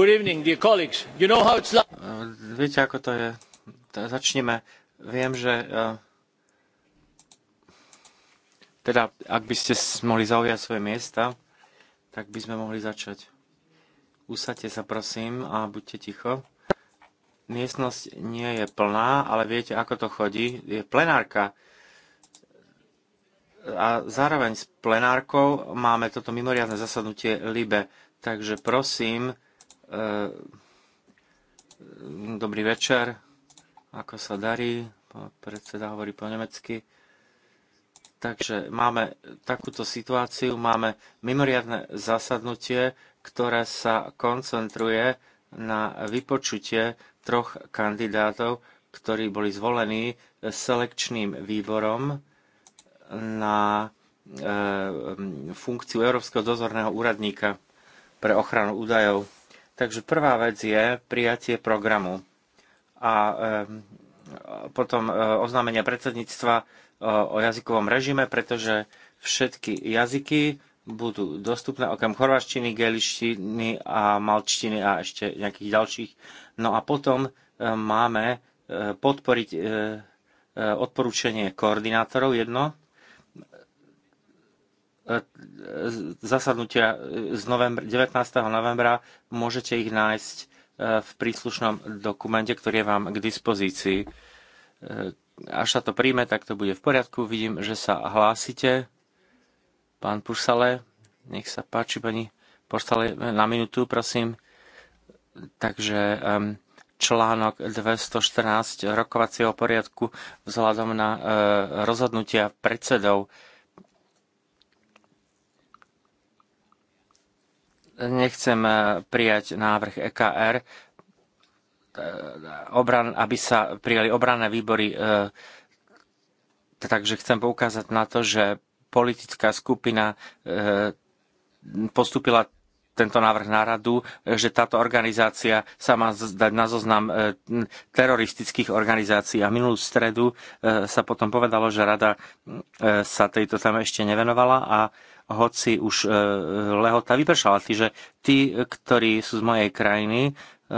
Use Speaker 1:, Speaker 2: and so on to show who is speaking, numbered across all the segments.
Speaker 1: Good evening, dear colleagues. You know how it's like. Uh, viete, ako to je. Začneme. Viem, že uh, teda, ak by ste mohli zaujať svoje miesta, tak by sme mohli začať. Usaďte sa, prosím, a buďte ticho. Miestnosť nie je plná, ale viete, ako to chodí. Je plenárka. A zároveň s plenárkou máme toto mimoriadne zasadnutie LIBE. Takže prosím, Eh, dobrý večer. Ako sa darí? Predseda hovorí po nemecky. Takže máme takúto situáciu, máme mimoriadne zasadnutie, ktoré sa koncentruje na vypočutie troch kandidátov, ktorí boli zvolení selekčným výborom na eh, funkciu Európskeho dozorného úradníka pre ochranu údajov. Takže prvá vec je prijatie programu a ehm, potom e, oznámenia predsedníctva e, o jazykovom režime, pretože všetky jazyky budú dostupné okrem chorvaštiny, gelištiny a malčtiny a ešte nejakých ďalších. No a potom e, máme podporiť odporúčanie koordinátorov jedno, E, zasadnutia e, z novembra, 19. novembra. Môžete ich nájsť e, v príslušnom dokumente, ktorý je vám k dispozícii. Až sa to príjme, tak to bude v poriadku. Vidím, že sa hlásite. Pán Pusale, nech sa páči, pani Pusale, na minútu, prosím. Takže článok 214 rokovacieho poriadku vzhľadom na rozhodnutia predsedov nechcem eh, prijať návrh EKR, eh, obran, aby sa prijali obranné výbory. Eh, takže chcem poukázať na to, že politická skupina postupila tento návrh na radu, že táto organizácia sa má dať na zoznam teroristických organizácií. A minulú stredu sa potom povedalo, že rada sa tejto tam ešte nevenovala a hoci už e, lehota vypršala. Čiže tí, ktorí sú z mojej krajiny, e,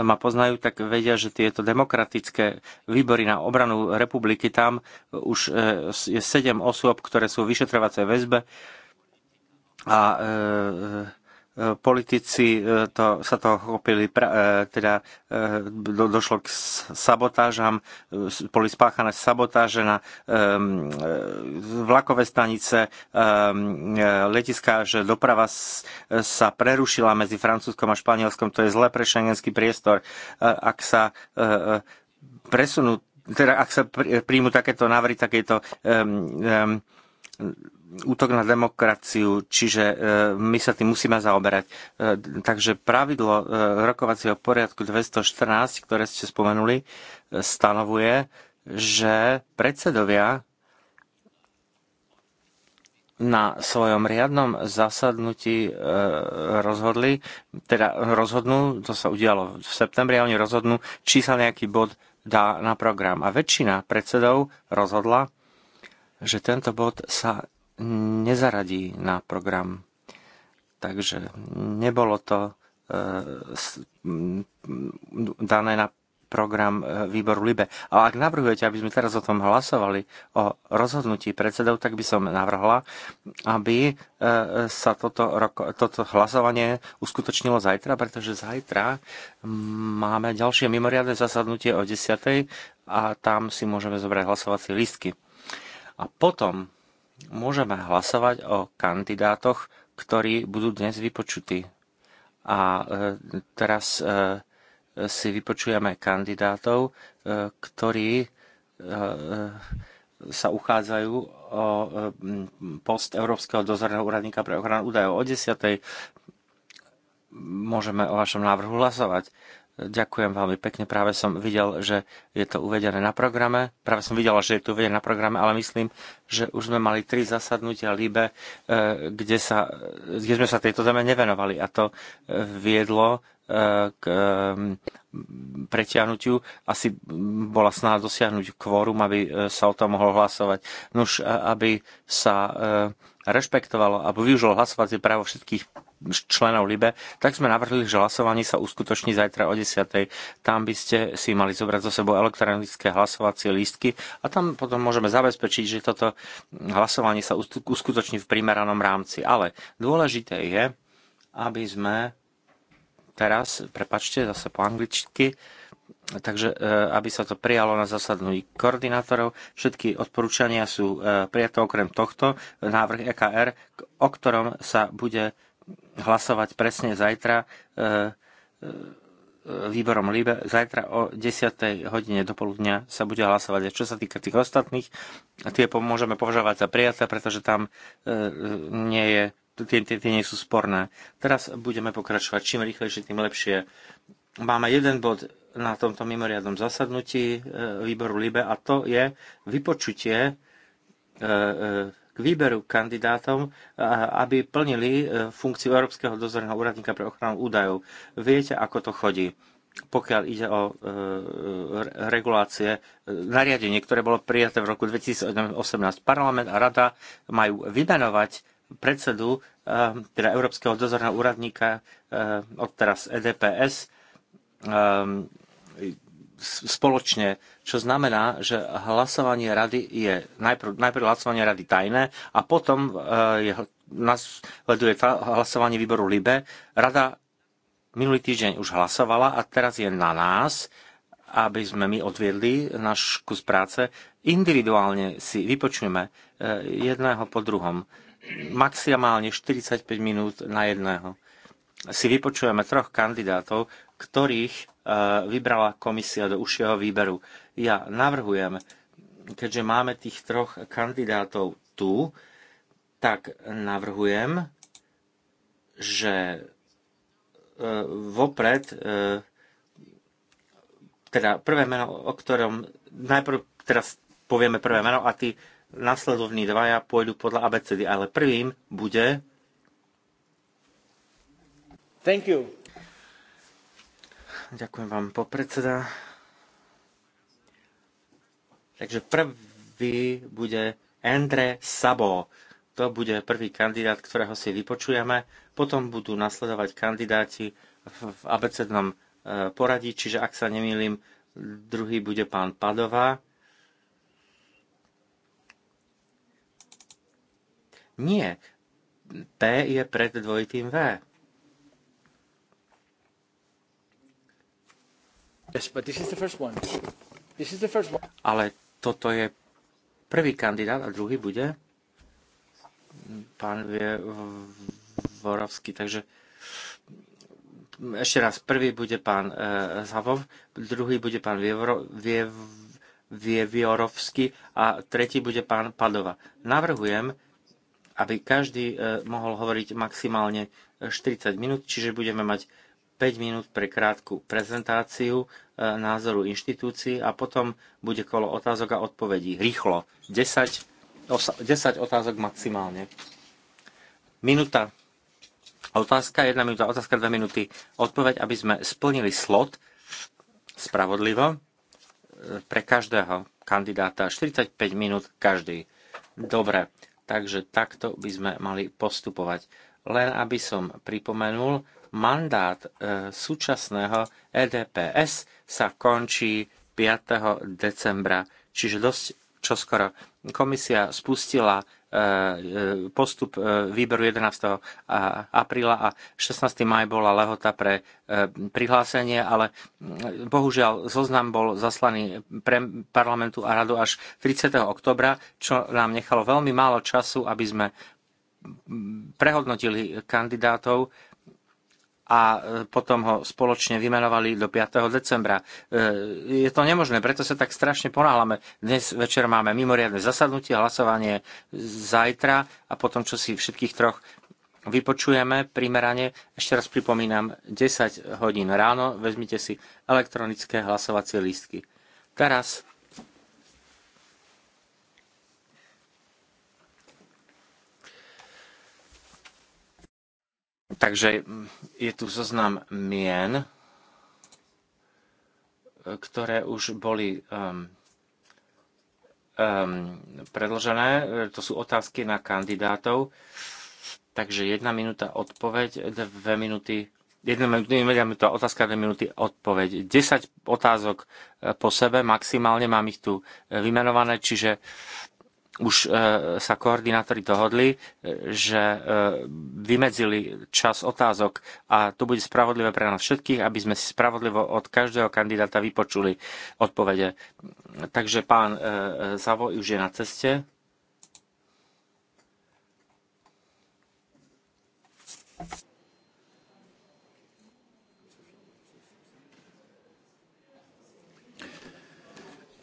Speaker 1: ma poznajú, tak vedia, že tieto demokratické výbory na obranu republiky, tam už e, je sedem osôb, ktoré sú vyšetrovacej väzbe a e, E, politici e, to, sa to chopili, e, teda do, došlo k sabotážam, boli spáchané sabotáže na um, vlakové stanice, um, letiska, že doprava sa prerušila medzi Francúzskom a Španielskom, to je zle pre šengenský priestor. Ak sa uh, presunú, teda ak sa príjmu takéto návrhy, takéto um, um, útok na demokraciu, čiže e, my sa tým musíme zaoberať. E, takže pravidlo e, rokovacieho poriadku 214, ktoré ste spomenuli, stanovuje, že predsedovia na svojom riadnom zasadnutí rozhodli, teda rozhodnú, to sa udialo v septembri, a oni rozhodnú, či sa nejaký bod dá na program. A väčšina predsedov rozhodla, že tento bod sa nezaradí na program. Takže nebolo to e, dané na program e, výboru LIBE. Ale ak navrhujete, aby sme teraz o tom hlasovali, o rozhodnutí predsedov, tak by som navrhla, aby e, sa toto, roko, toto hlasovanie uskutočnilo zajtra, pretože zajtra máme ďalšie mimoriadne zasadnutie o 10. a tam si môžeme zobrať hlasovacie lístky. A potom Môžeme hlasovať o kandidátoch, ktorí budú dnes vypočutí. A e, teraz e, si vypočujeme kandidátov, e, ktorí sa uchádzajú o post Európskeho dozorného úradníka pre ochranu údajov. O 10. môžeme o vašom návrhu hlasovať. Ďakujem veľmi pekne. Práve som videl, že je to uvedené na programe. Práve som videla, že je to uvedené na programe, ale myslím, že už sme mali tri zasadnutia líbe, eh, kde, sa, eh, kde sme sa tejto téme nevenovali. A to eh, viedlo E, k e, preťahnutiu. Asi bola snaha dosiahnuť kvórum, aby e, sa o tom mohlo hlasovať. Nož, aby sa rešpektovalo alebo využilo hlasovacie právo všetkých členov LIBE, tak sme navrhli, že hlasovanie sa uskutoční zajtra o 10. Tam by ste si mali zobrať zo sebou elektronické hlasovacie lístky a tam potom môžeme zabezpečiť, že toto hlasovanie sa uskutoční v primeranom rámci. Ale dôležité je, aby sme teraz, prepačte, zase po angličky, takže e, aby sa to prijalo na zasadnutí koordinátorov. Všetky odporúčania sú e, prijaté okrem tohto návrh EKR, o ktorom sa bude hlasovať presne zajtra e, výborom LIBE. Zajtra o 10. hodine do poludnia sa bude hlasovať. A čo sa týka tých ostatných, tie môžeme považovať za prijaté, pretože tam nie je tie, tie, tie nie sú sporné. Teraz budeme pokračovať. Čím rýchlejšie, tým lepšie. Máme jeden bod na tomto mimoriadnom zasadnutí e, výboru LIBE a to je vypočutie e, e, k výberu kandidátom, aby plnili funkciu Európskeho dozorného úradníka pre ochranu údajov. Viete, ako to chodí pokiaľ ide o regulácie, nariadenie, ktoré bolo prijaté v roku 2018. Parlament a rada majú vymenovať predsedu, eh, teda Európskeho dozorného úradníka eh, od teraz EDPS eh, spoločne, čo znamená, že hlasovanie rady je najprv, najprv hlasovanie rady tajné a potom je, nasleduje hlasovanie výboru LIBE. Rada minulý týždeň už hlasovala a teraz je na nás, aby sme my odviedli náš kus práce. Individuálne si vypočujeme jedného po druhom maximálne 45 minút na jedného. Si vypočujeme troch kandidátov, ktorých e, vybrala komisia do užšieho výberu. Ja navrhujem, keďže máme tých troch kandidátov tu, tak navrhujem, že e, vopred, e, teda prvé meno, o ktorom najprv teraz povieme prvé meno a ty nasledovní dvaja pôjdu podľa abecedy, ale prvým bude... Thank you. Ďakujem vám, podpredseda. Takže prvý bude Andre Sabo. To bude prvý kandidát, ktorého si vypočujeme. Potom budú nasledovať kandidáti v abecednom e, poradí, čiže ak sa nemýlim, druhý bude pán Padová Nie. P je pred dvojitým V. Yes, but this is the first one. This is the first one. Ale toto je prvý kandidát a druhý bude pán vie Vorovský. Takže ešte raz, prvý bude pán e, Zavov, druhý bude pán Vievorovský Vievro, Viev, Vieviorovský a tretí bude pán Padova. Navrhujem, aby každý e, mohol hovoriť maximálne 40 e, minút, čiže budeme mať 5 minút pre krátku prezentáciu e, názoru inštitúcií a potom bude kolo otázok a odpovedí. Rýchlo. 10, 10 otázok maximálne. Minúta otázka, 1 minúta otázka, 2 minúty odpoveď, aby sme splnili slot spravodlivo pre každého kandidáta. 45 minút každý. Dobre, Takže takto by sme mali postupovať. Len aby som pripomenul, mandát e, súčasného EDPS sa končí 5. decembra, čiže dosť čoskoro. Komisia spustila E, e, postup e, výberu 11. apríla a 16. maj bola lehota pre prihlásenie, ale mm, bohužiaľ zoznam bol zaslaný pre parlamentu a radu až 30. oktobra, čo nám nechalo veľmi málo času, aby sme mm, prehodnotili kandidátov a e, potom ho spoločne vymenovali do 5. decembra. E, je to nemožné, preto sa tak strašne ponáhľame. Dnes večer máme mimoriadne zasadnutie, hlasovanie zajtra a potom, čo si všetkých troch vypočujeme primerane. Ešte raz pripomínam, 10 hodín ráno vezmite si elektronické hlasovacie lístky. Teraz Takže mm, je tu zoznam mien, e, ktoré už boli um, um, predložené. E, to sú otázky na kandidátov. Takže jedna minúta odpoveď, dve minúty jedna minúta otázka, dve minúty odpoveď. 10 otázok e, po sebe, maximálne mám ich tu vymenované, čiže už e, sa koordinátori dohodli, e, že e, vymedzili čas otázok a to bude spravodlivé pre nás všetkých, aby sme si spravodlivo od každého kandidáta vypočuli odpovede. Takže pán zavo už je na ceste.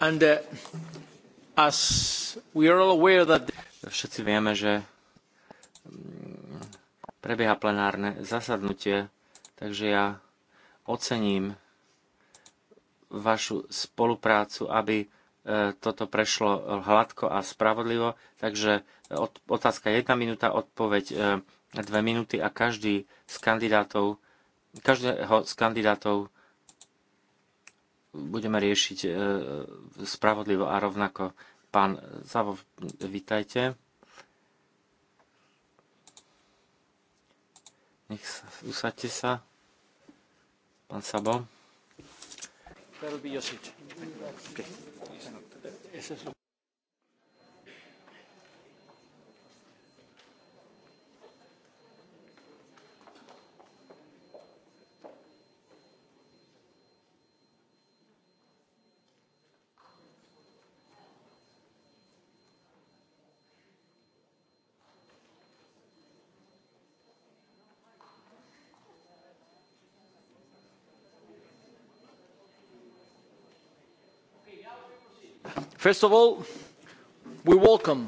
Speaker 1: And uh, Všetci vieme, že mm, prebieha plenárne zasadnutie, takže ja ocením vašu spoluprácu, aby e, toto prešlo hladko a spravodlivo. Takže e, otázka jedna minúta, odpoveď e, dve minúty a každý z kandidátov, každého z kandidátov budeme riešiť spravodlivo a rovnako. Pán Zavov, vítajte. Nech sa, usadte sa. Pán Sabo. That'll be Okay. First of all, we welcome.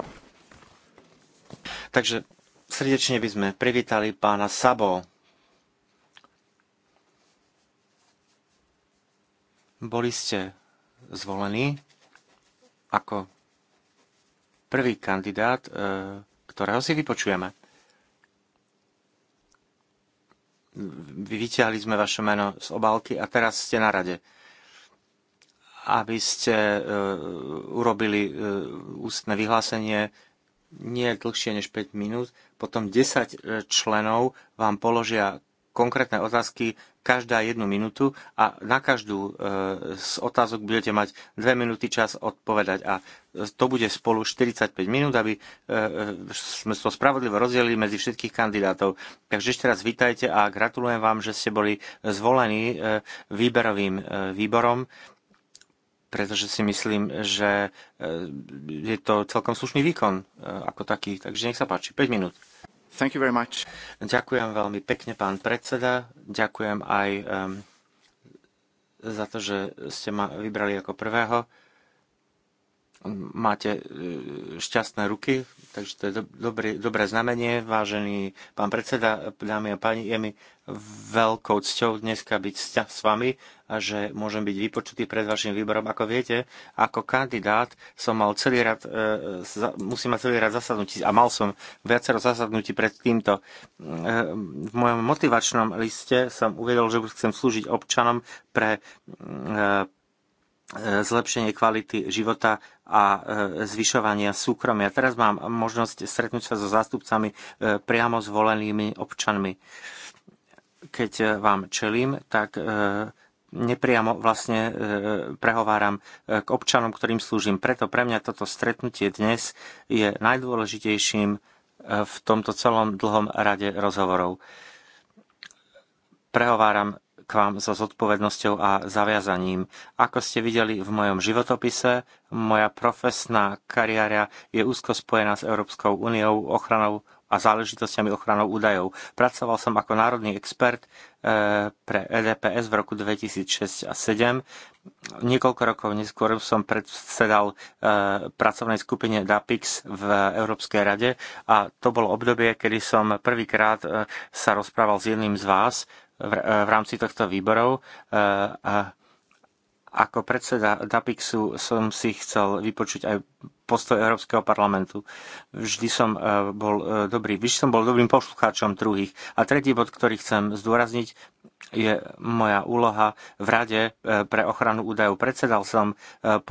Speaker 1: Takže srdečne by sme privítali pána Sabo. Boli ste zvolení ako prvý kandidát, e, ktorého si vypočujeme. vyťahli sme vaše meno z obálky a teraz ste na rade aby ste e, urobili e, ústne vyhlásenie nie dlhšie než 5 minút, potom 10 e, členov vám položia konkrétne otázky každá jednu minútu a na každú z otázok budete mať 2 minúty čas odpovedať a to bude spolu 45 minút, aby sme to spravodlivo rozdelili medzi všetkých kandidátov. Takže ešte raz vítajte a gratulujem vám, že ste boli zvolení výberovým výborom pretože si myslím, že e, je to celkom slušný výkon e, ako taký. Takže nech sa páči, 5 minút. Thank you very much. Ďakujem veľmi pekne, pán predseda. Ďakujem aj um, za to, že ste ma vybrali ako prvého. Máte e, šťastné ruky, Takže to je do, dobré znamenie, vážený pán predseda, dámy a páni, je mi veľkou cťou dneska byť s vami a že môžem byť vypočutý pred vašim výborom. Ako viete, ako kandidát som mal celý rad, e, musím mať celý rad zasadnutí a mal som viacero zasadnutí pred týmto. E, v mojom motivačnom liste som uvedol, že chcem slúžiť občanom pre e, E, zlepšenie kvality života a e, zvyšovania súkromia. Teraz mám možnosť stretnúť sa so zástupcami e, priamo zvolenými občanmi. Keď vám čelím, tak nepriamo vlastne prehováram k občanom, ktorým slúžim. Preto pre mňa toto stretnutie dnes je najdôležitejším v tomto celom dlhom rade rozhovorov. Prehováram k vám so zodpovednosťou a zaviazaním. Ako ste videli v mojom životopise, moja profesná kariéra je úzko spojená s Európskou úniou, ochranou a záležitosťami ochranou údajov. Pracoval som ako národný expert eh, pre EDPS v roku 2006 a 2007. Niekoľko rokov neskôr som predsedal eh, pracovnej skupine DAPIX v Európskej rade a to bolo obdobie, kedy som prvýkrát eh, sa rozprával s jedným z vás Eh, v, rámci tohto výborov. Eh, ako predseda DAPIXu som si chcel vypočuť aj postoj Európskeho parlamentu. Vždy som e, bol e, dobrý, vždy som bol dobrým poslucháčom druhých. A tretí bod, ktorý chcem zdôrazniť, je moja úloha v Rade e, pre ochranu údajov. Predsedal som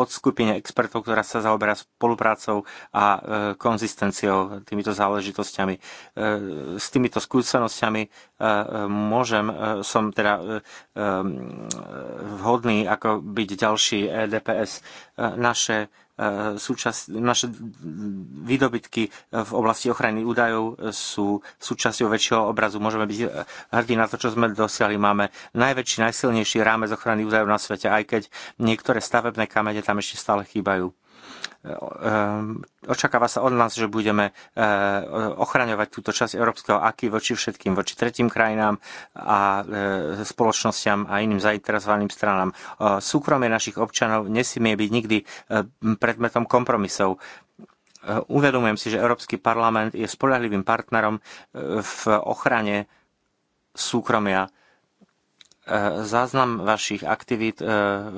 Speaker 1: skupine expertov, ktorá sa zaoberá spoluprácou a konzistenciou týmito záležitosťami. S týmito skúsenosťami môžem, som teda vhodný ako byť ďalší EDPS. Naše súčasť, naše výdobytky v oblasti ochrany údajov sú súčasťou väčšieho obrazu. Môžeme byť hrdí na to, čo sme dosiahli. Máme najväčší, najsilnejší rámec ochrany údajov na svete, aj keď niektoré stavebné kamene tam ešte stále chýbajú. Ehm, očakáva sa od nás, že budeme eh, ochraňovať túto časť európskeho aky voči všetkým, voči tretím krajinám a eh, spoločnosťam a iným zainteresovaným stranám. Eh, súkromie našich občanov nesmie byť nikdy predmetom kompromisov. Uvedomujem si, že Európsky parlament je spolahlivým partnerom v ochrane súkromia E, záznam vašich aktivít e,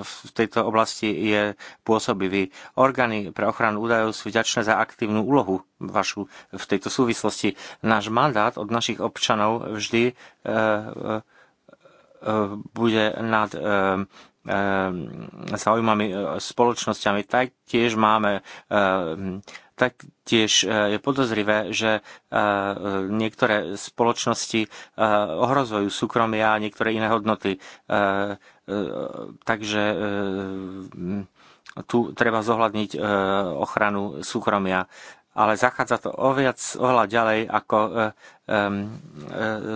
Speaker 1: v tejto oblasti je pôsobivý. Orgány pre ochranu údajov sú vďačné za aktívnu úlohu vašu v tejto súvislosti. Náš mandát od našich občanov vždy e, bude nad zaujímavými spoločnosťami. Taktiež máme Taktiež e, je podozrivé, že e, niektoré spoločnosti e, ohrozujú súkromia a niektoré iné hodnoty. Takže tu treba zohľadniť ochranu súkromia ale zachádza to oviac oveľa ďalej ako, um,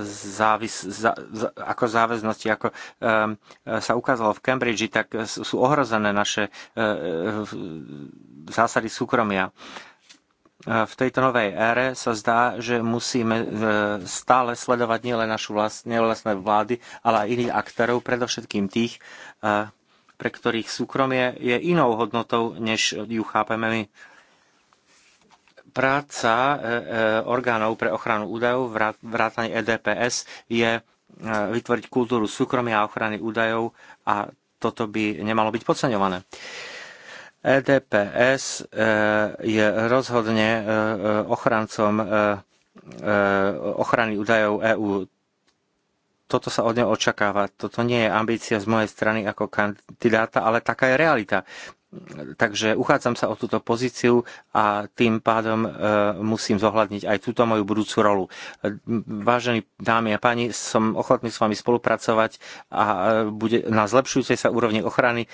Speaker 1: závis, za, za, ako záväznosti. Ako um, sa ukázalo v Cambridge, tak sú ohrozené naše uh, zásady súkromia. V tejto novej ére sa zdá, že musíme stále sledovať nielen našu vlast, vlastné vlády, ale aj iných aktérov, predovšetkým tých, pre ktorých súkromie je inou hodnotou, než ju chápeme my Práca e, e, orgánov pre ochranu údajov, vrátane EDPS, je e, vytvoriť kultúru súkromia a ochrany údajov a toto by nemalo byť podceňované. EDPS je rozhodne ochrancom ochrany údajov EÚ. Toto sa od neho očakáva. Toto nie je ambícia z mojej strany ako kandidáta, ale taká je realita. Takže uchádzam sa o túto pozíciu a tým pádom e, musím zohľadniť aj túto moju budúcu rolu. Vážení dámy a páni, som ochotný s vami spolupracovať a e, bude na zlepšujúcej sa úrovni ochrany e,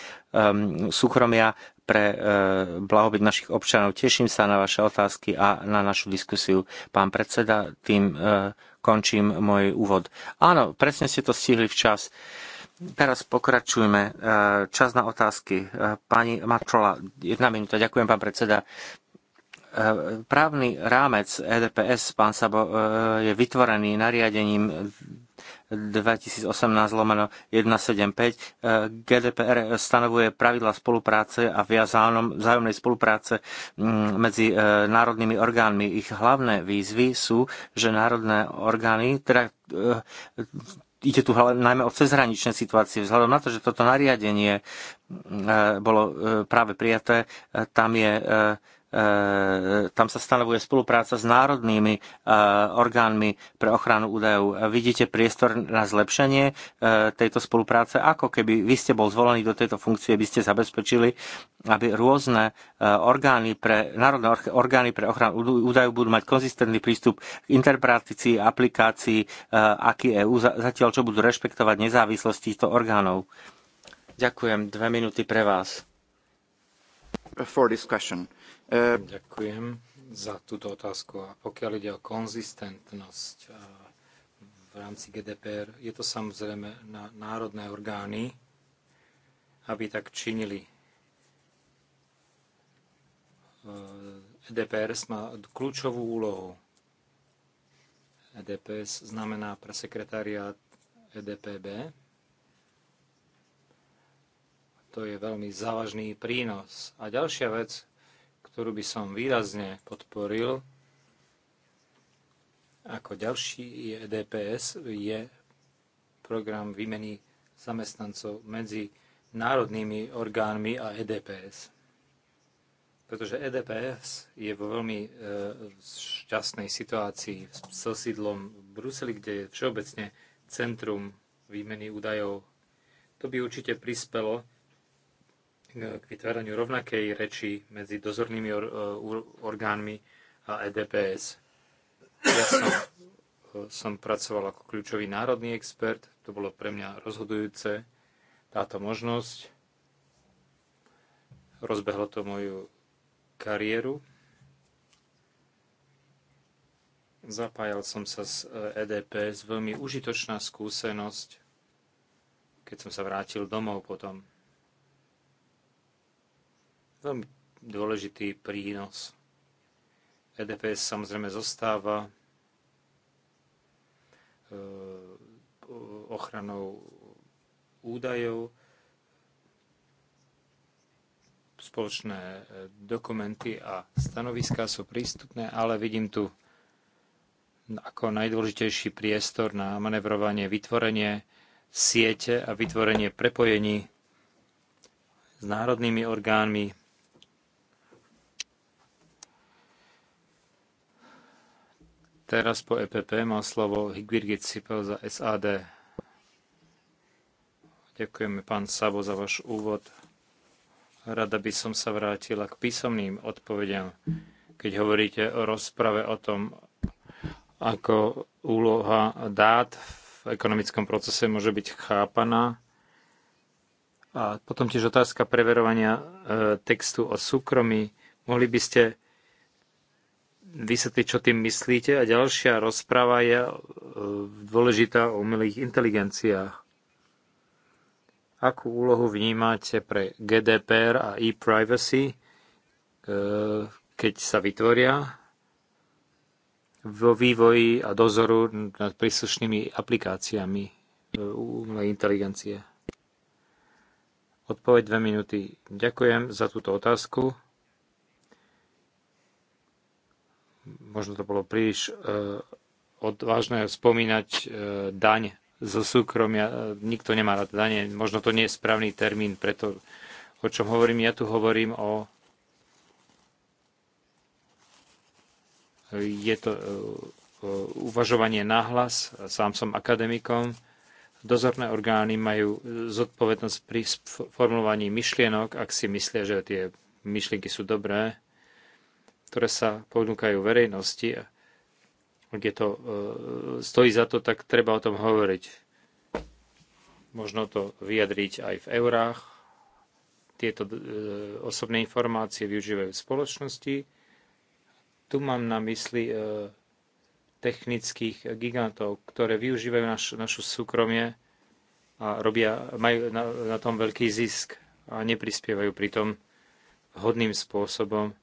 Speaker 1: súkromia pre blahobyt našich občanov. Teším sa na vaše otázky a na našu diskusiu. Pán predseda, tým končím môj úvod. Áno, presne ste to stihli včas. čas Teraz pokračujeme. E, čas na otázky. E, pani Matrola, jedna minúta. Ďakujem, pán predseda. E, právny rámec EDPS, pán Sabo, je vytvorený nariadením 2018 lomeno 175. GDPR stanovuje pravidla spolupráce a viazánom vzájomnej spolupráce medzi národnými orgánmi. Ich hlavné výzvy sú, že národné orgány, teda ide tu najmä o cezhraničné situácie. Vzhľadom na to, že toto nariadenie e, bolo e, práve prijaté, e, tam je tam sa stanovuje spolupráca s národnými e, orgánmi pre ochranu údajov. Vidíte priestor na zlepšenie e, tejto spolupráce? Ako keby vy ste bol zvolený do tejto funkcie, by ste zabezpečili, aby rôzne e, orgány pre, národné orgány pre ochranu údajov budú mať konzistentný prístup k interpretácii aplikácii aký EU, zatiaľ čo budú rešpektovať nezávislosť týchto orgánov. Ďakujem. Dve minúty pre vás. For this question.
Speaker 2: Ďakujem za túto otázku. A pokiaľ ide o konzistentnosť e, v rámci GDPR, je to samozrejme na národné orgány, aby tak činili. EDPRS e má kľúčovú úlohu. EDPS znamená pre sekretariát EDPB. To je veľmi závažný prínos. A ďalšia vec, ktorú by som výrazne podporil ako ďalší EDPS, e je program výmeny zamestnancov medzi národnými orgánmi a EDPS. Pretože EDPS je vo veľmi e, šťastnej situácii so sídlom v Bruseli, kde je všeobecne centrum výmeny údajov. To by určite prispelo k vytváraniu rovnakej reči medzi dozornými or, e, orgánmi a EDPS. Ja som, e, som pracoval ako kľúčový národný expert, to bolo pre mňa rozhodujúce, táto možnosť. Rozbehlo to moju kariéru. Zapájal som sa z EDPS, e veľmi užitočná skúsenosť, keď som sa vrátil domov potom Veľmi dôležitý prínos. EDPS samozrejme zostáva e, ochranou údajov, spoločné e, dokumenty a stanoviská sú prístupné, ale vidím tu ako najdôležitejší priestor na manevrovanie, vytvorenie siete a vytvorenie prepojení s národnými orgánmi Teraz po EPP má slovo Higvirgit Cipel za SAD. Ďakujeme, pán Savo, za váš úvod. Rada by som sa vrátila k písomným odpovediam, keď hovoríte o rozprave o tom, ako úloha dát v ekonomickom procese môže byť chápaná. A potom tiež otázka preverovania e, textu o súkromí. Mohli by ste vysvetliť, čo tým myslíte. A ďalšia rozpráva je e, dôležitá o umelých inteligenciách. Akú úlohu vnímate pre GDPR a e-privacy, e, keď sa vytvoria vo vývoji a dozoru nad príslušnými aplikáciami e, umelej inteligencie? Odpoveď dve minúty. Ďakujem za túto otázku. možno to bolo príliš e, odvážne spomínať e, daň zo súkromia. E, nikto nemá rád danie. možno to nie je správny termín, preto o čom hovorím, ja tu hovorím o je to uvažovanie náhlas, sám som akademikom, dozorné orgány majú zodpovednosť pri formulovaní myšlienok, ak si myslia, že tie myšlienky sú dobré, ktoré sa ponúkajú verejnosti, ak je to, e, stojí za to, tak treba o tom hovoriť. Možno to vyjadriť aj v eurách. Tieto e, osobné informácie využívajú v spoločnosti. Tu mám na mysli e, technických gigantov, ktoré využívajú naš, našu súkromie a robia, majú na, na tom veľký zisk a neprispievajú pritom hodným spôsobom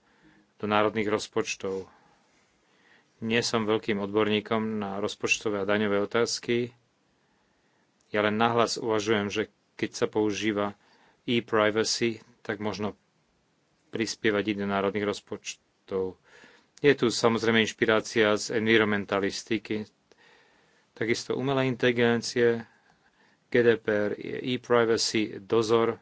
Speaker 2: do národných rozpočtov. Nie som veľkým odborníkom na rozpočtové a daňové otázky. Ja len nahlas uvažujem, že keď sa používa e-privacy, tak možno prispievať i do národných rozpočtov. Je tu samozrejme inšpirácia z environmentalistiky, takisto umelé inteligencie, GDPR, e-privacy, dozor,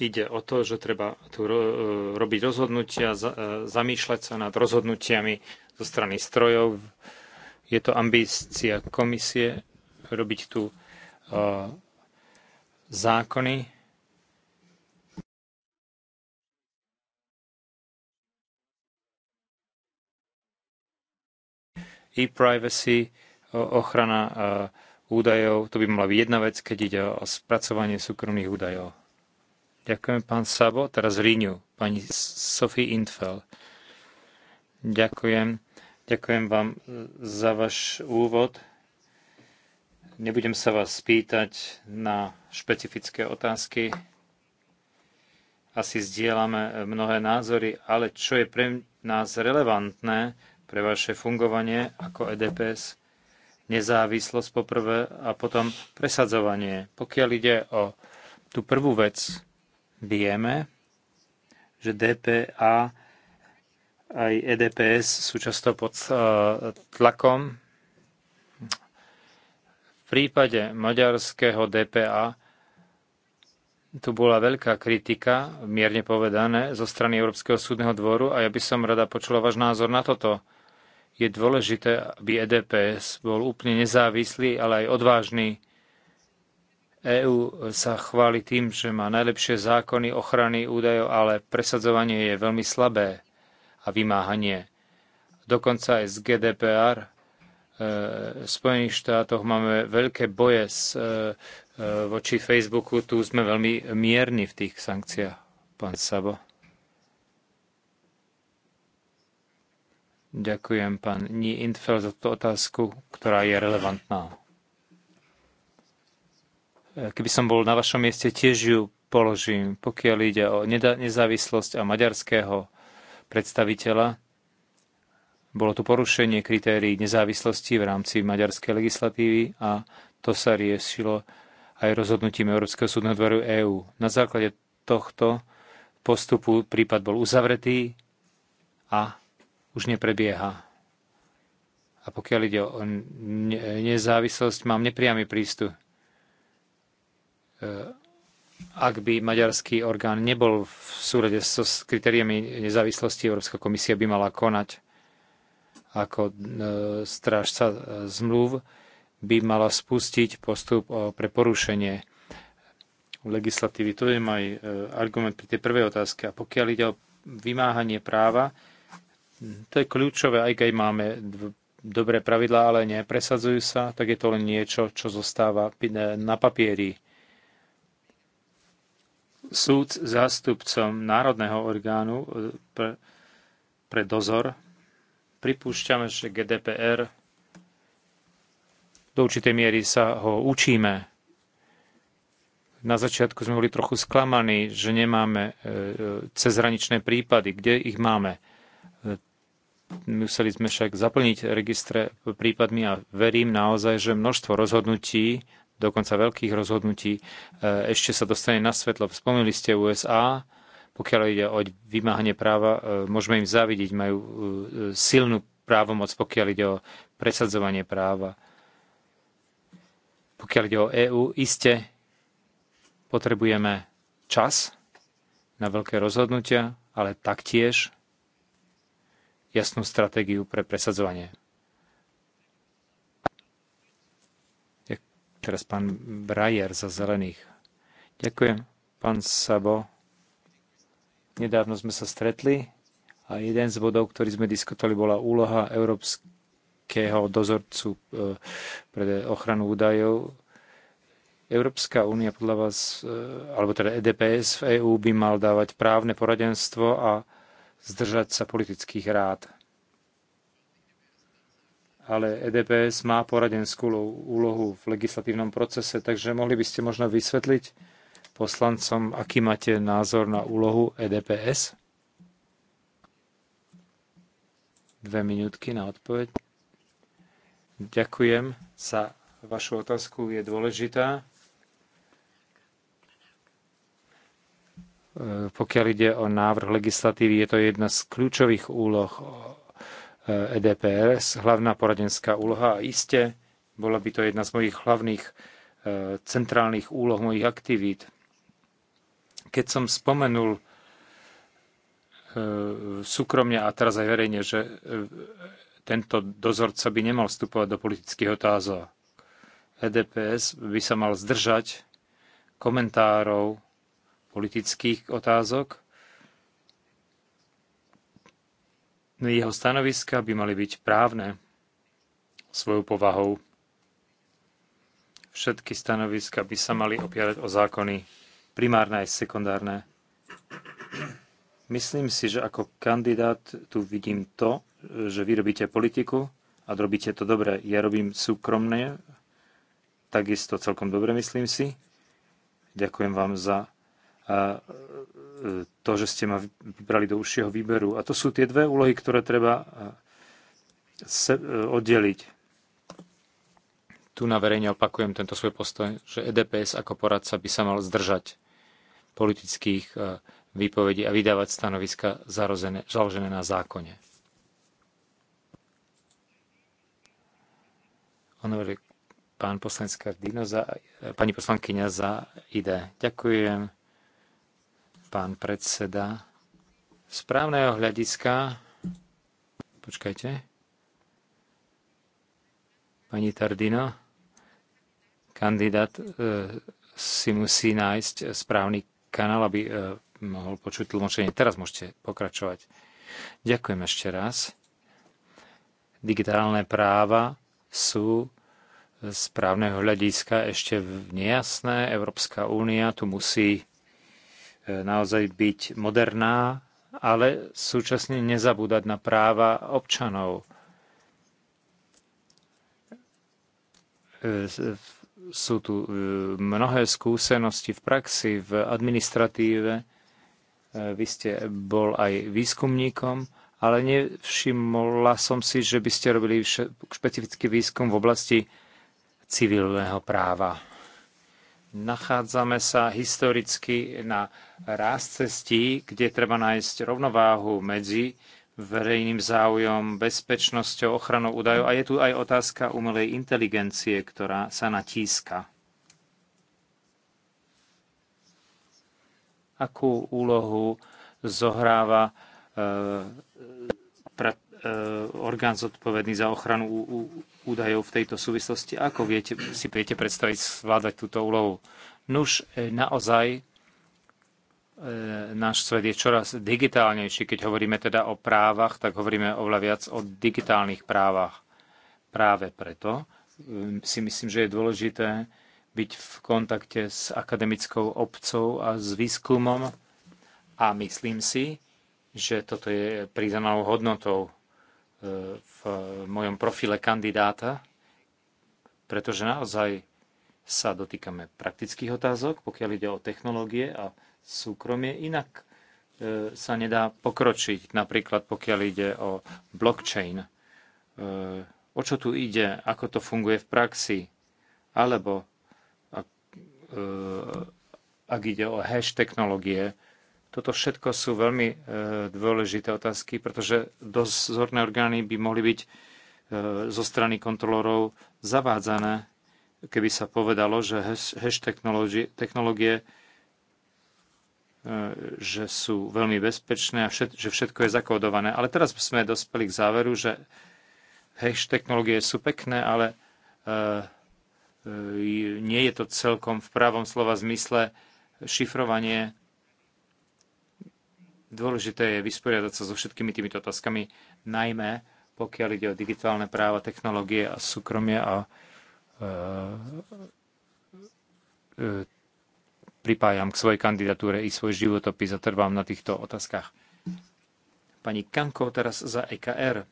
Speaker 2: Ide o to, že treba tu e, robiť rozhodnutia, e, zamýšľať sa nad rozhodnutiami zo strany strojov. Je to ambícia komisie robiť tu e, zákony, e-privacy, ochrana údajov, to by mala byť jedna vec, keď ide o spracovanie súkromných údajov. Ďakujem, pán Sabo. Teraz Ríňu, pani Sophie Intfel. Ďakujem. Ďakujem vám za váš úvod. Nebudem sa vás spýtať na špecifické otázky. Asi zdieľame mnohé názory, ale čo je pre nás relevantné pre vaše fungovanie ako EDPS? Nezávislosť poprvé a potom presadzovanie. Pokiaľ ide o tú prvú vec, Vieme, že DPA aj EDPS sú často pod e, tlakom. V prípade maďarského DPA tu bola veľká kritika, mierne povedané, zo strany Európskeho súdneho dvoru a ja by som rada počula váš názor na toto. Je dôležité, aby EDPS bol úplne nezávislý, ale aj odvážny EÚ sa chváli tým, že má najlepšie zákony ochrany údajov, ale presadzovanie je veľmi slabé a vymáhanie. Dokonca aj z GDPR e, v Spojených štátoch máme veľké boje s, e, e, voči Facebooku. Tu sme veľmi mierni v tých sankciách, pán Sabo. Ďakujem, pán Ní Intfeld, za tú otázku, ktorá je relevantná. Keby som bol na vašom mieste, tiež ju položím, pokiaľ ide o nezávislosť a maďarského predstaviteľa. Bolo tu porušenie kritérií nezávislosti v rámci maďarskej legislatívy a to sa riešilo aj rozhodnutím Európskeho súdneho dvoru EÚ. Na základe tohto postupu prípad bol uzavretý a už neprebieha. A pokiaľ ide o nezávislosť, mám nepriamy prístup Eh, ak by maďarský orgán nebol v súrede so, s kritériami nezávislosti, Európska komisia by mala konať ako eh, strážca eh, zmluv, by mala spustiť postup pre porušenie legislatívy. To je môj argument pri tej prvej otázke. A pokiaľ ide o vymáhanie práva, to je kľúčové, aj keď máme dobré pravidlá, ale nepresadzujú sa, tak je to len niečo, čo zostáva na papieri súd zástupcom národného orgánu e, pre, pre dozor. Pripúšťame, že GDPR do určitej miery sa ho učíme. Na začiatku sme boli trochu sklamaní, že nemáme e, e, cezhraničné prípady. Kde ich máme? Museli sme však zaplniť registre prípadmi a verím naozaj, že množstvo rozhodnutí dokonca veľkých rozhodnutí, e, ešte sa dostane na svetlo. Spomínali ste USA, pokiaľ ide o vymáhanie práva, e, môžeme im zavidiť, majú e, silnú právomoc, pokiaľ ide o presadzovanie práva. Pokiaľ ide o EÚ, iste potrebujeme čas na veľké rozhodnutia, ale taktiež jasnú stratégiu pre presadzovanie. Teraz pán Brajer za zelených. Ďakujem, pán Sabo. Nedávno sme sa stretli a jeden z bodov, ktorý sme diskutovali, bola úloha európskeho dozorcu e, pre ochranu údajov. Európska únia podľa vás, e, alebo teda EDPS v EÚ by mal dávať právne poradenstvo a zdržať sa politických rád ale EDPS má poradenskú úlohu v legislatívnom procese, takže mohli by ste možno vysvetliť poslancom, aký máte názor na úlohu EDPS? Dve minútky na odpoveď. Ďakujem za vašu otázku, je dôležitá. E, pokiaľ ide o návrh legislatívy, je to jedna z kľúčových úloh EDPRS, eh, e hlavná poradenská úloha a iste bola by to jedna z mojich hlavných eh, centrálnych úloh mojich aktivít. Keď som spomenul eh, súkromne a teraz aj verejne, že tento dozorca by nemal vstupovať do politických otázok. EDPS by sa mal zdržať komentárov politických otázok No jeho stanoviska by mali byť právne svojou povahou. Všetky stanoviska by sa mali opierať o zákony primárne aj sekundárne. Myslím si, že ako kandidát tu vidím to, že vy robíte politiku a robíte to dobre. Ja robím súkromné, takisto celkom dobre, myslím si. Ďakujem vám za a e, to, že ste ma vybrali do užšieho výberu. A to sú tie dve úlohy, ktoré treba e, e, oddeliť. Tu na verejne opakujem tento svoj postoj, že EDPS ako poradca by sa mal zdržať politických výpovedí a vydávať stanoviska zarozené, založené na zákone. Honorý pán poslanec Kardino za, pani poslankyňa za ide. Ďakujem pán predseda. Správneho hľadiska... Počkajte. Pani Tardino, kandidát e, si musí nájsť správny kanál, aby e, mohol počuť tlmočenie. Teraz môžete pokračovať. Ďakujem ešte raz. Digitálne práva sú e, z právneho hľadiska ešte nejasné. Európska únia tu musí naozaj byť moderná, ale súčasne nezabúdať na práva občanov. E, sú tu e, mnohé skúsenosti v praxi, v administratíve. E, vy ste bol aj výskumníkom, ale nevšimla som si, že by ste robili špecifický výskum v oblasti civilného práva. Nachádzame sa historicky na rás cestí, kde treba nájsť rovnováhu medzi verejným záujom, bezpečnosťou, ochranou údajov a je tu aj otázka umelej inteligencie, ktorá sa natíska. Akú úlohu zohráva e, Eh, orgán zodpovedný za ochranu údajov v tejto súvislosti. Ako viete, si viete predstaviť zvládať túto úlohu? Nuž, eh, naozaj eh, náš svet je čoraz digitálnejší. Keď hovoríme teda o právach, tak hovoríme oveľa viac o digitálnych právach. Práve preto si myslím, že je dôležité byť v kontakte s akademickou obcou a s výskumom a myslím si, že toto je prízanou hodnotou v mojom profile kandidáta, pretože naozaj sa dotýkame praktických otázok, pokiaľ ide o technológie a súkromie. Inak e, sa nedá pokročiť, napríklad pokiaľ ide o blockchain. E, o čo tu ide, ako to funguje v praxi, alebo ak, e, ak ide o hash technológie, toto všetko sú veľmi e, dôležité otázky, pretože dozorné orgány by mohli byť e, zo strany kontrolorov zavádzané, keby sa povedalo, že hash technológie, technológie e, že sú veľmi bezpečné a všet, že všetko je zakódované. Ale teraz sme dospeli k záveru, že hash technológie sú pekné, ale e, e, nie je to celkom v pravom slova zmysle šifrovanie Dôležité je vysporiadať sa so všetkými týmito otázkami, najmä pokiaľ ide o digitálne práva, technológie a súkromie a e, e, pripájam k svojej kandidatúre i svoj životopis a trvám na týchto otázkach. Pani Kanko, teraz za EKR.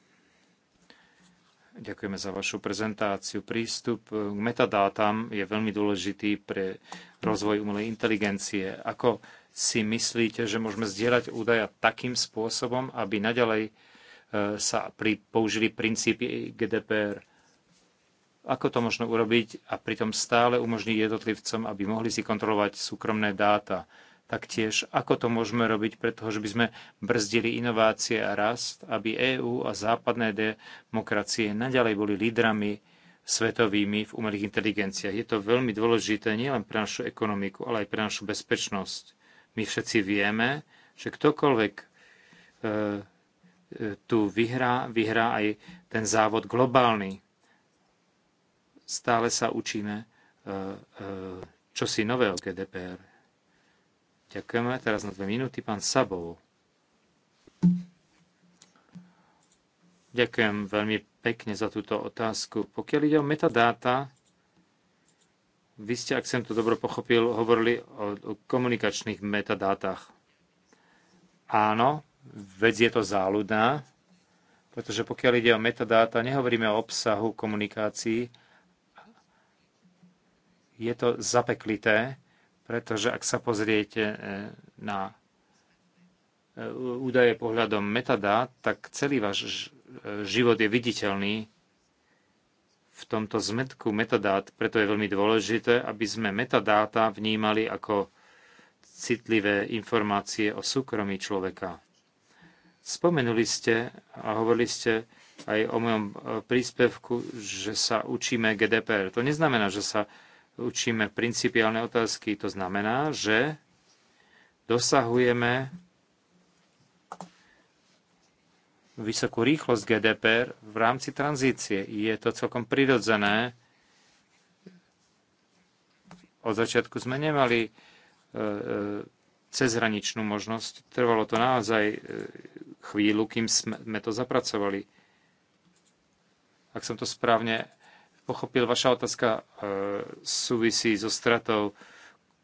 Speaker 2: Ďakujeme za vašu prezentáciu. Prístup k metadátam je veľmi dôležitý pre rozvoj umelej inteligencie. Ako si myslíte, že môžeme zdieľať údaja takým spôsobom, aby naďalej e, sa pri, použili princípy GDPR? Ako to možno urobiť a pritom stále umožniť jednotlivcom, aby mohli si kontrolovať súkromné dáta? Taktiež, ako to môžeme robiť, pretože by sme brzdili inovácie a rast, aby EÚ a západné demokracie naďalej boli lídrami svetovými v umelých inteligenciách. Je to veľmi dôležité nielen pre našu ekonomiku, ale aj pre našu bezpečnosť. My všetci vieme, že ktokoľvek e, e, tu vyhrá, vyhrá aj ten závod globálny. Stále sa učíme e, čosi nového GDPR. Ďakujeme. Teraz na dve minúty pán Sabov. Ďakujem veľmi pekne za túto otázku. Pokiaľ ide o metadáta, vy ste, ak som to dobro pochopil, hovorili o, o komunikačných metadátach. Áno, vec je to záľudná, pretože pokiaľ ide o metadáta, nehovoríme o obsahu komunikácií, je to zapeklité, pretože ak sa pozriete e, na e, údaje pohľadom metadát, tak celý váš e, život je viditeľný v tomto zmetku metadát, preto je veľmi dôležité, aby sme metadáta vnímali ako citlivé informácie o súkromí človeka. Spomenuli ste a hovorili ste aj o mojom e, príspevku, že sa učíme GDPR. To neznamená, že sa učíme principiálne otázky, to znamená, že dosahujeme vysokú rýchlosť GDPR v rámci tranzície. Je to celkom prirodzené. Od začiatku sme nemali e, e, cezhraničnú možnosť. Trvalo to naozaj e, chvíľu, kým sme to zapracovali. Ak som to správne pochopil, vaša otázka súvisí so stratou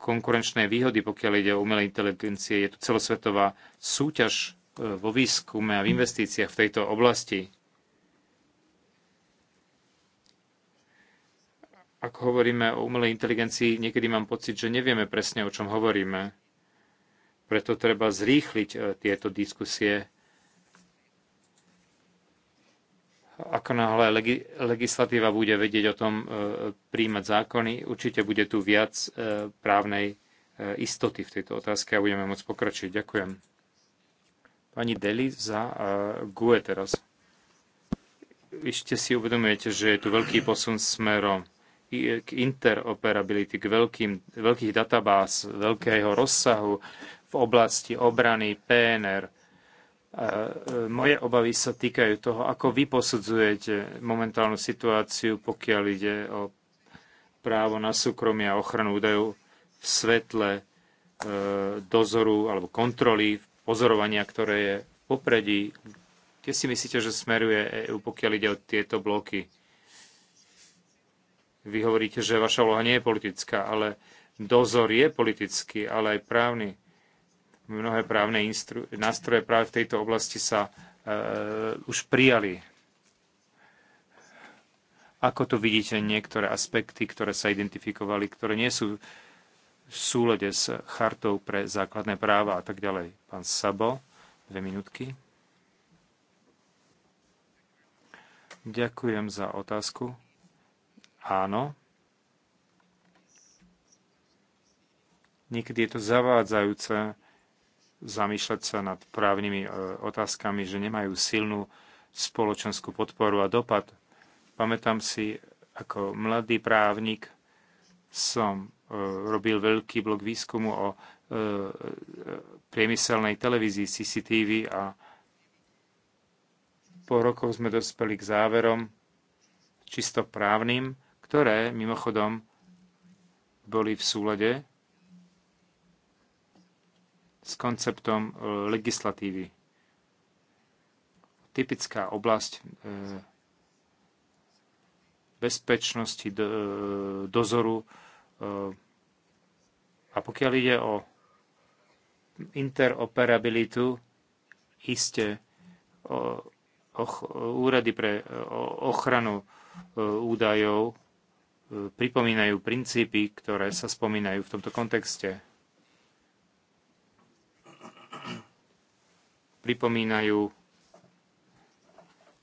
Speaker 2: konkurenčnej výhody, pokiaľ ide o umelé inteligencie. Je tu celosvetová súťaž vo výskume a v investíciách v tejto oblasti. Ak hovoríme o umelej inteligencii, niekedy mám pocit, že nevieme presne, o čom hovoríme. Preto treba zrýchliť e, tieto diskusie. Ako náhle legislatíva bude vedieť o tom e, príjmať zákony, určite bude tu viac e, právnej istoty v tejto otázke a budeme môcť pokročiť. Ďakujem. Pani Deli za e, GUE teraz. Ešte si uvedomujete, že je tu veľký posun smerom e, k interoperability, k veľkým, veľkých databáz, veľkého rozsahu v oblasti obrany, PNR, e, moje obavy sa týkajú toho, ako vy posudzujete momentálnu situáciu, pokiaľ ide o právo na súkromie a ochranu údajov v svetle dozoru alebo kontroly v pozorovania, ktoré je v popredí. Kde si myslíte, že smeruje EÚ, pokiaľ ide o tieto bloky? Vy hovoríte, že vaša úloha nie je politická, ale dozor je politický, ale aj právny. Mnohé právne nástroje práve v tejto oblasti sa uh, už prijali. Ako to vidíte niektoré aspekty, ktoré sa identifikovali, ktoré nie sú uh, v súlede s chartou pre základné práva a tak ďalej. Pán Sabo, dve minútky. Ďakujem za otázku. Áno. Niekedy je to zavádzajúce zamýšľať sa nad právnymi e, otázkami, že nemajú silnú spoločenskú podporu a dopad. Pamätám si, ako mladý právnik som E, robil veľký blok výskumu o e, e, priemyselnej televízii CCTV a po rokoch sme dospeli k záverom čisto právnym, ktoré mimochodom boli v súlade s konceptom legislatívy. Typická oblasť bezpečnosti, dozoru, Ehm, a pokiaľ ide o interoperabilitu, iste och, úrady pre ochranu e, údajov e, pripomínajú princípy, ktoré sa spomínajú v tomto kontexte. Pripomínajú,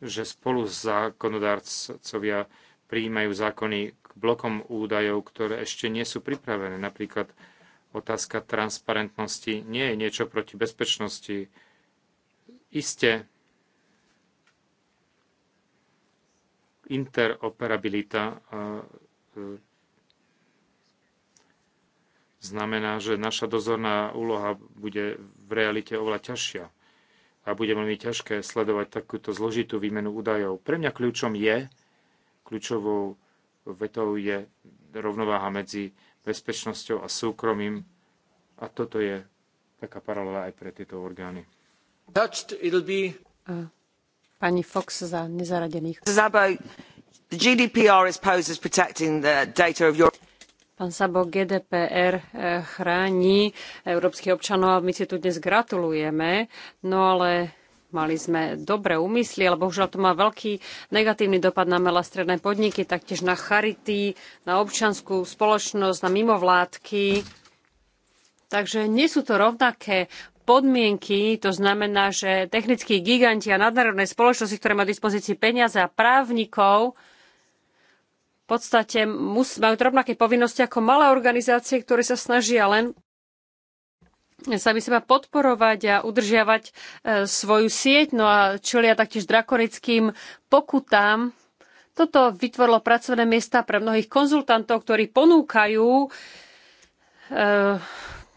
Speaker 2: že spolu zákonodárcovia prijímajú zákony, blokom údajov, ktoré ešte nie sú pripravené. Napríklad otázka transparentnosti nie je niečo proti bezpečnosti. Isté, interoperabilita e, e, znamená, že naša dozorná úloha bude v realite oveľa ťažšia a bude veľmi ťažké sledovať takúto zložitú výmenu údajov. Pre mňa kľúčom je, kľúčovou vetou je rovnováha medzi bezpečnosťou a súkromím a toto je taká paralela aj pre tieto orgány.
Speaker 3: Pani Fox za nezaradených. GDPR is posed as protecting the data of your... Pán Sabo, GDPR eh, chráni európskych občanov a my si tu dnes gratulujeme, no ale Mali sme dobré úmysly, ale bohužiaľ to má veľký negatívny dopad na malé stredné podniky, taktiež na charity, na občanskú spoločnosť, na mimovládky. Takže nie sú to rovnaké podmienky, to znamená, že technickí giganti a nadnárodné spoločnosti, ktoré majú dispozícii peniaze a právnikov, v podstate majú rovnaké povinnosti ako malé organizácie, ktoré sa snažia len sami seba podporovať a udržiavať e, svoju sieť, no a čelia taktiež drakonickým pokutám. Toto vytvorilo pracovné miesta pre mnohých konzultantov, ktorí ponúkajú e,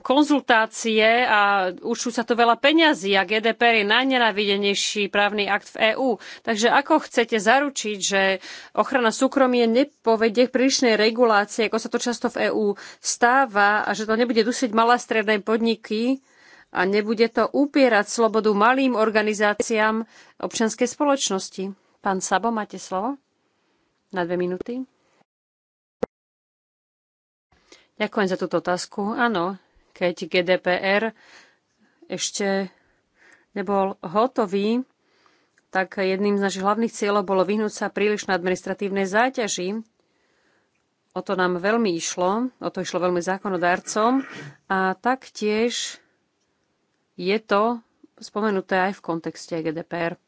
Speaker 3: konzultácie a učú sa to veľa peňazí a GDPR je najnenávidenejší právny akt v EÚ. Takže ako chcete zaručiť, že ochrana súkromie nepovedie k prílišnej regulácii, ako sa to často v EÚ stáva a že to nebude dusiť malé stredné podniky a nebude to upierať slobodu malým organizáciám občianskej spoločnosti? Pán Sabo, máte slovo na dve minúty. Ďakujem za túto otázku. Áno, keď GDPR ešte nebol hotový, tak jedným z našich hlavných cieľov bolo vyhnúť sa príliš na administratívnej záťaži. O to nám veľmi išlo, o to išlo veľmi zákonodárcom a taktiež je to spomenuté aj v kontexte GDPR.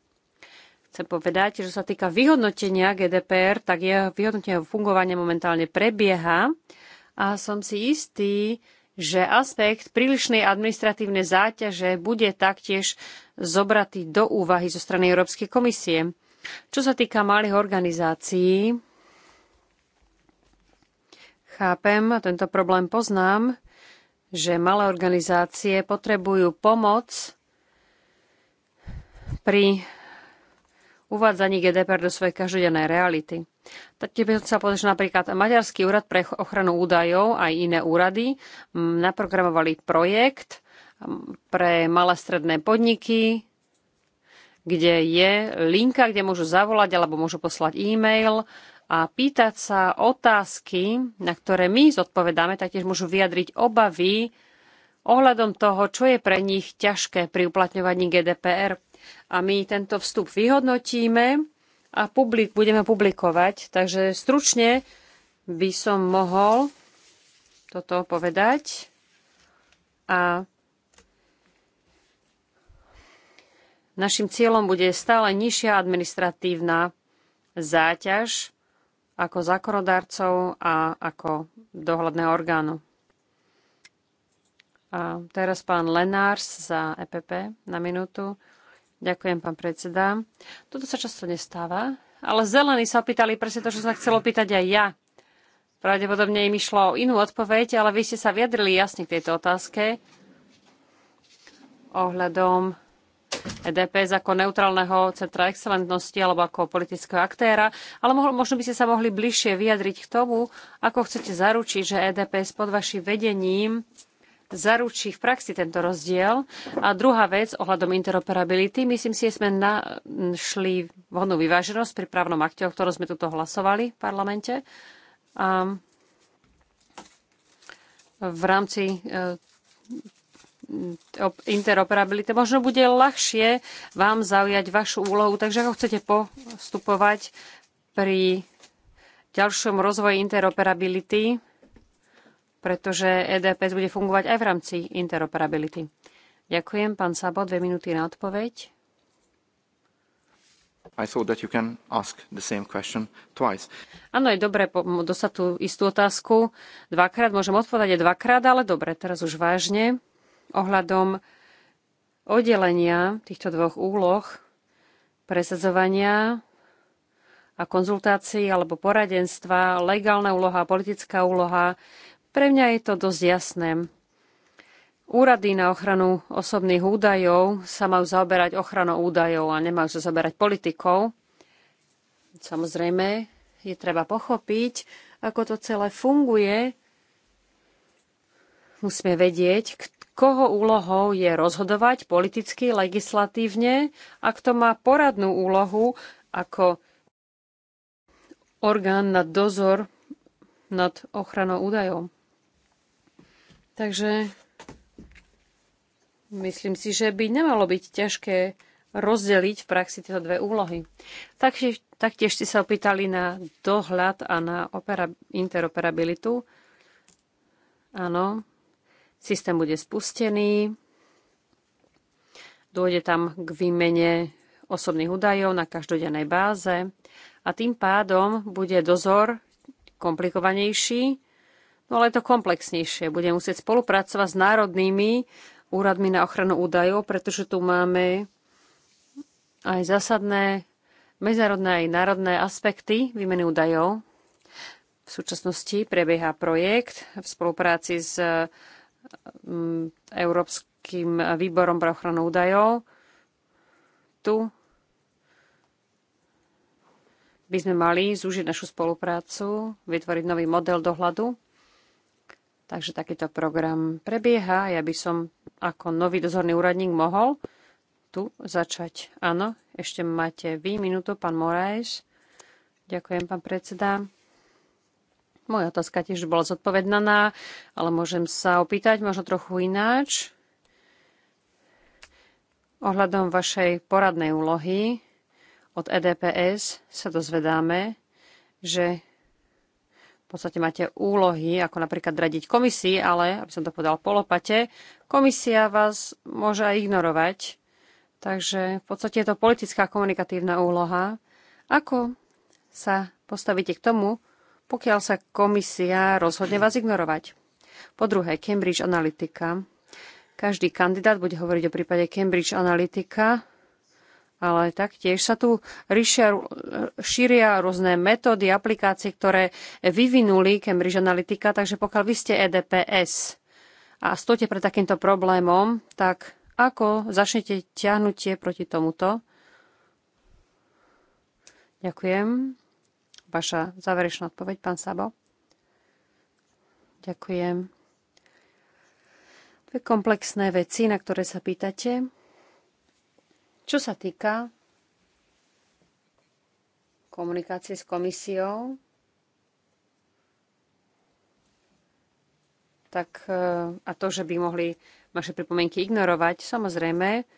Speaker 3: Chcem povedať, že sa týka vyhodnotenia GDPR, tak jeho vyhodnotenie jeho fungovania momentálne prebieha a som si istý, že aspekt prílišnej administratívnej záťaže bude taktiež zobratý do úvahy zo strany Európskej komisie. Čo sa týka malých organizácií, chápem, tento problém poznám, že malé organizácie potrebujú pomoc pri uvádzaní GDPR do svojej každodennej reality. Taktiež by som chcela že napríklad Maďarský úrad pre ochranu údajov aj iné úrady mm, naprogramovali projekt mm, pre malé stredné podniky, kde je linka, kde môžu zavolať alebo môžu poslať e-mail a pýtať sa otázky, na ktoré my zodpovedáme, taktiež môžu vyjadriť obavy ohľadom toho, čo je pre nich ťažké pri uplatňovaní GDPR a my tento vstup vyhodnotíme a publik, budeme publikovať. Takže stručne by som mohol toto povedať. A našim cieľom bude stále nižšia administratívna záťaž ako zákonodarcov a ako dohľadného orgánu. A teraz pán Lenárs za EPP na minútu. Ďakujem, pán predseda. Toto sa často nestáva, ale zelení sa opýtali presne to, čo sa chcelo pýtať aj ja. Pravdepodobne im išlo o inú odpoveď, ale vy ste sa vyjadrili jasne k tejto otázke ohľadom EDPS ako neutrálneho centra excelentnosti alebo ako politického aktéra, ale možno by ste sa mohli bližšie vyjadriť k tomu, ako chcete zaručiť, že EDPS pod vašim vedením zaručí v praxi tento rozdiel. A druhá vec ohľadom interoperability, myslím si, že sme našli vhodnú vyváženosť pri právnom akte, o ktorom sme tuto hlasovali v parlamente. A v rámci e, interoperability. Možno bude ľahšie vám zaujať vašu úlohu, takže ako chcete postupovať pri ďalšom rozvoji interoperability, pretože EDPS bude fungovať aj v rámci interoperability. Ďakujem, pán Sabo, dve minúty na odpoveď.
Speaker 2: I thought that you can ask the same question twice.
Speaker 3: Áno, je dobre dostať tú istú otázku dvakrát. Môžem odpovedať aj dvakrát, ale dobre, teraz už vážne. Ohľadom oddelenia týchto dvoch úloh, presadzovania a konzultácií alebo poradenstva, legálna úloha, politická úloha. Pre mňa je to dosť jasné. Úrady na ochranu osobných údajov sa majú zaoberať ochranou údajov a nemajú sa zaoberať politikou. Samozrejme, je treba pochopiť, ako to celé funguje. Musíme vedieť, koho úlohou je rozhodovať politicky, legislatívne a kto má poradnú úlohu ako orgán na dozor nad ochranou údajov. Takže myslím si, že by nemalo byť ťažké rozdeliť v praxi tieto dve úlohy. Taktiež, taktiež ste sa opýtali na dohľad a na opera, interoperabilitu. Áno, systém bude spustený, dôjde tam k výmene osobných údajov na každodennej báze a tým pádom bude dozor komplikovanejší No ale je to komplexnejšie. Budeme musieť spolupracovať s národnými úradmi na ochranu údajov, pretože tu máme aj zásadné medzinárodné aj národné aspekty výmeny údajov. V súčasnosti prebieha projekt v spolupráci s mm, Európskym výborom pre ochranu údajov. Tu by sme mali zúžiť našu spoluprácu, vytvoriť nový model dohľadu Takže takýto program prebieha. Ja by som ako nový dozorný úradník mohol tu začať. Áno, ešte máte vy minútu, pán Moraes. Ďakujem, pán predseda. Moja otázka tiež bola zodpovedaná, ale môžem sa opýtať možno trochu ináč. Ohľadom vašej poradnej úlohy od EDPS sa dozvedáme, že v podstate máte úlohy, ako napríklad radiť komisii, ale, aby som to povedal polopate, komisia vás môže aj ignorovať. Takže v podstate je to politická komunikatívna úloha. Ako sa postavíte k tomu, pokiaľ sa komisia rozhodne vás ignorovať? Po druhé, Cambridge Analytica. Každý kandidát bude hovoriť o prípade Cambridge Analytica, ale taktiež sa tu ríšia, šíria rôzne metódy, aplikácie, ktoré vyvinuli Cambridge Analytica, takže pokiaľ vy ste EDPS a stojte pred takýmto problémom, tak ako začnete ťahnutie proti tomuto? Ďakujem. Vaša záverečná odpoveď, pán Sabo. Ďakujem. Dve komplexné veci, na ktoré sa pýtate. Čo sa týka komunikácie s komisiou, tak e, a to, že by mohli vaše pripomienky ignorovať, samozrejme,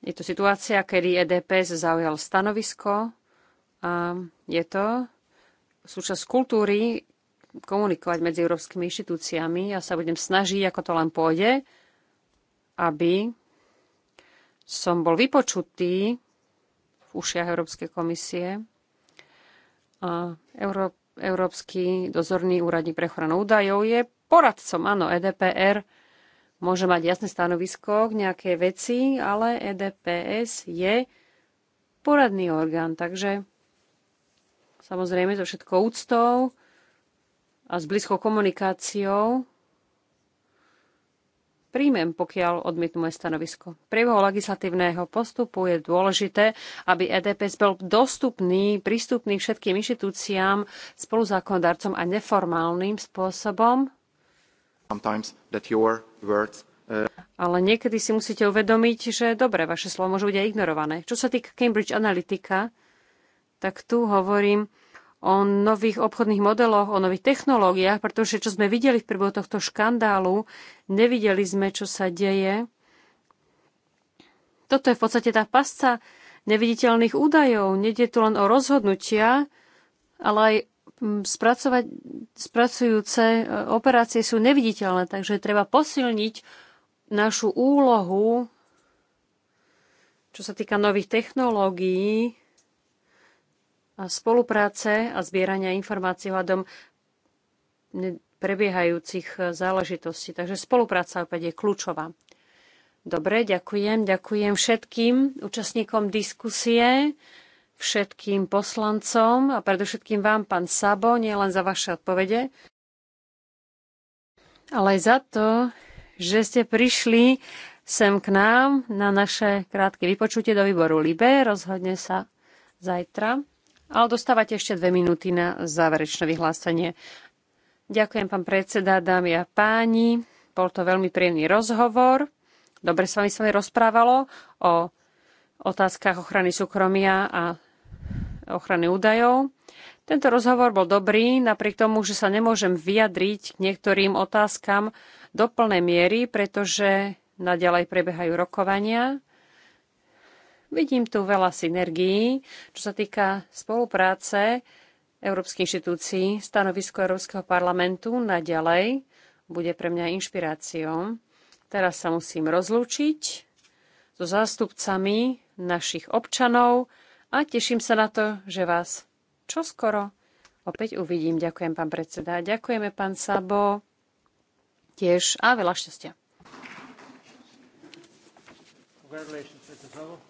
Speaker 3: je to situácia, kedy EDPS zaujal stanovisko a je to súčasť kultúry komunikovať medzi európskymi inštitúciami. Ja sa budem snažiť, ako to len pôjde, aby som bol vypočutý v ušiach Európskej komisie a Euró- Európsky dozorný úradník pre ochranu údajov je poradcom, áno, EDPR môže mať jasné stanovisko k nejakej veci, ale EDPS je poradný orgán, takže samozrejme so všetkou úctou a s blízkou komunikáciou príjmem, pokiaľ odmietnú moje stanovisko. Priebehu legislatívneho postupu je dôležité, aby EDPS bol dostupný, prístupný všetkým inštitúciám, spoluzákonodarcom a neformálnym spôsobom.
Speaker 1: Words,
Speaker 3: uh... Ale niekedy si musíte uvedomiť, že dobre, vaše slovo môžu byť aj ignorované. Čo sa týka Cambridge Analytica, tak tu hovorím o nových obchodných modeloch, o nových technológiách, pretože čo sme videli v priebehu tohto škandálu, nevideli sme, čo sa deje. Toto je v podstate tá pasca neviditeľných údajov. Nede tu len o rozhodnutia, ale aj mm, spracovať, spracujúce e, operácie sú neviditeľné, takže treba posilniť našu úlohu, čo sa týka nových technológií, spolupráce a zbierania informácií hľadom prebiehajúcich záležitostí. Takže spolupráca opäť je kľúčová. Dobre, ďakujem. Ďakujem všetkým účastníkom diskusie, všetkým poslancom a predovšetkým vám, pán Sabo, nielen za vaše odpovede, ale aj za to, že ste prišli sem k nám na naše krátke vypočutie do výboru LIBE. Rozhodne sa zajtra ale dostávate ešte dve minúty na záverečné vyhlásenie. Ďakujem, pán predseda, dámy a páni. Bol to veľmi príjemný rozhovor. Dobre sa mi rozprávalo o otázkach ochrany súkromia a ochrany údajov. Tento rozhovor bol dobrý, napriek tomu, že sa nemôžem vyjadriť k niektorým otázkam do plnej miery, pretože naďalej prebiehajú rokovania Vidím tu veľa synergií, čo sa týka spolupráce Európskych inštitúcií. Stanovisko Európskeho parlamentu naďalej bude pre mňa inšpiráciou. Teraz sa musím rozlúčiť so zástupcami našich občanov a teším sa na to, že vás čoskoro opäť uvidím. Ďakujem, pán predseda. Ďakujeme, pán Sabo. Tiež a veľa šťastia.
Speaker 1: Congratulations, Mr. Sabo.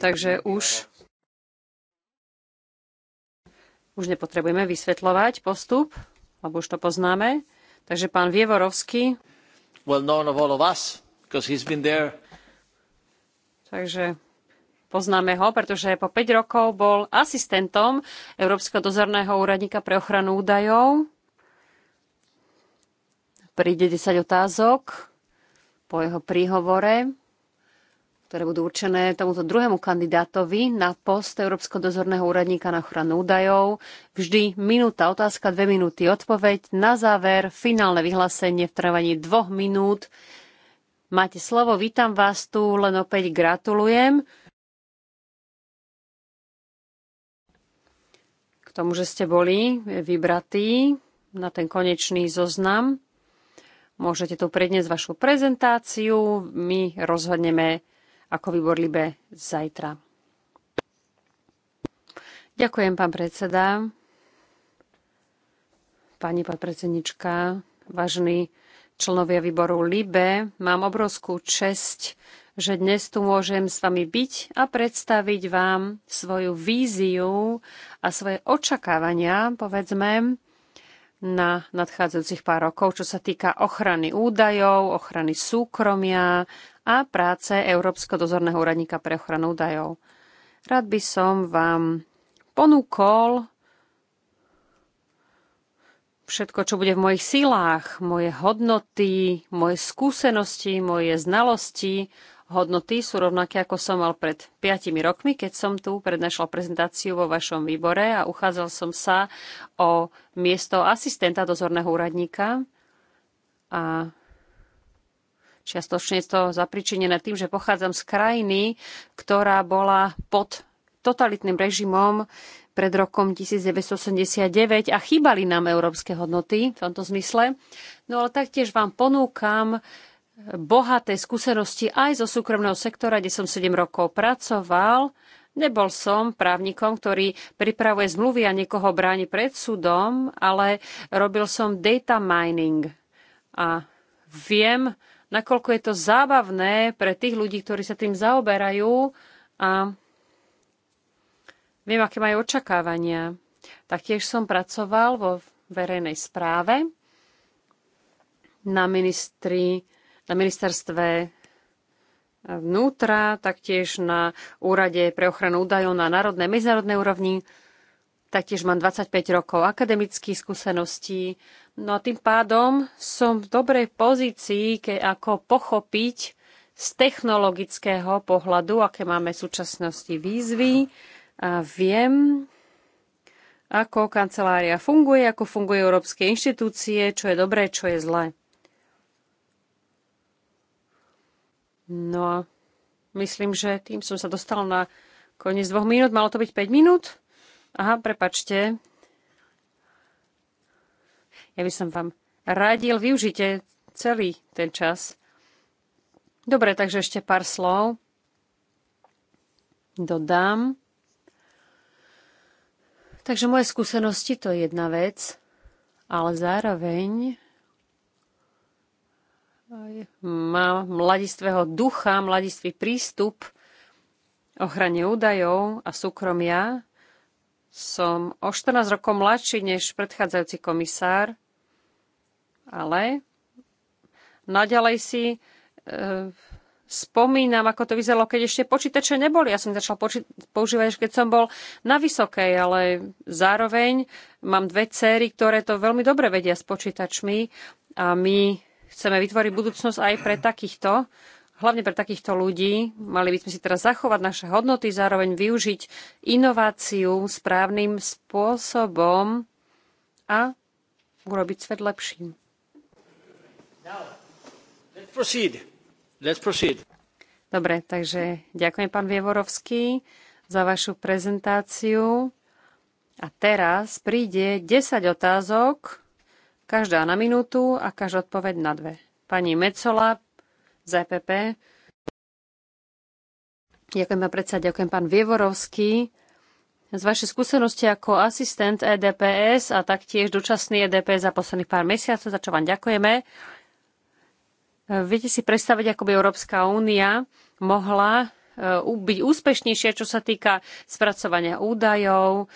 Speaker 3: Takže už už nepotrebujeme vysvetľovať postup, lebo už to poznáme. Takže pán Vievorovský. Well known of all of us, because he's been there. Takže poznáme ho, pretože po 5 rokov bol asistentom Európskeho dozorného úradníka pre ochranu údajov. Príde 10 otázok po jeho príhovore, ktoré budú určené tomuto druhému kandidátovi na post Európskeho dozorného úradníka na ochranu údajov. Vždy minúta otázka, dve minúty odpoveď. Na záver finálne vyhlásenie v trvaní dvoch minút. Máte slovo, vítam vás tu, len opäť gratulujem. K tomu, že ste boli vybratí na ten konečný zoznam. Môžete tu predniesť vašu prezentáciu. My rozhodneme ako výbor Libe zajtra. Ďakujem, pán predseda. Pani podpredsednička, vážení členovia výboru LIBE. Mám obrovskú česť, že dnes tu môžem s vami byť a predstaviť vám svoju víziu a svoje očakávania, povedzme, na nadchádzajúcich pár rokov, čo sa týka ochrany údajov, ochrany súkromia a práce Európskeho dozorného úradníka pre ochranu údajov. Rád by som vám ponúkol všetko, čo bude v mojich silách, moje hodnoty, moje skúsenosti, moje znalosti hodnoty sú rovnaké, ako som mal pred 5 rokmi, keď som tu prednášal prezentáciu vo vašom výbore a uchádzal som sa o miesto asistenta dozorného úradníka. A čiastočne je to zapričinené tým, že pochádzam z krajiny, ktorá bola pod totalitným režimom pred rokom 1989 a chýbali nám európske hodnoty v tomto zmysle. No ale taktiež vám ponúkam bohaté skúsenosti aj zo súkromného sektora, kde som 7 rokov pracoval. Nebol som právnikom, ktorý pripravuje zmluvy a niekoho bráni pred súdom, ale robil som data mining. A viem, nakoľko je to zábavné pre tých ľudí, ktorí sa tým zaoberajú a viem, aké majú očakávania. Taktiež som pracoval vo verejnej správe na ministri na ministerstve vnútra, taktiež na úrade pre ochranu údajov na národnej medzinárodnej úrovni. Taktiež mám 25 rokov akademických skúseností. No a tým pádom som v dobrej pozícii, ke ako pochopiť z technologického pohľadu, aké máme v súčasnosti výzvy. A viem, ako kancelária funguje, ako fungujú európske inštitúcie, čo je dobré, čo je zlé. No a myslím, že tým som sa dostal na koniec dvoch minút. Malo to byť 5 minút? Aha, prepačte. Ja by som vám radil, využite celý ten čas. Dobre, takže ešte pár slov dodám. Takže moje skúsenosti to je jedna vec, ale zároveň má mladistvého ducha, mladistvý prístup ochrane údajov a súkromia. Som o 14 rokov mladší než predchádzajúci komisár, ale naďalej si e, spomínam, ako to vyzeralo, keď ešte počítače neboli. Ja som začal používať, keď som bol na vysokej, ale zároveň mám dve céry, ktoré to veľmi dobre vedia s počítačmi a my chceme vytvoriť budúcnosť aj pre takýchto, hlavne pre takýchto ľudí. Mali by sme si teraz zachovať naše hodnoty, zároveň využiť inováciu správnym spôsobom a urobiť svet lepším.
Speaker 1: Now, let's proceed. Let's
Speaker 3: proceed. Dobre, takže ďakujem pán Vievorovský za vašu prezentáciu. A teraz príde 10 otázok Každá na minútu a každá odpoveď na dve. Pani Mecola z EPP. Ďakujem, pán predsa, ďakujem, pán Vievorovský. Z vašej skúsenosti ako asistent EDPS a taktiež dočasný EDPS za posledných pár mesiacov, za čo vám ďakujeme, viete si predstaviť, ako by Európska únia mohla e, byť úspešnejšia, čo sa týka spracovania údajov,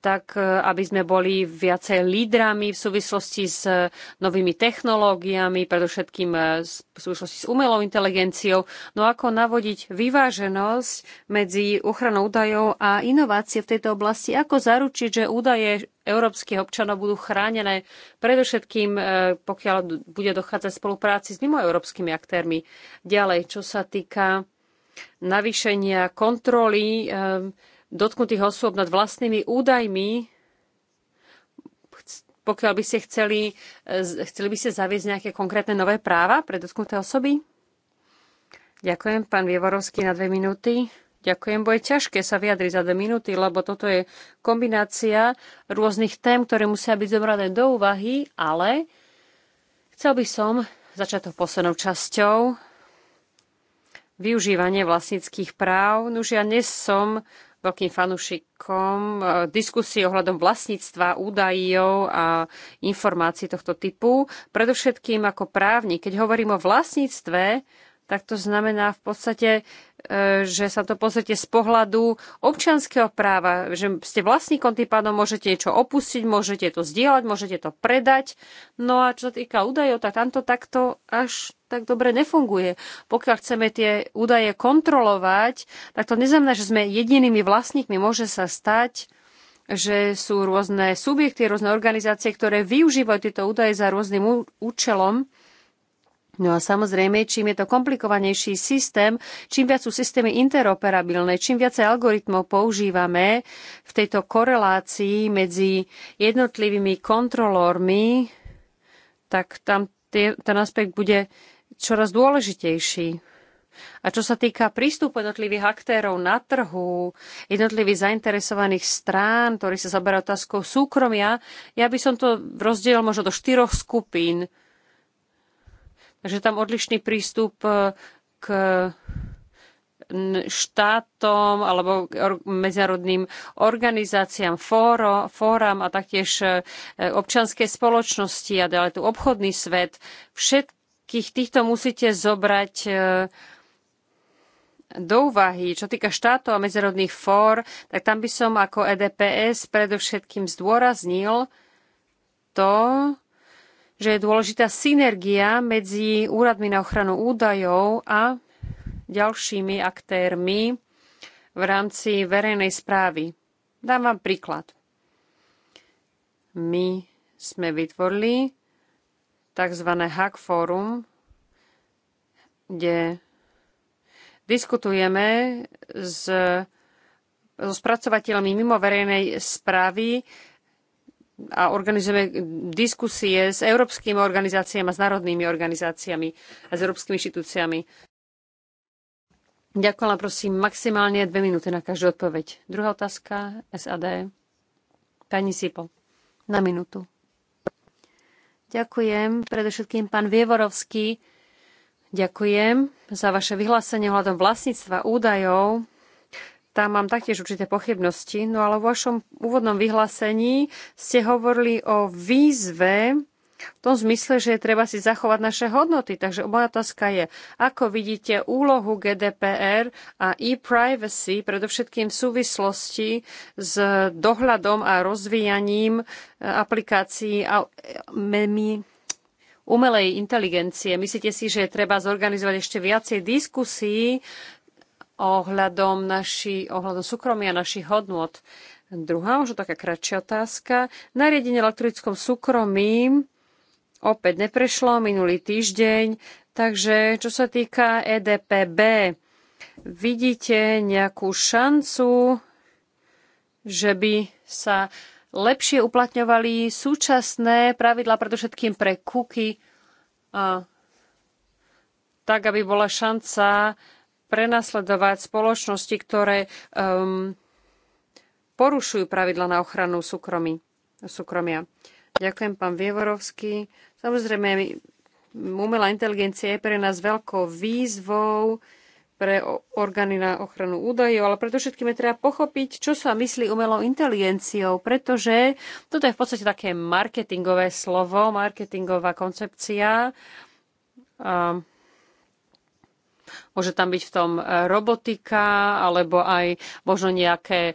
Speaker 3: tak e, aby sme boli viacej lídrami v súvislosti s e, novými technológiami, predovšetkým e, v súvislosti s umelou inteligenciou. No ako navodiť vyváženosť medzi ochranou údajov a inovácie v tejto oblasti? Ako zaručiť, že údaje európskych občanov budú chránené, predovšetkým pokiaľ bude dochádzať spolupráci s mimoeurópskymi aktérmi. Ďalej, čo sa týka navýšenia kontroly, dotknutých osôb nad vlastnými údajmi, pokiaľ by ste chceli, e, chceli by ste zaviesť nejaké konkrétne nové práva pre dotknuté osoby? Ďakujem, pán Vievorovský, na dve minúty. Ďakujem, bo je ťažké sa vyjadriť za dve minúty, lebo toto je kombinácia rôznych tém, ktoré musia byť zobrané do úvahy, ale chcel by som začať to poslednou časťou. Využívanie vlastníckých práv. Nuž ja dnes som veľkým fanúšikom e, diskusie ohľadom vlastníctva, údajov a informácií tohto typu. Predovšetkým ako právnik, keď hovorím o vlastníctve, tak to znamená v podstate E, že sa to pozrite z pohľadu občanského práva, že ste vlastníkom, tým pádom môžete niečo opustiť, môžete to zdieľať, môžete to predať. No a čo sa týka údajov, tak tamto takto až tak dobre nefunguje. Pokiaľ chceme tie údaje kontrolovať, tak to neznamená, že sme jedinými vlastníkmi. Môže sa stať, že sú rôzne subjekty, rôzne organizácie, ktoré využívajú tieto údaje za rôznym účelom No a samozrejme, čím je to komplikovanejší systém, čím viac sú systémy interoperabilné, čím viacej algoritmov používame v tejto korelácii medzi jednotlivými kontrolórmi, tak tam ten aspekt bude čoraz dôležitejší. A čo sa týka prístupu jednotlivých aktérov na trhu, jednotlivých zainteresovaných strán, ktorí sa zaberajú otázkou súkromia, ja by som to rozdielal možno do štyroch skupín Takže tam odlišný prístup e, k štátom alebo medzinárodným organizáciám, fóro, fóram a taktiež e, občanské spoločnosti a ďalej tu obchodný svet. Všetkých týchto musíte zobrať e, do úvahy, čo týka štátov a medzinárodných fór, tak tam by som ako EDPS predovšetkým zdôraznil to, že je dôležitá synergia medzi úradmi na ochranu údajov a ďalšími aktérmi v rámci verejnej správy. Dám vám príklad. My sme vytvorili tzv. hack fórum, kde diskutujeme s so spracovateľmi mimo verejnej správy a organizujeme diskusie s európskymi organizáciami a s národnými organizáciami a s európskymi inštitúciami. Ďakujem, prosím, maximálne dve minúty na každú odpoveď. Druhá otázka, SAD. Pani Sipo, na minútu. Ďakujem. Predovšetkým pán Vievorovský, ďakujem za vaše vyhlásenie hľadom vlastníctva údajov tam mám taktiež určité pochybnosti, no ale vo vašom úvodnom vyhlásení ste hovorili o výzve v tom zmysle, že je treba si zachovať naše hodnoty. Takže moja otázka je, ako vidíte úlohu GDPR a e-privacy, predovšetkým v súvislosti s dohľadom a rozvíjaním eh, aplikácií a memi umelej inteligencie. Myslíte si, že je treba zorganizovať ešte viacej diskusí ohľadom, naši, ohľadom súkromia našich hodnot. Druhá, možno taká kratšia otázka. Nariadenie elektrickom súkromí opäť neprešlo minulý týždeň, takže čo sa týka EDPB, vidíte nejakú šancu, že by sa lepšie uplatňovali súčasné pravidlá, predovšetkým pre kuky, tak aby bola šanca prenasledovať spoločnosti, ktoré um, porušujú pravidla na ochranu súkromí, súkromia. Ďakujem, pán Vievorovský. Samozrejme, umelá inteligencia je pre nás veľkou výzvou pre orgány na ochranu údajov, ale preto všetkým je treba pochopiť, čo sa myslí umelou inteligenciou, pretože toto je v podstate také marketingové slovo, marketingová koncepcia. Um, Môže tam byť v tom e, robotika alebo aj možno nejaké e,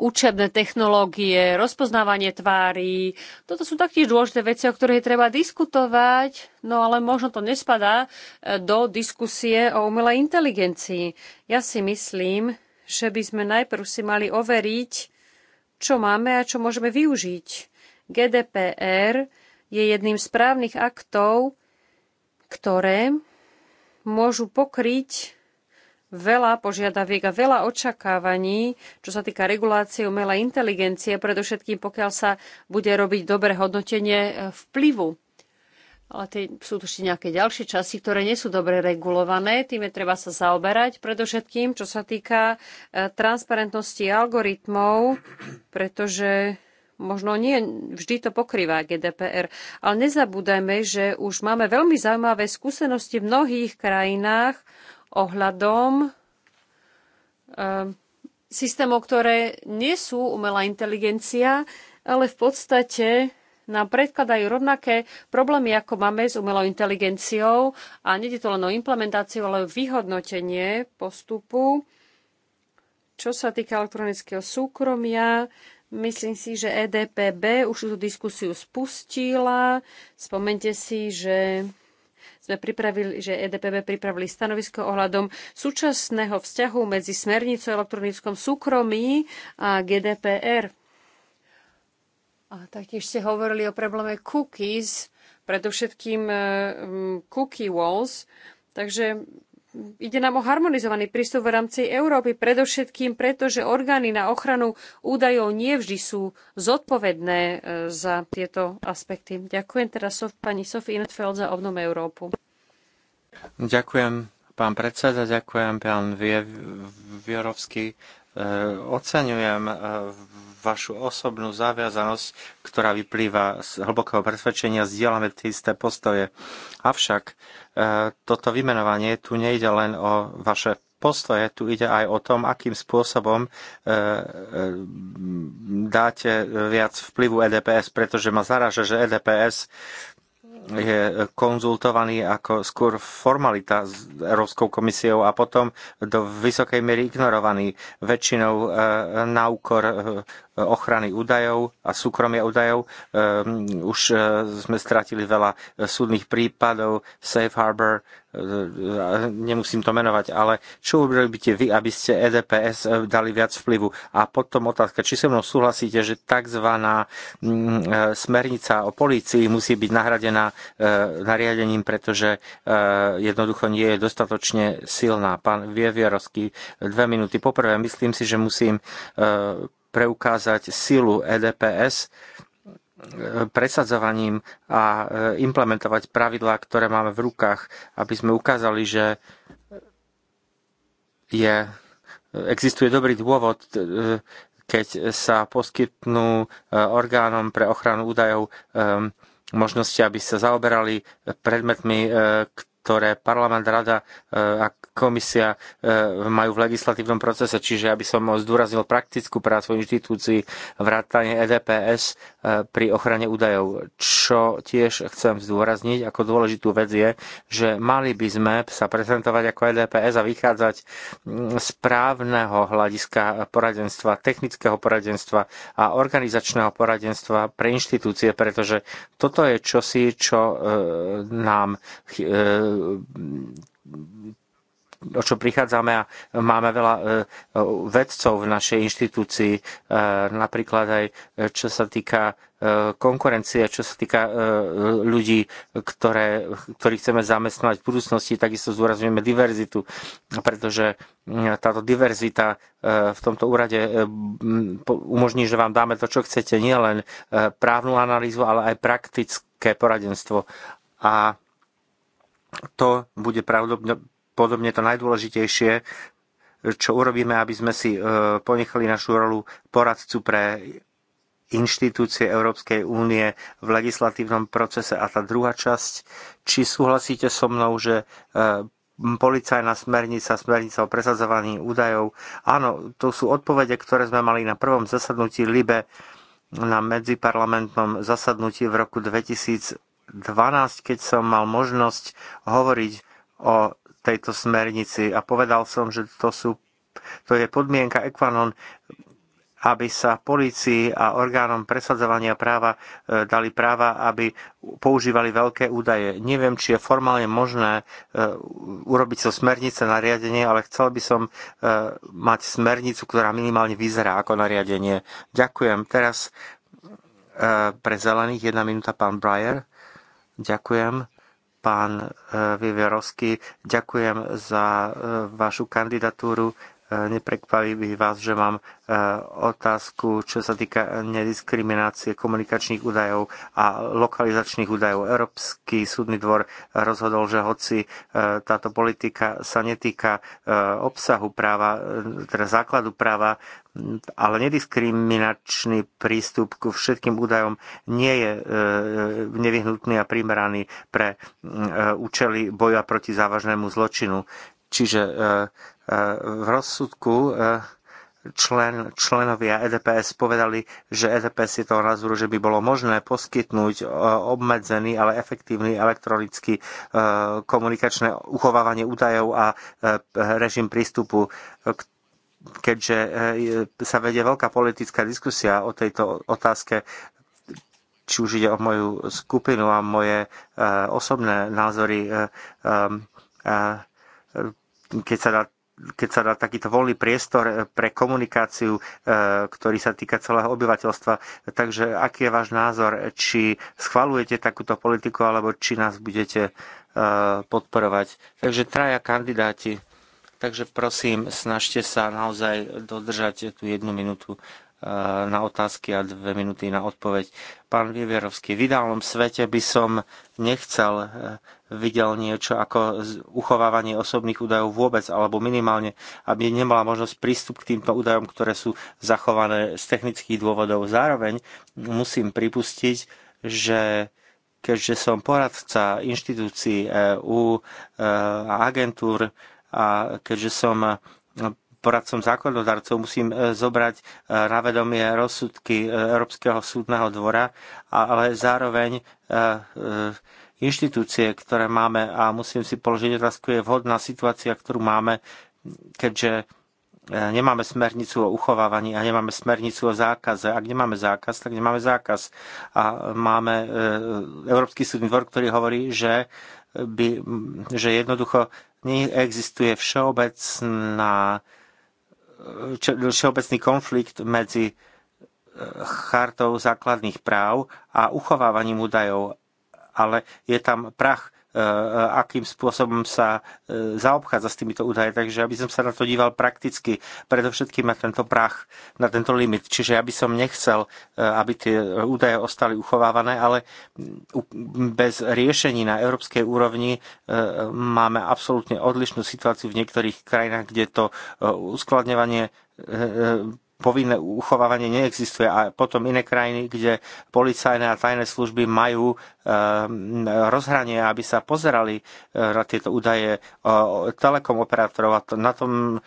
Speaker 3: učebné technológie, rozpoznávanie tvári. Toto sú taktiež dôležité veci, o ktorých treba diskutovať, no ale možno to nespadá e, do diskusie o umelej inteligencii. Ja si myslím, že by sme najprv si mali overiť, čo máme a čo môžeme využiť. GDPR je jedným z právnych aktov, ktoré môžu pokryť veľa požiadaviek a veľa očakávaní, čo sa týka regulácie umelej inteligencie, predovšetkým pokiaľ sa bude robiť dobré hodnotenie eh, vplyvu. Ale tie, sú tu ešte nejaké ďalšie časti, ktoré nie sú dobre regulované, tým je treba sa zaoberať, predovšetkým čo sa týka eh, transparentnosti algoritmov, pretože Možno nie vždy to pokrýva GDPR, ale nezabúdajme, že už máme veľmi zaujímavé skúsenosti v mnohých krajinách ohľadom ehm, systémov, ktoré nie sú umelá inteligencia, ale v podstate nám predkladajú rovnaké problémy, ako máme s umelou inteligenciou a nie je to len o implementáciu, ale o vyhodnotenie postupu. Čo sa týka elektronického súkromia, Myslím si, že EDPB už tú diskusiu spustila. Spomente si, že sme pripravili, že EDPB pripravili stanovisko ohľadom súčasného vzťahu medzi smernicou o elektronickom súkromí a GDPR. A taktiež ste hovorili o probléme cookies, predovšetkým eh, cookie walls. Takže Ide nám o harmonizovaný prístup v rámci Európy, predovšetkým preto, že orgány na ochranu údajov nie vždy sú zodpovedné e, za tieto aspekty. Ďakujem teraz pani Sofie Inetfeld za obnom Európu.
Speaker 1: Ďakujem pán predseda, ďakujem pán Vierovský. E, oceňujem e, vašu osobnú zaviazanosť, ktorá vyplýva z hlbokého presvedčenia, zdieľame tie isté postoje. Avšak e, toto vymenovanie tu nejde len o vaše postoje, tu ide aj o tom, akým spôsobom e, e, dáte viac vplyvu EDPS, pretože ma zaraža, že EDPS je konzultovaný ako skôr formalita s Európskou komisiou a potom do vysokej miery ignorovaný väčšinou na úkor ochrany údajov a súkromia údajov. Ehm, už e, sme stratili veľa e, súdnych prípadov, Safe Harbor, e, nemusím to menovať, ale čo urobíte vy, aby ste EDPS dali viac vplyvu? A potom otázka, či so mnou súhlasíte, že tzv. Mm, smernica o polícii musí byť nahradená nariadením, pretože jednoducho nie je dostatočne silná. Pán Vievierovský, dve minúty. Poprvé, myslím si, že musím preukázať silu EDPS e, presadzovaním a e, implementovať pravidlá, ktoré máme v rukách, aby sme ukázali, že je, existuje dobrý dôvod, e, keď sa poskytnú orgánom pre ochranu údajov možnosti, aby sa zaoberali predmetmi, ktoré parlament, rada ak komisia e, majú v legislatívnom procese, čiže aby som zdôraznil praktickú prácu inštitúcií vrátane EDPS e, pri ochrane údajov. Čo tiež chcem zdôrazniť ako dôležitú vec je, že mali by sme sa prezentovať ako EDPS a vychádzať mm, z právneho hľadiska poradenstva, technického poradenstva a organizačného poradenstva pre inštitúcie, pretože toto je čosi, čo e, nám o čo prichádzame a máme veľa e, vedcov v našej inštitúcii, e, napríklad aj e, čo sa týka konkurencie, čo sa týka ľudí, ktoré, ktorých chceme zamestnať v budúcnosti, takisto zdôrazňujeme diverzitu, pretože táto diverzita v tomto úrade umožní, že vám dáme to, čo chcete, nielen právnu analýzu, ale aj praktické poradenstvo. A to bude podobne to najdôležitejšie, čo urobíme, aby sme si e, ponechali našu rolu poradcu pre inštitúcie Európskej únie v legislatívnom procese. A tá druhá časť, či súhlasíte so mnou, že e, policajná smernica, smernica o presadzovaní údajov. Áno, to sú odpovede, ktoré sme mali na prvom zasadnutí LIBE na medziparlamentnom zasadnutí v roku 2012, keď som mal možnosť hovoriť o tejto smernici a povedal som, že to, sú, to je podmienka Equanon, aby sa polícii a orgánom presadzovania práva e, dali práva, aby používali veľké údaje. Neviem, či je formálne možné e, urobiť so smernice nariadenie, ale chcel by som e, mať smernicu, ktorá minimálne vyzerá ako nariadenie. Ďakujem. Teraz pre zelených jedna minúta pán Breyer. Ďakujem. Pán eh, Viverovský. ďakujem za eh, vašu kandidatúru neprekvapí vás, že mám e, otázku, čo sa týka nediskriminácie komunikačných údajov a lokalizačných údajov. Európsky súdny dvor rozhodol, že hoci e, táto politika sa netýka e, obsahu práva, teda základu práva, ale nediskriminačný prístup ku všetkým údajom nie je nevyhnutný a primeraný pre účely boja proti závažnému zločinu. Čiže E, v rozsudku e, člen, členovia EDPS povedali, že EDPS je toho názoru, že by bolo možné poskytnúť e, obmedzený, ale efektívny elektronický komunikačné uchovávanie údajov a režim prístupu k keďže sa vedie veľká politická diskusia o tejto otázke, či už ide o moju skupinu a moje osobné názory, keď sa dá keď sa dá takýto voľný priestor eh, pre komunikáciu, eh, ktorý sa týka celého obyvateľstva. Takže aký je váš názor? Či schvalujete takúto politiku, alebo či nás budete eh, podporovať? Takže traja kandidáti. Takže prosím, snažte sa naozaj dodržať tú jednu minútu Eh, na otázky a dve minúty na odpoveď. Pán Vieverovský, v ideálnom svete by som nechcel eh, videl niečo ako uchovávanie osobných údajov vôbec, alebo minimálne, aby nemala možnosť prístup k týmto údajom, ktoré sú zachované z technických dôvodov. Zároveň musím pripustiť, že keďže som poradca inštitúcií EU eh, a agentúr a keďže som poradcom zákonodarcov musím e, zobrať e, na vedomie rozsudky e, Európskeho súdneho dvora, ale zároveň inštitúcie, ktoré máme a musím si položiť otázku, je vhodná situácia, ktorú máme, keďže nemáme smernicu o uchovávaní a nemáme smernicu o zákaze. Ak nemáme zákaz, tak nemáme zákaz. A máme Európsky súdny dvor, ktorý hovorí, že, by, že jednoducho neexistuje všeobecná všeobecný konflikt medzi e, chartou základných práv a uchovávaním údajov, ale je tam prach E, e, akým spôsobom sa e, zaobchádza s týmito údaje. Takže aby som sa na to díval prakticky, predovšetkým na tento prach, na tento limit. Čiže ja by som nechcel, aby tie údaje ostali uchovávané, ale bez riešení na európskej úrovni máme absolútne odlišnú situáciu v niektorých krajinách, kde to uskladňovanie povinné uchovávanie neexistuje. A potom iné krajiny, kde policajné a tajné služby majú e, rozhranie, aby sa pozerali e, na tieto údaje e, telekom operátorov a na tom,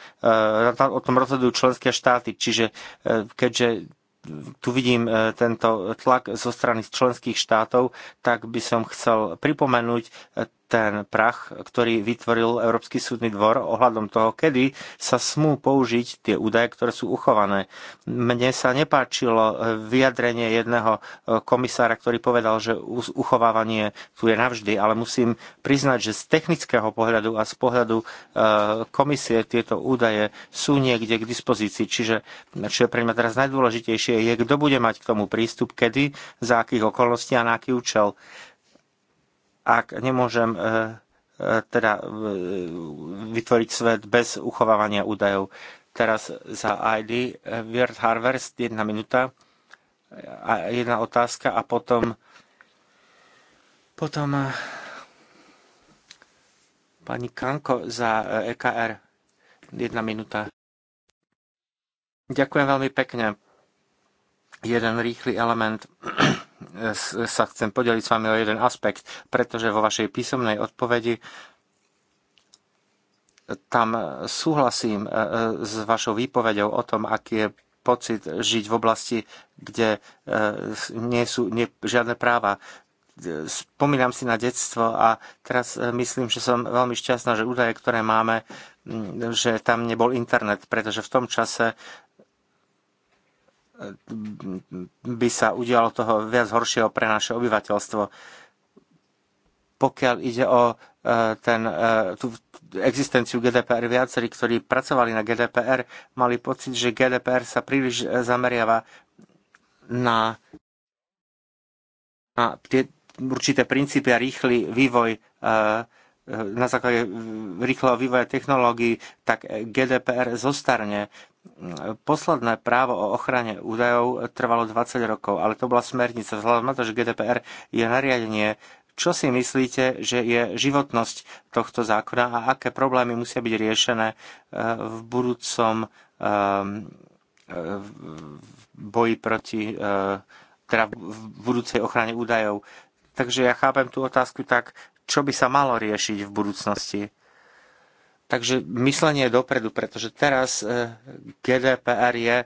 Speaker 1: o tom rozhodujú členské štáty. Čiže keďže tu vidím tento tlak zo strany členských štátov, tak by som chcel pripomenúť ten prach, ktorý vytvoril Európsky súdny dvor ohľadom toho, kedy sa smú použiť tie údaje, ktoré sú uchované. Mne sa nepáčilo vyjadrenie jedného e, komisára, ktorý povedal, že uchovávanie tu je navždy, ale musím priznať, že z technického pohľadu a z pohľadu e, komisie tieto údaje sú niekde k dispozícii. Čiže čo je pre mňa teraz najdôležitejšie, je, kto bude mať k tomu prístup, kedy, za akých okolností a na aký účel ak nemôžem e, e, teda e, vytvoriť svet bez uchovávania údajov. Teraz za ID Wirt Harvest, jedna minúta a jedna otázka a potom potom pani Kanko za EKR. Jedna minúta. Ďakujem veľmi pekne. Jeden rýchly element sa chcem podeliť s vami o jeden aspekt, pretože vo vašej písomnej odpovedi tam súhlasím e, e, s vašou výpovedou o tom, aký je pocit žiť v oblasti, kde e, nie sú nie, žiadne práva. Spomínam si na detstvo a teraz myslím, že som veľmi šťastná, že údaje, ktoré máme, že tam nebol internet, pretože v tom čase by sa udialo toho viac horšieho pre naše obyvateľstvo. Pokiaľ ide o e, ten, e, tú existenciu GDPR, viacerí, ktorí pracovali na GDPR, mali pocit, že GDPR sa príliš e, zameriava na, na tie určité princípy a rýchly vývoj na základe rýchleho vývoja technológií, tak GDPR zostarne posledné právo o ochrane údajov trvalo 20 rokov, ale to bola smernica. Vzhľadom na to, že GDPR je nariadenie, čo si myslíte, že je životnosť tohto zákona a aké problémy musia byť riešené eh, v budúcom ehm, eh, boji proti eh, teda v budúcej ochrane údajov. Takže ja chápem tú otázku tak, čo by sa malo riešiť v budúcnosti. Takže myslenie je dopredu, pretože teraz e, GDPR je, e,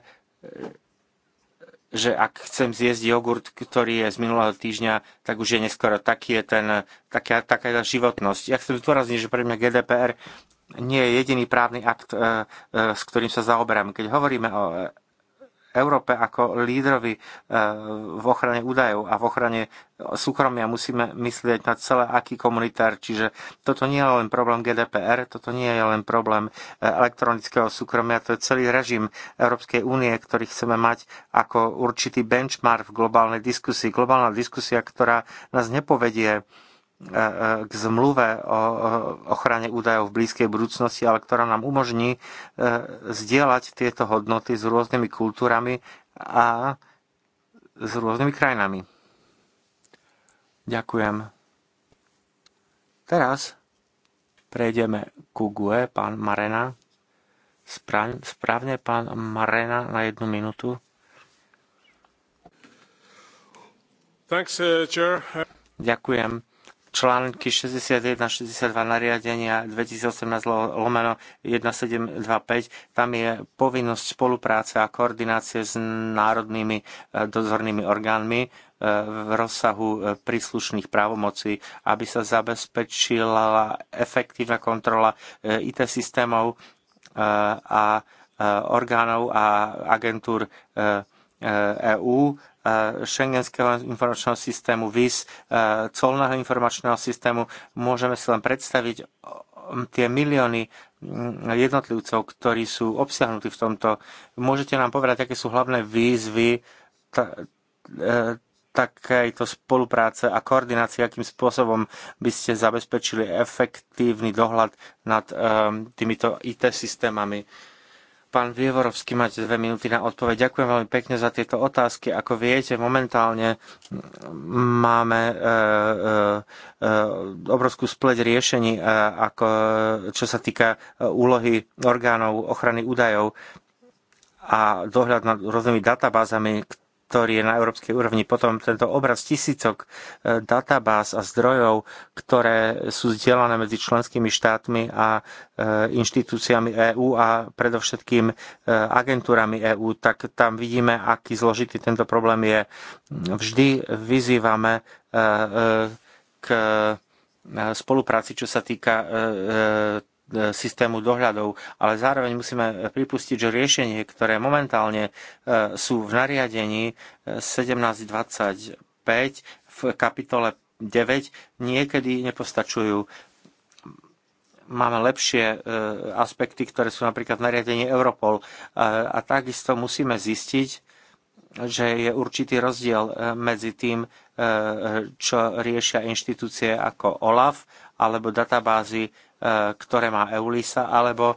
Speaker 1: že ak chcem zjesť jogurt, ktorý je z minulého týždňa, tak už je neskoro. Taký je ten, taká, taká je tá životnosť. Ja chcem zdôrazniť, že pre mňa GDPR nie je jediný právny akt, e, s ktorým sa zaoberám. Keď hovoríme o Európe ako lídrovi eh, v ochrane údajov a v ochrane súkromia musíme myslieť na celé aký komunitár. Čiže toto nie je len problém GDPR, toto nie je len problém eh, elektronického súkromia, to je celý režim Európskej únie, ktorý chceme mať ako určitý benchmark v globálnej diskusii. Globálna diskusia, ktorá nás nepovedie E, e, k zmluve o ochrane údajov v blízkej budúcnosti, ale ktorá nám umožní e, zdieľať tieto hodnoty s rôznymi kultúrami a s rôznymi krajinami. Ďakujem. Teraz prejdeme ku GUE, pán Marena. Správne, pán Marena, na jednu minútu. Thanks, uh, Ďakujem články 61 62 nariadenia 2018 lomeno 1725. Tam je povinnosť spolupráce a koordinácie s národnými e, dozornými orgánmi e, v rozsahu e, príslušných právomocí, aby sa zabezpečila efektívna kontrola IT systémov a orgánov a agentúr EÚ schengenského eh, informačného systému VIS, eh, colného informačného systému. Môžeme si len predstaviť tie milióny mm, jednotlivcov, ktorí sú obsiahnutí v tomto. Môžete nám povedať, aké sú hlavné výzvy eh, takéto spolupráce a koordinácie, akým spôsobom by ste zabezpečili efektívny dohľad nad týmito IT systémami. Pán Vievorovský, máte dve minúty na odpoveď. Ďakujem veľmi pekne za tieto otázky. Ako viete, momentálne máme e, e, e obrovskú spleť riešení, e, ako, čo sa týka e, úlohy orgánov ochrany údajov a dohľad nad rôznymi databázami, ktorý je na európskej úrovni, potom tento obraz tisícok e, databáz a zdrojov, ktoré sú zdieľané medzi členskými štátmi a e, inštitúciami EÚ a predovšetkým e, agentúrami EÚ, tak tam vidíme, aký zložitý tento problém je. Vždy vyzývame k spolupráci, čo sa týka E, systému dohľadov, ale zároveň musíme pripustiť, že riešenie, ktoré momentálne e, sú v nariadení 1725 e, v kapitole 9, niekedy nepostačujú. Máme lepšie aspekty, ktoré sú napríklad v nariadení Europol a takisto musíme zistiť, že je určitý rozdiel medzi tým, čo riešia inštitúcie ako OLAF alebo databázy, e, ktoré má EULISA, alebo e,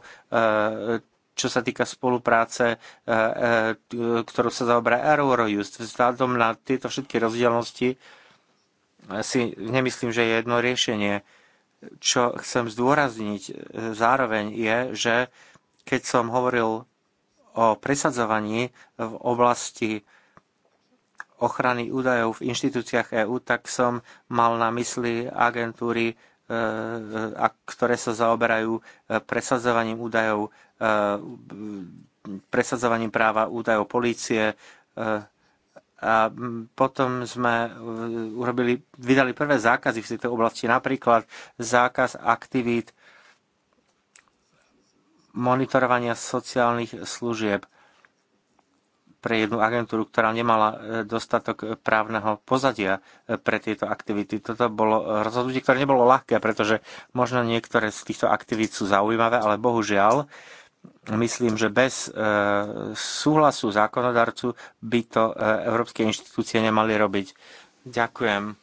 Speaker 1: čo sa týka spolupráce, e, ktorú sa zaoberá Eurojust. Vzhľadom na tieto všetky rozdielnosti si nemyslím, že je jedno riešenie. Čo chcem zdôrazniť zároveň je, že keď som hovoril o presadzovaní v oblasti ochrany údajov v inštitúciách EÚ, tak som mal na mysli agentúry Eh, a ktoré sa zaoberajú eh, presadzovaním údajov, eh, presadzovaním práva údajov polície. A potom sme urobili, vydali prvé zákazy v tejto oblasti, napríklad zákaz aktivít monitorovania sociálnych služieb pre jednu agentúru, ktorá nemala e, dostatok e, právneho pozadia e, pre tieto aktivity. Toto bolo rozhodnutie, ktoré nebolo ľahké, pretože možno niektoré z týchto aktivít sú zaujímavé, ale bohužiaľ myslím, že bez súhlasu zákonodarcu by to európske inštitúcie nemali robiť. Ďakujem.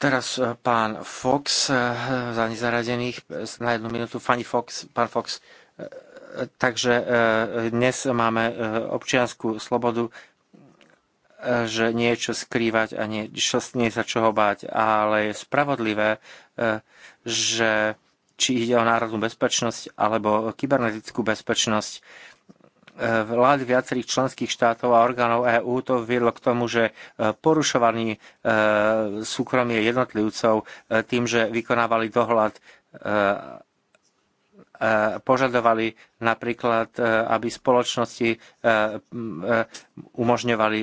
Speaker 1: Teraz pán Fox za nezaradených na jednu minútu. Fanny Fox, pán Fox, Takže e, dnes máme e, občianskú slobodu, e, že niečo skrývať a nie, nie sa čoho báť, ale je spravodlivé, že či ide o národnú bezpečnosť alebo kybernetickú bezpečnosť, Vlády viacerých členských štátov a orgánov EÚ to viedlo k tomu, že porušovaní súkromie jednotlivcov tým, že vykonávali dohľad Eh, požadovali napríklad, eh, aby spoločnosti eh, umožňovali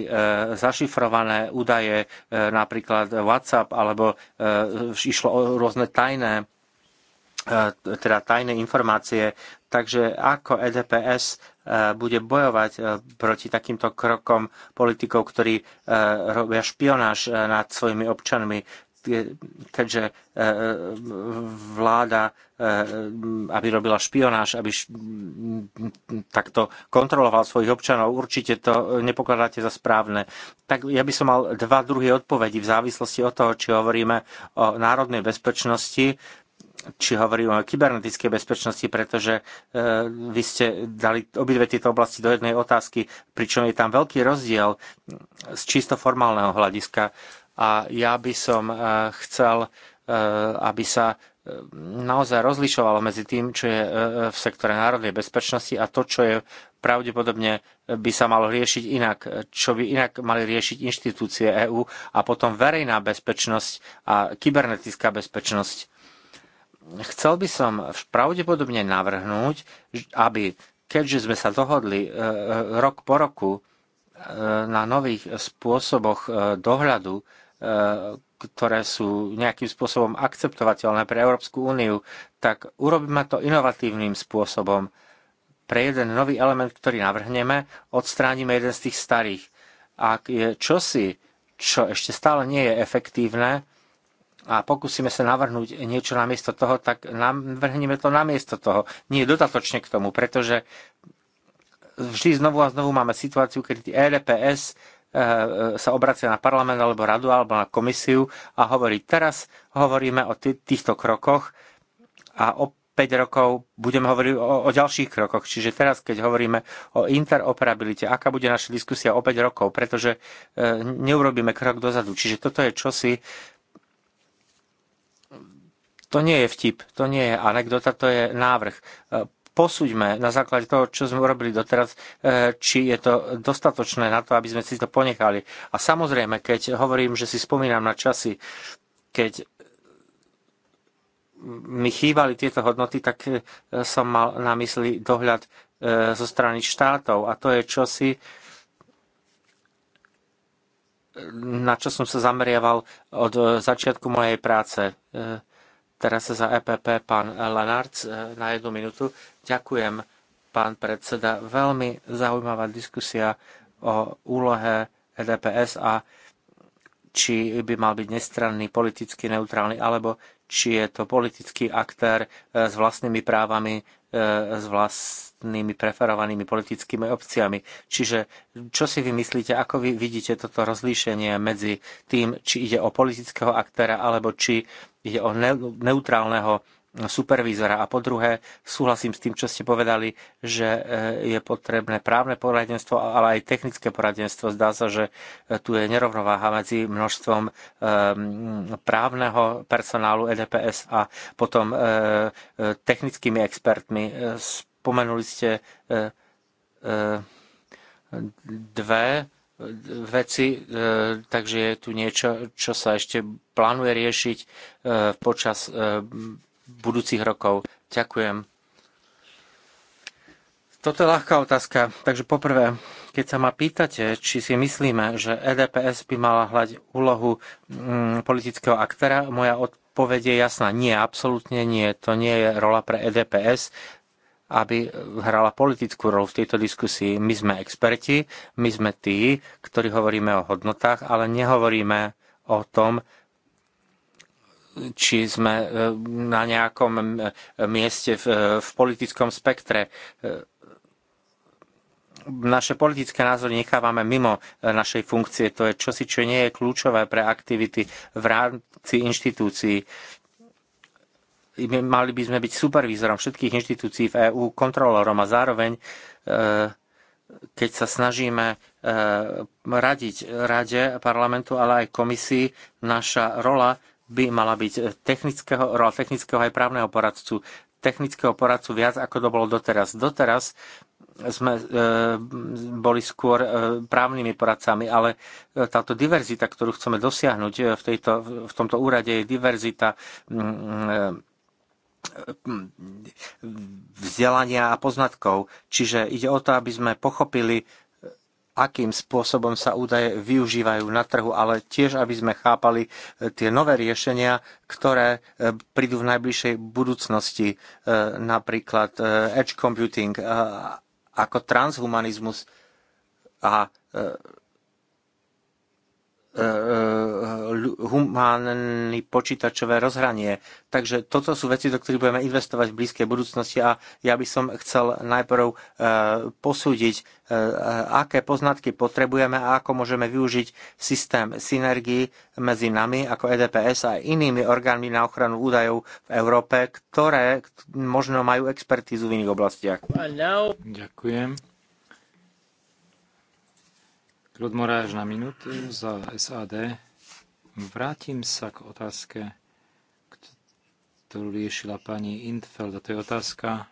Speaker 1: zašifrované údaje, napríklad WhatsApp, alebo išlo o rôzne tajné teda tajné informácie. Takže ako EDPS bude bojovať proti takýmto krokom politikov, ktorí robia špionáž nad svojimi občanmi keďže e, vláda, e, aby robila špionáž, aby takto kontroloval svojich občanov, určite to nepokladáte za správne. Tak ja by som mal dva druhy odpovedi v závislosti od toho, či hovoríme o národnej bezpečnosti, či hovoríme o kybernetickej bezpečnosti, pretože e, vy ste dali obidve tieto oblasti do jednej otázky, pričom je tam veľký rozdiel z čisto formálneho hľadiska a ja by som eh, chcel, eh, aby sa eh, naozaj rozlišovalo medzi tým, čo je v sektore národnej bezpečnosti a to, čo je pravdepodobne by sa malo riešiť inak, čo by inak mali riešiť inštitúcie EÚ a potom verejná bezpečnosť a kybernetická bezpečnosť. Chcel by som pravdepodobne navrhnúť, aby keďže sme sa dohodli rok po roku na nových spôsoboch dohľadu E, ktoré sú nejakým spôsobom akceptovateľné pre Európsku úniu, tak urobíme to inovatívnym spôsobom. Pre jeden nový element, ktorý navrhneme, odstránime jeden z tých starých. Ak je čosi, čo ešte stále nie je efektívne, a pokúsime sa navrhnúť niečo namiesto toho, tak navrhneme to namiesto toho. Nie dodatočne k tomu, pretože vždy znovu a znovu máme situáciu, kedy EDPS Eh, sa obracia na parlament alebo radu alebo na komisiu a hovorí, teraz hovoríme o týchto krokoch a o 5 rokov budeme hovoriť o, o ďalších krokoch. Čiže teraz, keď hovoríme o interoperabilite, aká bude naša diskusia o 5 rokov, pretože e, neurobíme krok dozadu. Čiže toto je čosi, to nie je vtip, to nie je anekdota, to je návrh. Eh, posúďme na základe toho, čo sme urobili doteraz, e, či je to dostatočné na to, aby sme si to ponechali. A samozrejme, keď hovorím, že si spomínam na časy, keď mi chýbali tieto hodnoty, tak e, som mal na mysli dohľad e, zo strany štátov. A to je čosi, na čo som sa zameriaval od začiatku mojej práce. Teraz za EPP pán Lenárc eh, na jednu minútu. Ďakujem, pán predseda. Veľmi zaujímavá diskusia o úlohe EDPS a či by mal byť nestranný, politicky neutrálny, alebo či je to politický aktér e, s vlastnými právami, e, s vlastnými preferovanými politickými opciami. Čiže čo si vy myslíte, ako vy vidíte toto rozlíšenie medzi tým, či ide o politického aktéra, alebo či ide o neutrálneho supervízora. A po druhé, súhlasím s tým, čo ste povedali, že eh, je potrebné právne poradenstvo, ale aj technické poradenstvo. Zdá sa, že eh, tu je nerovnováha medzi množstvom ehm, právneho personálu EDPS a potom eh, technickými expertmi. Spomenuli ste dve veci, takže je tu niečo, čo sa ešte plánuje riešiť počas budúcich rokov? Ďakujem. Toto je ľahká otázka. Takže poprvé, keď sa ma pýtate, či si myslíme, že EDPS by mala hľať úlohu mm, politického aktéra, moja odpoveď je jasná. Nie, absolútne nie. To nie je rola pre EDPS aby hrala politickú rolu v tejto diskusii. My sme experti, my sme tí, ktorí hovoríme o hodnotách, ale nehovoríme o tom, či sme e, na nejakom mieste v, e, v politickom spektre. E, naše politické názory nechávame mimo našej funkcie. To je čosi, čo nie je kľúčové pre aktivity v rámci inštitúcií. Mali by sme byť supervízorom všetkých inštitúcií v EÚ, kontrolorom a zároveň keď sa snažíme radiť rade parlamentu, ale aj komisii, naša rola by mala byť eh, technického, rola technického aj právneho poradcu, technického poradcu viac, ako to bolo doteraz. Doteraz sme e, boli skôr e, právnymi poradcami, ale táto diverzita, ktorú chceme dosiahnuť v, tejto, v tomto úrade, je diverzita e, vzdelania a poznatkov. Čiže ide o to, aby sme pochopili akým spôsobom sa údaje využívajú na trhu, ale tiež, aby sme chápali e, tie nové riešenia, ktoré e, prídu v najbližšej budúcnosti, e, napríklad edge computing ako transhumanizmus a E, e, humánne počítačové rozhranie. Takže toto sú veci, do ktorých budeme investovať v blízkej budúcnosti a ja by som chcel najprv e, posúdiť, aké poznatky potrebujeme a ako môžeme využiť systém synergii medzi nami ako EDPS a inými orgánmi na ochranu údajov v Európe, ktoré možno majú expertízu v iných oblastiach. Ďakujem. Klod Moráž na minútu za
Speaker 2: SAD. Vrátim sa k otázke, ktorú riešila pani Intfeld. A to je otázka e,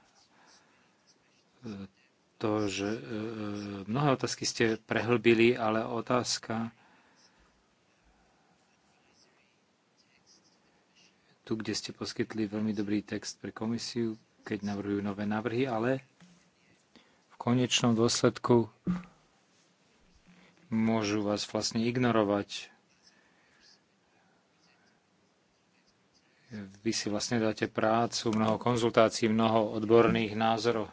Speaker 2: to, že e, e, mnohé otázky ste prehlbili, ale otázka tu, kde ste poskytli veľmi dobrý text pre komisiu, keď navrhujú nové návrhy, ale v konečnom dôsledku môžu vás vlastne ignorovať. Vy si vlastne dáte prácu, mnoho konzultácií, mnoho odborných názorov.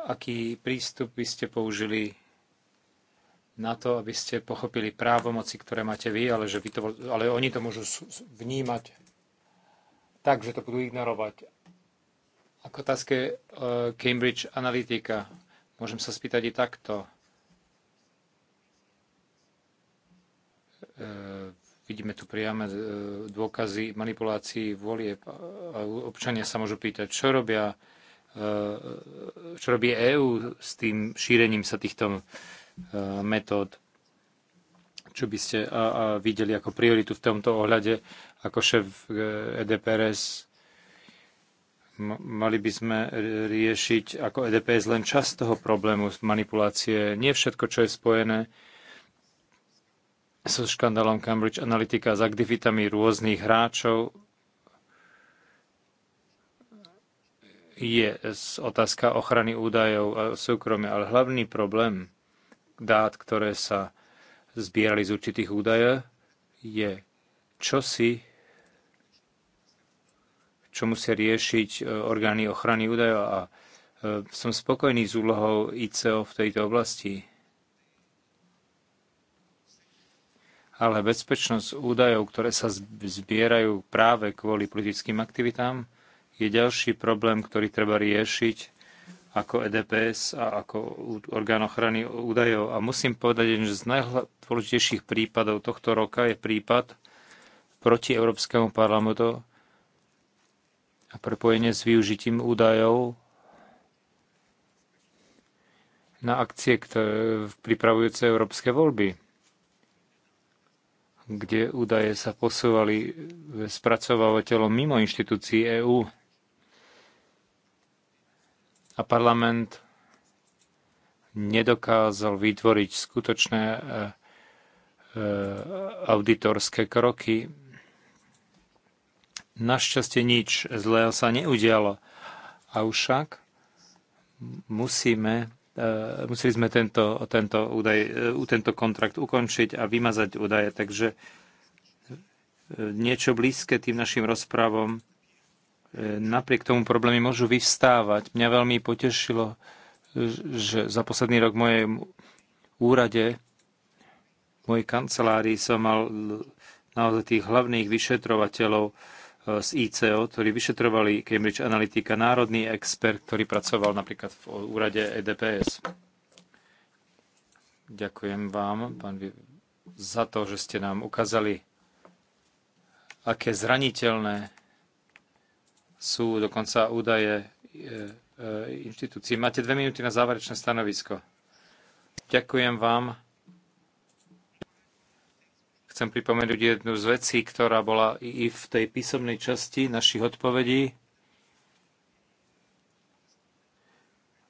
Speaker 2: Aký prístup by ste použili na to, aby ste pochopili právomoci, ktoré máte vy, ale, že vy to, ale oni to môžu vnímať tak, že to budú ignorovať. Ako otázke eh, Cambridge Analytica, môžem sa spýtať i takto E, vidíme tu priame e, dôkazy manipulácií volieb. E, občania sa môžu pýtať, čo robia čo robí EÚ s tým šírením sa týchto metód. Čo by ste videli ako prioritu v tomto ohľade, ako šéf EDPRS? Mali by sme riešiť ako EDPS len časť toho problému manipulácie. Nie všetko, čo je spojené so škandálom Cambridge Analytica, s aktivitami rôznych hráčov, je otázka ochrany údajov a súkromia, ale hlavný problém dát, ktoré sa zbierali z určitých údajov, je čosi, čo musia riešiť e, orgány ochrany údajov a e, som spokojný s úlohou ICO v tejto oblasti. ale bezpečnosť údajov, ktoré sa zbierajú práve kvôli politickým aktivitám, je ďalší problém, ktorý treba riešiť ako EDPS a ako orgán ochrany údajov. A musím povedať, že z najdôležitejších prípadov tohto roka je prípad proti Európskemu parlamentu a prepojenie s využitím údajov na akcie, ktoré pripravujúce európske voľby kde údaje sa posúvali spracovávateľom mimo inštitúcií EÚ. A parlament nedokázal vytvoriť skutočné e, e, auditorské kroky. Našťastie nič zlého sa neudialo. A však musíme E, museli sme tento, tento, údaj, e, tento kontrakt ukončiť a vymazať údaje, takže e, niečo blízke tým našim rozprávom. Napriek tomu problémy môžu vyvstávať. Mňa veľmi potešilo, že za posledný rok v mojej úrade, v mojej kancelárii som mal naozaj tých hlavných vyšetrovateľov E, z ICO, ktorí vyšetrovali Cambridge Analytica, národný expert, ktorý pracoval napríklad v úrade EDPS. Ďakujem vám, pán, za to, že ste nám ukázali, aké zraniteľné sú dokonca údaje e, e, inštitúcií. Máte dve minúty na záverečné stanovisko. Ďakujem vám Chcem pripomenúť jednu z vecí, ktorá bola i v tej písomnej časti našich odpovedí.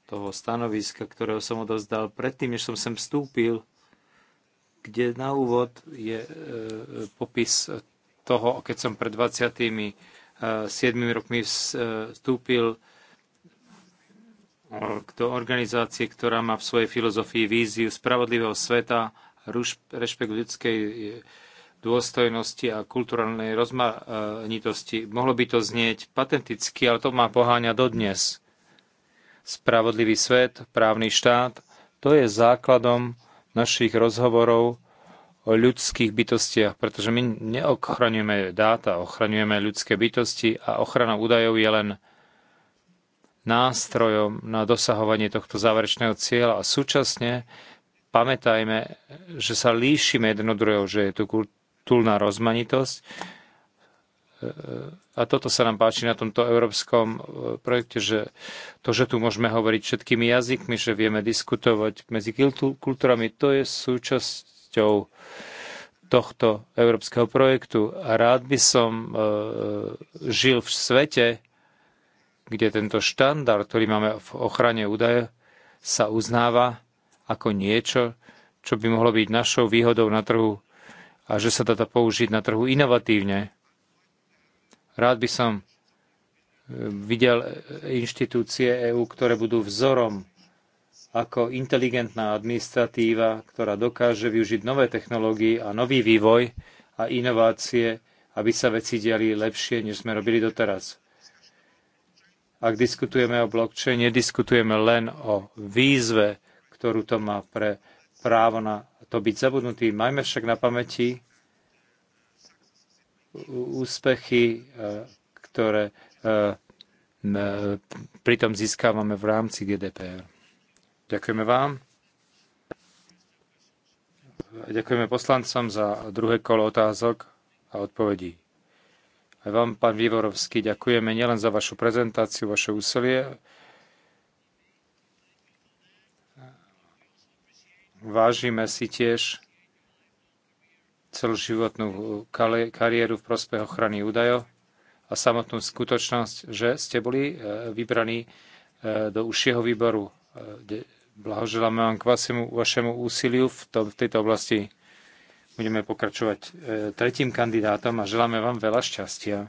Speaker 2: toho stanoviska, ktorého som odozdal predtým, než som sem vstúpil, kde na úvod je e, popis toho, keď som pred 27 e, rokmi e, vstúpil do organizácie, ktorá má v svojej filozofii víziu spravodlivého sveta rešpekt ľudskej eh, dôstojnosti a kulturálnej rozmanitosti. Mohlo by to znieť patenticky, ale to má poháňa dodnes. Spravodlivý svet, právny štát, to je základom našich rozhovorov o ľudských bytostiach, pretože my neochraňujeme dáta, ochraňujeme ľudské bytosti a ochrana údajov je len nástrojom na dosahovanie tohto záverečného cieľa a súčasne pamätajme, že sa líšime jedno druhého, že je tu kultúrna rozmanitosť. E, e, a toto sa nám páči na tomto európskom e, projekte, že to, že tu môžeme hovoriť všetkými jazykmi, že vieme diskutovať medzi kultúrami, to je súčasťou tohto európskeho projektu. A rád by som žil v svete, kde tento štandard, ktorý máme v ochrane údaje, sa uznáva ako niečo, čo by mohlo byť našou výhodou na trhu a že sa dá to použiť na trhu inovatívne. Rád by som e, videl e, inštitúcie EÚ, ktoré budú vzorom ako inteligentná administratíva, ktorá dokáže využiť nové technológie a nový vývoj a inovácie, aby sa veci diali lepšie, než sme robili doteraz. Ak diskutujeme o blockchain, nediskutujeme len o výzve ktorú to má pre právo na to byť zabudnutý. Majme však na pamäti úspechy, e, ktoré e, e, pritom získávame v rámci GDPR. Ďakujeme vám. Ďakujeme poslancom za druhé kolo otázok a odpovedí. Aj vám, pán Vývorovský, ďakujeme nielen za vašu prezentáciu, vaše úsilie, Vážime si tiež celoživotnú kariéru v prospech ochrany údajov a samotnú skutočnosť, že ste boli e, vybraní e, do užšieho výboru. E, blahoželáme vám k vašemu, vašemu úsiliu v, tom, v tejto oblasti. Budeme pokračovať tretím kandidátom a želáme vám veľa šťastia.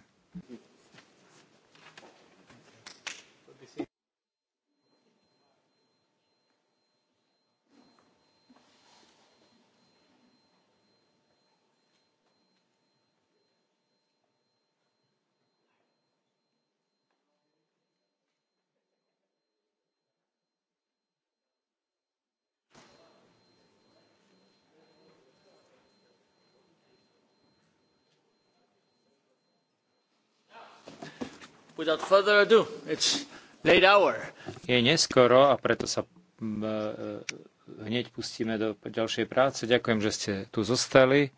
Speaker 2: Ado, Je neskoro a preto sa mm, e, e, hneď pustíme do ďalšej práce. Ďakujem, že ste tu zostali.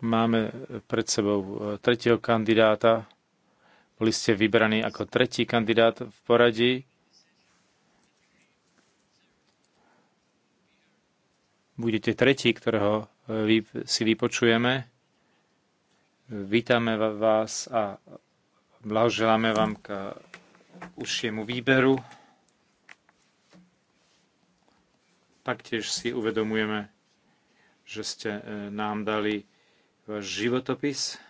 Speaker 2: Máme pred sebou e, tretieho kandidáta. Boli ste vybraní ako tretí kandidát v poradí. Budete tretí, ktorého si vypočujeme. Vítame vás a Blahoželáme vám k užšiemu výberu. Taktiež si uvedomujeme, že ste e, nám dali váš životopis.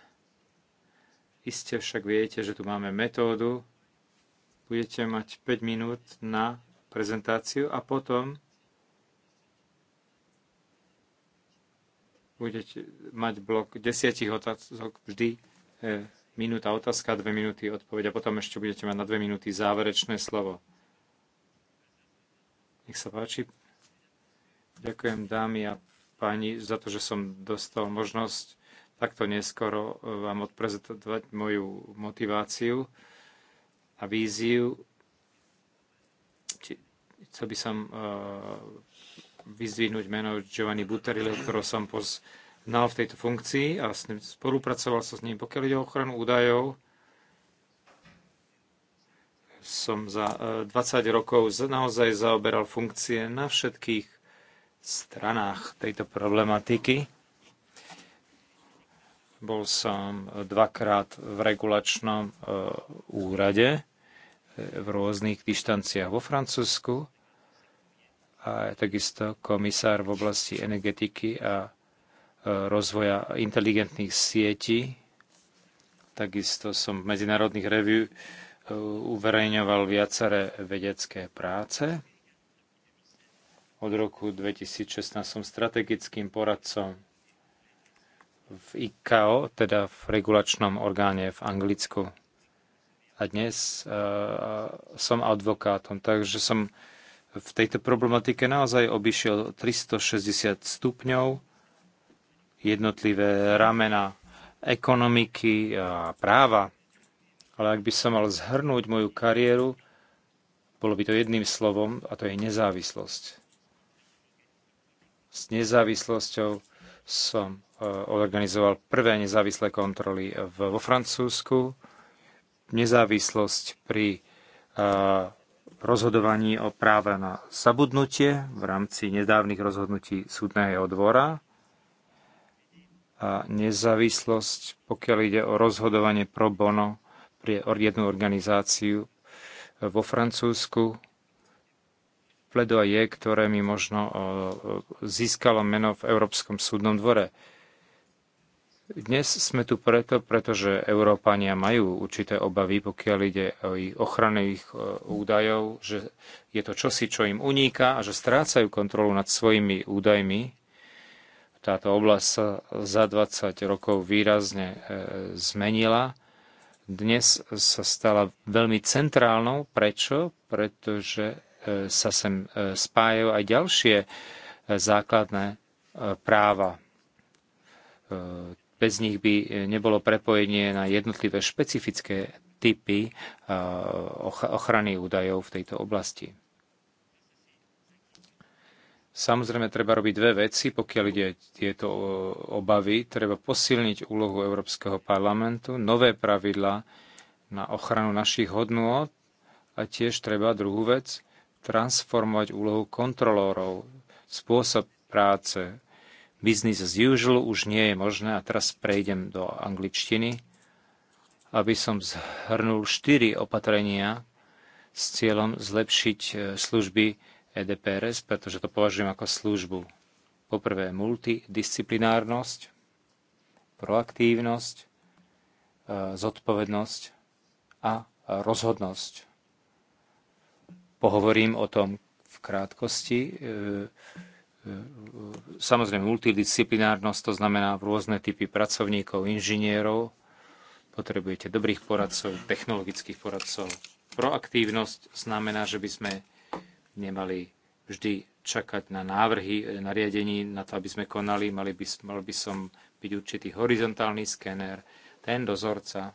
Speaker 2: Iste však viete, že tu máme metódu. Budete mať 5 minút na prezentáciu a potom budete mať blok desiatich otázok vždy e, minúta otázka, dve minúty odpoveď a potom ešte budete mať na dve minúty záverečné slovo. Nech sa páči. Ďakujem dámy a páni za to, že som dostal možnosť takto neskoro e, vám odprezentovať moju motiváciu a víziu. Chcel by som e, vyzdvihnúť meno Giovanni Butterile, ktorého som poz, mal v tejto funkcii a spolupracoval sa s ním, pokiaľ ide o ochranu údajov. Som za 20 e, rokov naozaj zaoberal funkcie na všetkých stranách tejto problematiky. Bol som dvakrát v regulačnom e, úrade e, v rôznych dištanciách vo Francúzsku a takisto komisár v oblasti energetiky a rozvoja inteligentných sietí. Takisto som v medzinárodných review eh, uverejňoval viaceré vedecké práce. Od roku 2016 som strategickým poradcom v ICAO, teda v regulačnom orgáne v Anglicku. A dnes uh, som advokátom, takže som v tejto problematike naozaj obišiel 360 stupňov jednotlivé ramena ekonomiky a práva. Ale ak by som mal zhrnúť moju kariéru, bolo by to jedným slovom a to je nezávislosť. S nezávislosťou som e, organizoval prvé nezávislé kontroly vo Francúzsku. Nezávislosť pri e, rozhodovaní o práve na zabudnutie v rámci nedávnych rozhodnutí súdneho dvora a nezávislosť, pokiaľ ide o rozhodovanie pro bono pre jednu organizáciu vo Francúzsku. pledo je, ktoré mi možno získalo meno v Európskom súdnom dvore. Dnes sme tu preto, pretože Európania majú určité obavy, pokiaľ ide o ich ochrany ich údajov, že je to čosi, čo im uniká a že strácajú kontrolu nad svojimi údajmi, táto oblasť sa za 20 rokov výrazne e, zmenila. Dnes sa stala veľmi centrálnou. Prečo? Pretože e, sa sem e, spájajú aj ďalšie základné práva. Bez nich by nebolo prepojenie na jednotlivé špecifické typy ochrany údajov v tejto oblasti. Samozrejme, treba robiť dve veci, pokiaľ ide tieto obavy. Treba posilniť úlohu Európskeho parlamentu, nové pravidlá na ochranu našich hodnôt a tiež treba druhú vec, transformovať úlohu kontrolórov, spôsob práce. Business as usual už nie je možné a teraz prejdem do angličtiny, aby som zhrnul štyri opatrenia s cieľom zlepšiť e, služby EDPRS, pretože to považujem ako službu. Poprvé multidisciplinárnosť, proaktívnosť, e, zodpovednosť a rozhodnosť. Pohovorím o tom v krátkosti. E, e, samozrejme, multidisciplinárnosť to znamená rôzne typy pracovníkov, inžinierov, potrebujete dobrých poradcov, technologických poradcov. Proaktívnosť znamená, že by sme nemali vždy čakať na návrhy na e, nariadení na to, aby sme konali. Mali by, mal by som byť určitý horizontálny skener, ten dozorca,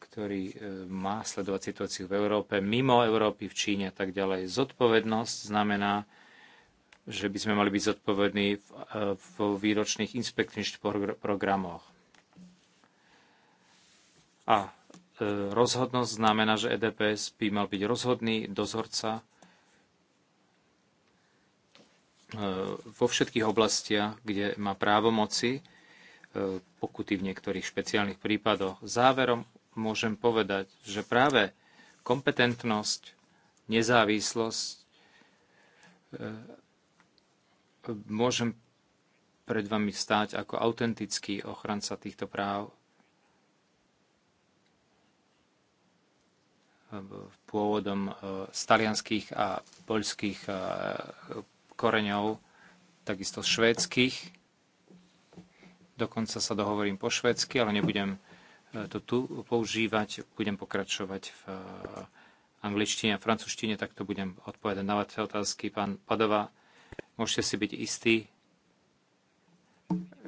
Speaker 2: ktorý e, má sledovať situáciu v Európe, mimo Európy, v Číne a tak ďalej. Zodpovednosť znamená, že by sme mali byť zodpovední vo e, výročných inspekčných programoch. A rozhodnosť znamená, že EDPS by mal byť rozhodný dozorca E, vo všetkých oblastiach, kde má právomoci, e, pokuty v niektorých špeciálnych prípadoch. Záverom môžem povedať, že práve kompetentnosť, nezávislosť e, môžem pred vami stáť ako autentický ochranca týchto práv. pôvodom z talianských a poľských koreňov, takisto švédskych. Dokonca sa dohovorím po švédsky, ale nebudem e, to tu používať. Budem pokračovať v e, angličtine a francúzštine, tak to budem odpovedať na vaše otázky. Pán Padova, môžete si byť istí,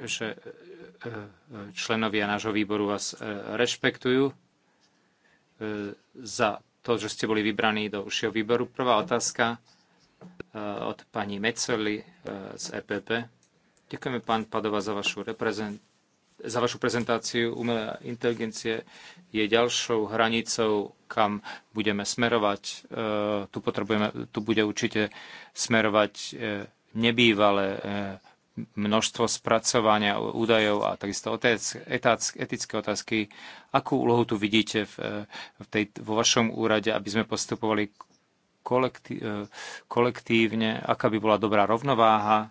Speaker 2: že e, členovia nášho výboru vás rešpektujú za to, že ste boli vybraní do užšieho výboru. Prvá otázka Eh, od pani Meceli eh, z EPP. Ďakujeme, pán Padova, za vašu, reprezent- za vašu prezentáciu. Umelá inteligencie je ďalšou hranicou, kam budeme smerovať. Eh, tu, potrebujeme, tu bude určite smerovať nebývalé množstvo spracovania údajov a takisto etické otázky. Akú úlohu tu vidíte v, v tej, vo vašom úrade, aby sme postupovali E, kolektívne, aká by bola dobrá rovnováha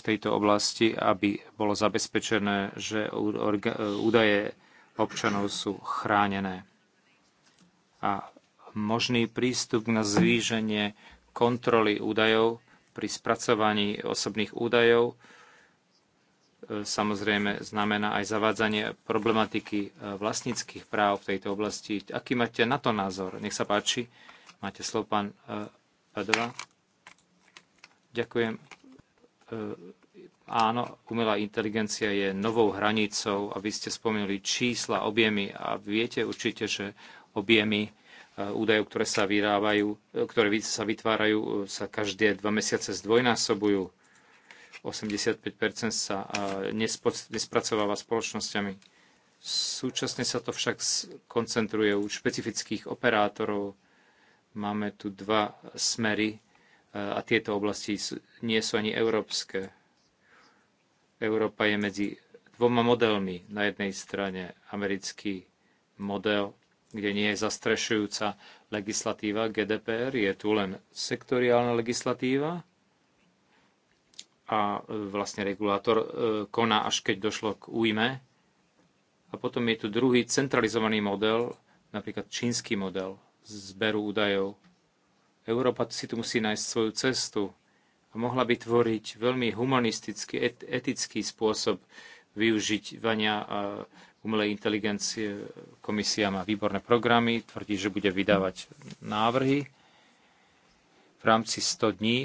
Speaker 2: v tejto oblasti, aby bolo zabezpečené, že e, údaje občanov sú chránené. A možný prístup na zvýženie kontroly údajov pri spracovaní osobných údajov e, samozrejme znamená aj zavádzanie problematiky vlastníckých práv v tejto oblasti. Aký máte na to názor? Nech sa páči. Máte slovo, pán Padova. E, Ďakujem. E, áno, umelá inteligencia je novou hranicou a vy ste spomenuli čísla, objemy a viete určite, že objemy e, údajov, ktoré sa vyrábajú, ktoré sa vytvárajú, sa každé dva mesiace zdvojnásobujú. 85% sa nespracováva spoločnosťami. Súčasne sa to však koncentruje u špecifických operátorov, Máme tu dva smery e, a tieto oblasti nie sú ani európske. Európa je medzi dvoma modelmi. Na jednej strane americký model, kde nie je zastrešujúca legislatíva GDPR, je tu len sektoriálna legislatíva a e, vlastne regulátor e, koná, až keď došlo k újme. A potom je tu druhý centralizovaný model, napríklad čínsky model, zberu údajov. Európa si tu musí nájsť svoju cestu a mohla by tvoriť veľmi humanistický, et, etický spôsob využívania umelej inteligencie. Komisia má výborné programy, tvrdí, že bude vydávať návrhy v rámci 100 dní.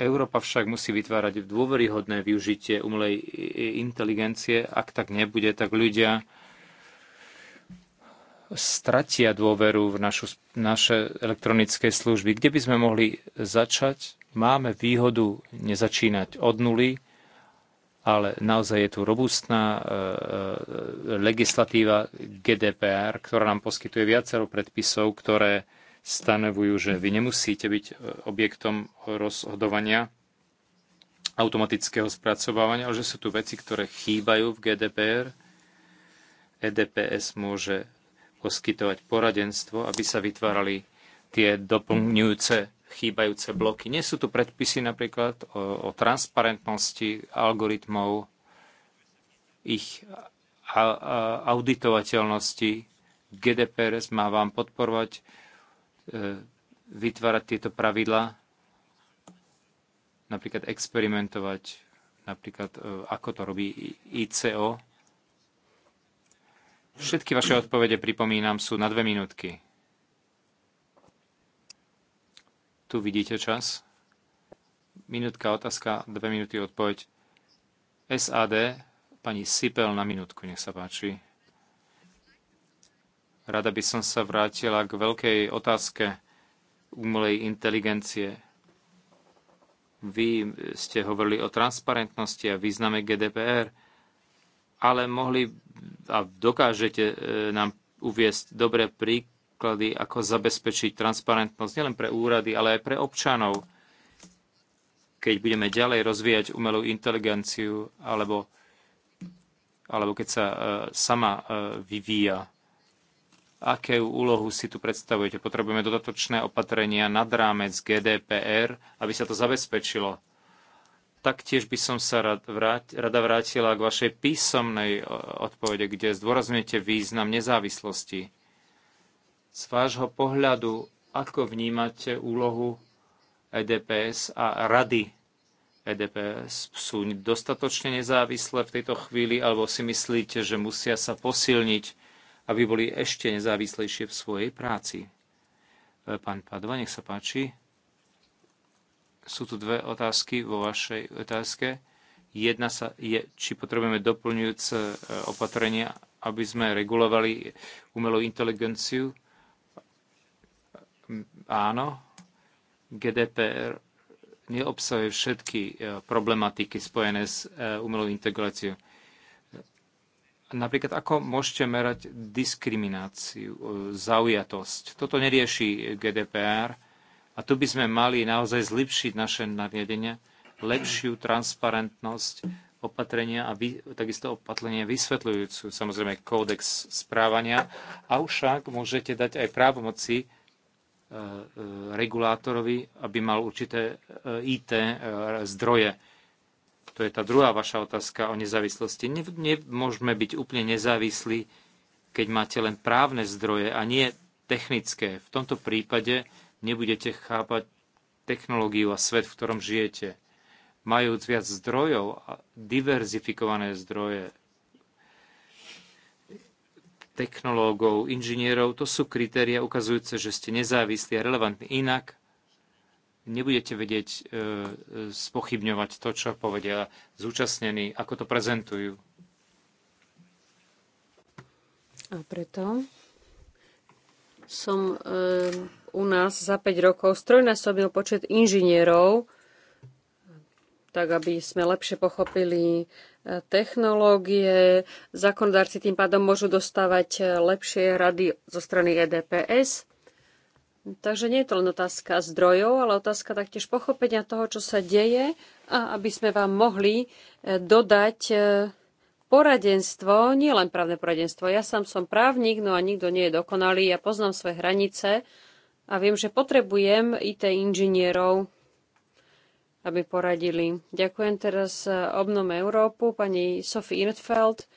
Speaker 2: Európa však musí vytvárať dôveryhodné využitie umelej inteligencie. Ak tak nebude, tak ľudia stratia dôveru v našu, naše elektronické služby. Kde by sme mohli začať? Máme výhodu nezačínať od nuly, ale naozaj je tu robustná e, e legislatíva GDPR, ktorá nám poskytuje viacero predpisov, ktoré stanovujú, že vy nemusíte byť e, objektom rozhodovania automatického spracovávania, ale že sú tu veci, ktoré chýbajú v GDPR. EDPS môže poskytovať poradenstvo, aby sa vytvárali tie doplňujúce chýbajúce bloky. Nie sú tu predpisy napríklad o, o transparentnosti algoritmov, ich a, a, auditovateľnosti. GDPR má vám podporovať, e, vytvárať tieto pravidla, napríklad experimentovať, napríklad e, ako to robí ICO, Všetky vaše odpovede, pripomínam, sú na dve minútky. Tu vidíte čas. Minútka otázka, dve minúty odpoveď. SAD, pani Sipel na minútku, nech sa páči. Rada by som sa vrátila k veľkej otázke umelej inteligencie. Vy ste hovorili o transparentnosti a význame GDPR ale mohli a dokážete e, nám uviesť dobré príklady, ako zabezpečiť transparentnosť nielen pre úrady, ale aj pre občanov, keď budeme ďalej rozvíjať umelú inteligenciu alebo, alebo keď sa e, sama e, vyvíja. Akú úlohu si tu predstavujete? Potrebujeme dodatočné opatrenia nad rámec GDPR, aby sa to zabezpečilo Taktiež by som sa rad vráť, rada vrátila k vašej písomnej odpovede, kde zdôrazňujete význam nezávislosti. Z vášho pohľadu, ako vnímate úlohu EDPS a rady EDPS? Sú dostatočne nezávislé v tejto chvíli, alebo si myslíte, že musia sa posilniť, aby boli ešte nezávislejšie v svojej práci? E, pán Padova, nech sa páči sú tu dve otázky vo vašej otázke. Jedna sa je, či potrebujeme doplňujúce e, opatrenia, aby sme regulovali umelú inteligenciu. Áno, GDPR neobsahuje všetky e, problematiky spojené s e, umelou integráciou. Napríklad, ako môžete merať diskrimináciu, zaujatosť? Toto nerieši GDPR a tu by sme mali naozaj zlepšiť naše nariadenia, lepšiu transparentnosť opatrenia a vy, takisto opatrenie vysvetľujúcu, samozrejme kódex správania. A však môžete dať aj právomoci e, e, regulátorovi, aby mal určité e, IT e, zdroje. To je tá druhá vaša otázka o nezávislosti. Ne, nemôžeme byť úplne nezávislí, keď máte len právne zdroje a nie technické. V tomto prípade nebudete chápať technológiu a svet, v ktorom žijete. Majúc viac zdrojov a diverzifikované zdroje technológov, inžinierov, to sú kritéria ukazujúce, že ste nezávislí a relevantní. Inak nebudete vedieť e, spochybňovať to, čo povedia zúčastnení, ako to prezentujú.
Speaker 3: A preto som e u nás za 5 rokov strojnásobil počet inžinierov, tak aby sme lepšie pochopili e, technológie. Zákonodárci tým pádom môžu dostávať e, lepšie rady zo strany EDPS. Takže nie je to len otázka zdrojov, ale otázka taktiež pochopenia toho, čo sa deje a aby sme vám mohli e, dodať poradenstvo, nie len právne poradenstvo. Ja sám som právnik, no a nikto nie je dokonalý, ja poznám svoje hranice, a viem, že potrebujem IT inžinierov, aby poradili. Ďakujem teraz e, obnom Európu, pani Sophie Inetfeld.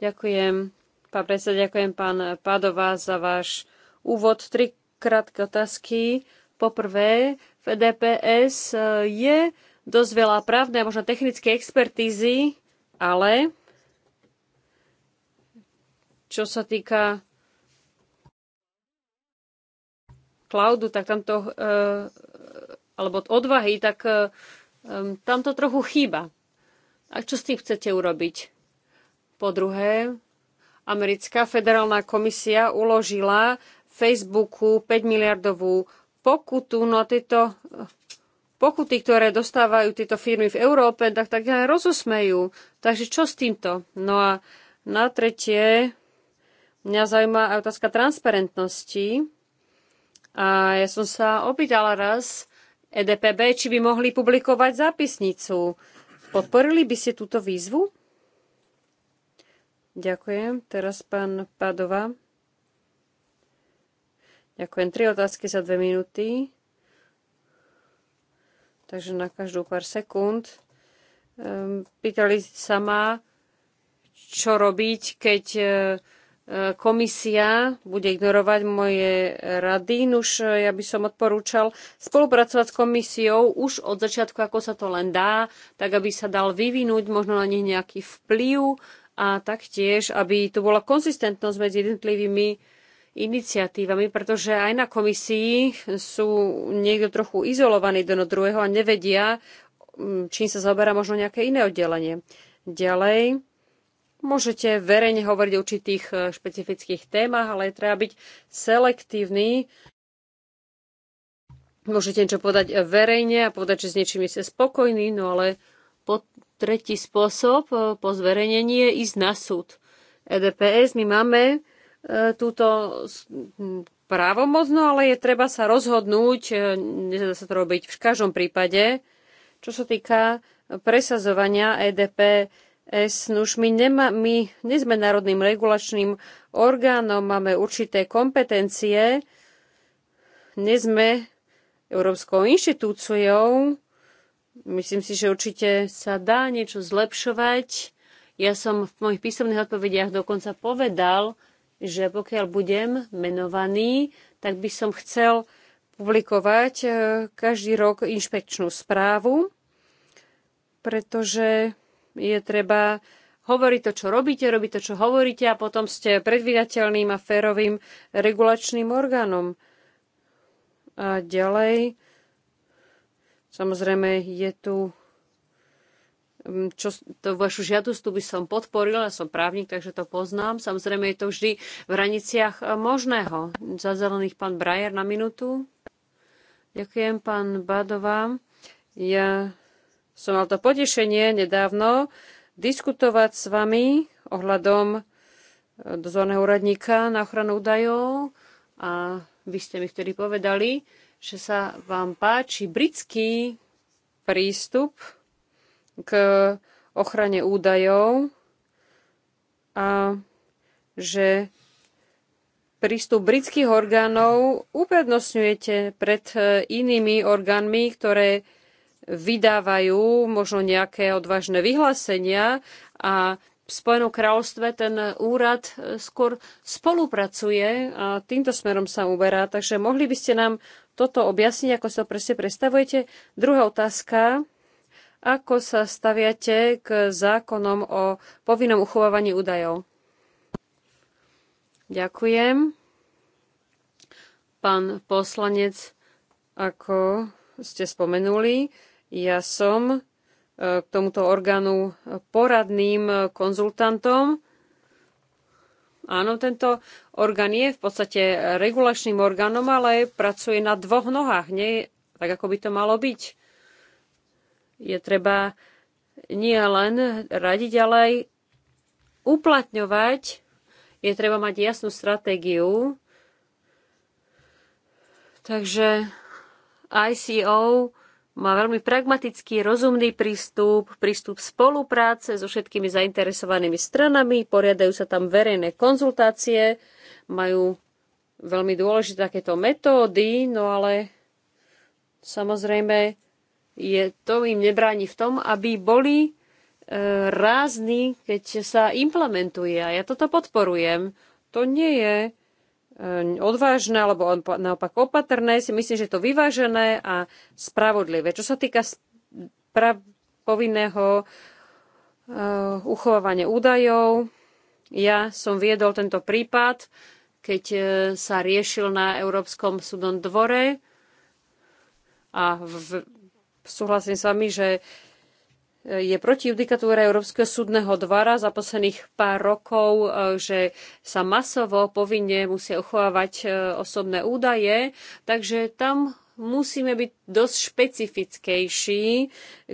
Speaker 3: Ďakujem, pán predseda, ďakujem pán Padová za váš úvod. Tri krátke otázky. Poprvé, v EDPS e, je dosť veľa právnej a možno technické expertízy, ale čo sa týka klaudu, tak tamto, eh, alebo odvahy, tak eh, tam to trochu chýba. A čo s tým chcete urobiť? Po druhé, americká federálna komisia uložila Facebooku 5 miliardovú pokutu, no tieto eh, pokuty, ktoré dostávajú tieto firmy v Európe, tak, tak aj rozosmejú. Takže čo s týmto? No a na tretie, mňa zaujíma aj otázka transparentnosti. A ja som sa opýtala raz EDPB, či by mohli publikovať zápisnicu. Podporili by ste túto výzvu? Ďakujem. Teraz pán Padova. Ďakujem. Tri otázky za dve minúty. Takže na každú pár sekúnd. Ehm, pýtali sa ma, čo robiť, keď komisia bude ignorovať moje rady, nuž eh, ja by som odporúčal spolupracovať s komisiou už od začiatku, ako sa to len dá, tak aby sa dal vyvinúť možno na nich nejaký vplyv a taktiež, aby tu bola konzistentnosť medzi jednotlivými iniciatívami, pretože aj na komisii sú niekto trochu izolovaní do druhého a nevedia, mm, čím sa zaoberá možno nejaké iné oddelenie. Ďalej, Môžete verejne hovoriť o určitých e, špecifických témach, ale treba byť selektívny. Môžete niečo povedať verejne a povedať, že s niečím ste spokojní, no ale po tretí spôsob e, po zverejnení je ísť na súd. EDPS, my máme e, túto právomocno, ale je treba sa rozhodnúť, nedá sa to robiť v každom prípade. Čo sa týka presazovania EDP ES, no už my, nema, my nesme sme národným regulačným orgánom, máme určité kompetencie, nesme Európskou inštitúciou. Myslím si, že určite sa dá niečo zlepšovať. Ja som v mojich písomných odpovediach dokonca povedal, že pokiaľ budem menovaný, tak by som chcel publikovať eh, každý rok inšpekčnú správu, pretože je treba hovoriť to, čo robíte, robiť to, čo hovoríte a potom ste predvydateľným a férovým regulačným orgánom. A ďalej, samozrejme, je tu mm, čo, to vašu žiadosť tu by som podporil ja som právnik, takže to poznám. Samozrejme je to vždy v hraniciach e, možného. Za zelených pán Brajer na minútu. Ďakujem, pán Badová. Ja som mal to potešenie nedávno diskutovať s vami ohľadom e, dozorného úradníka na ochranu údajov a vy ste mi vtedy povedali, že sa vám páči britský prístup k ochrane údajov a že prístup britských orgánov uprednostňujete pred e, inými orgánmi, ktoré vydávajú možno nejaké odvážne vyhlásenia a v Spojenom kráľovstve ten úrad e, skôr spolupracuje a týmto smerom sa uberá. Takže mohli by ste nám toto objasniť, ako sa to presne predstavujete. Druhá otázka. Ako sa staviate k zákonom o povinnom uchovávaní údajov? Ďakujem. Pán poslanec, ako ste spomenuli, ja som e, k tomuto orgánu poradným konzultantom. Áno, tento orgán je v podstate regulačným orgánom, ale pracuje na dvoch nohách, nie tak, ako by to malo byť. Je treba nie len radiť, ale aj uplatňovať. Je treba mať jasnú stratégiu. Takže ICO e má veľmi pragmatický, rozumný prístup, prístup spolupráce so všetkými zainteresovanými stranami, poriadajú sa tam verejné konzultácie, majú veľmi dôležité takéto metódy, no ale samozrejme je, to im nebráni v tom, aby boli e, rázni, keď sa implementuje. A ja toto podporujem. To nie je Ehm, odvážne alebo naopak opatrné. Si myslím, že je to vyvážené a spravodlivé. Čo sa týka povinného eh, uchovávania údajov, ja som viedol tento prípad, keď eh, sa riešil na Európskom súdnom dvore a v, súhlasím s vami, že je proti judikatúre Európskeho súdneho dvara za posledných pár rokov, e, že sa masovo povinne musia uchovávať e, osobné údaje, takže tam musíme byť dosť špecifickejší,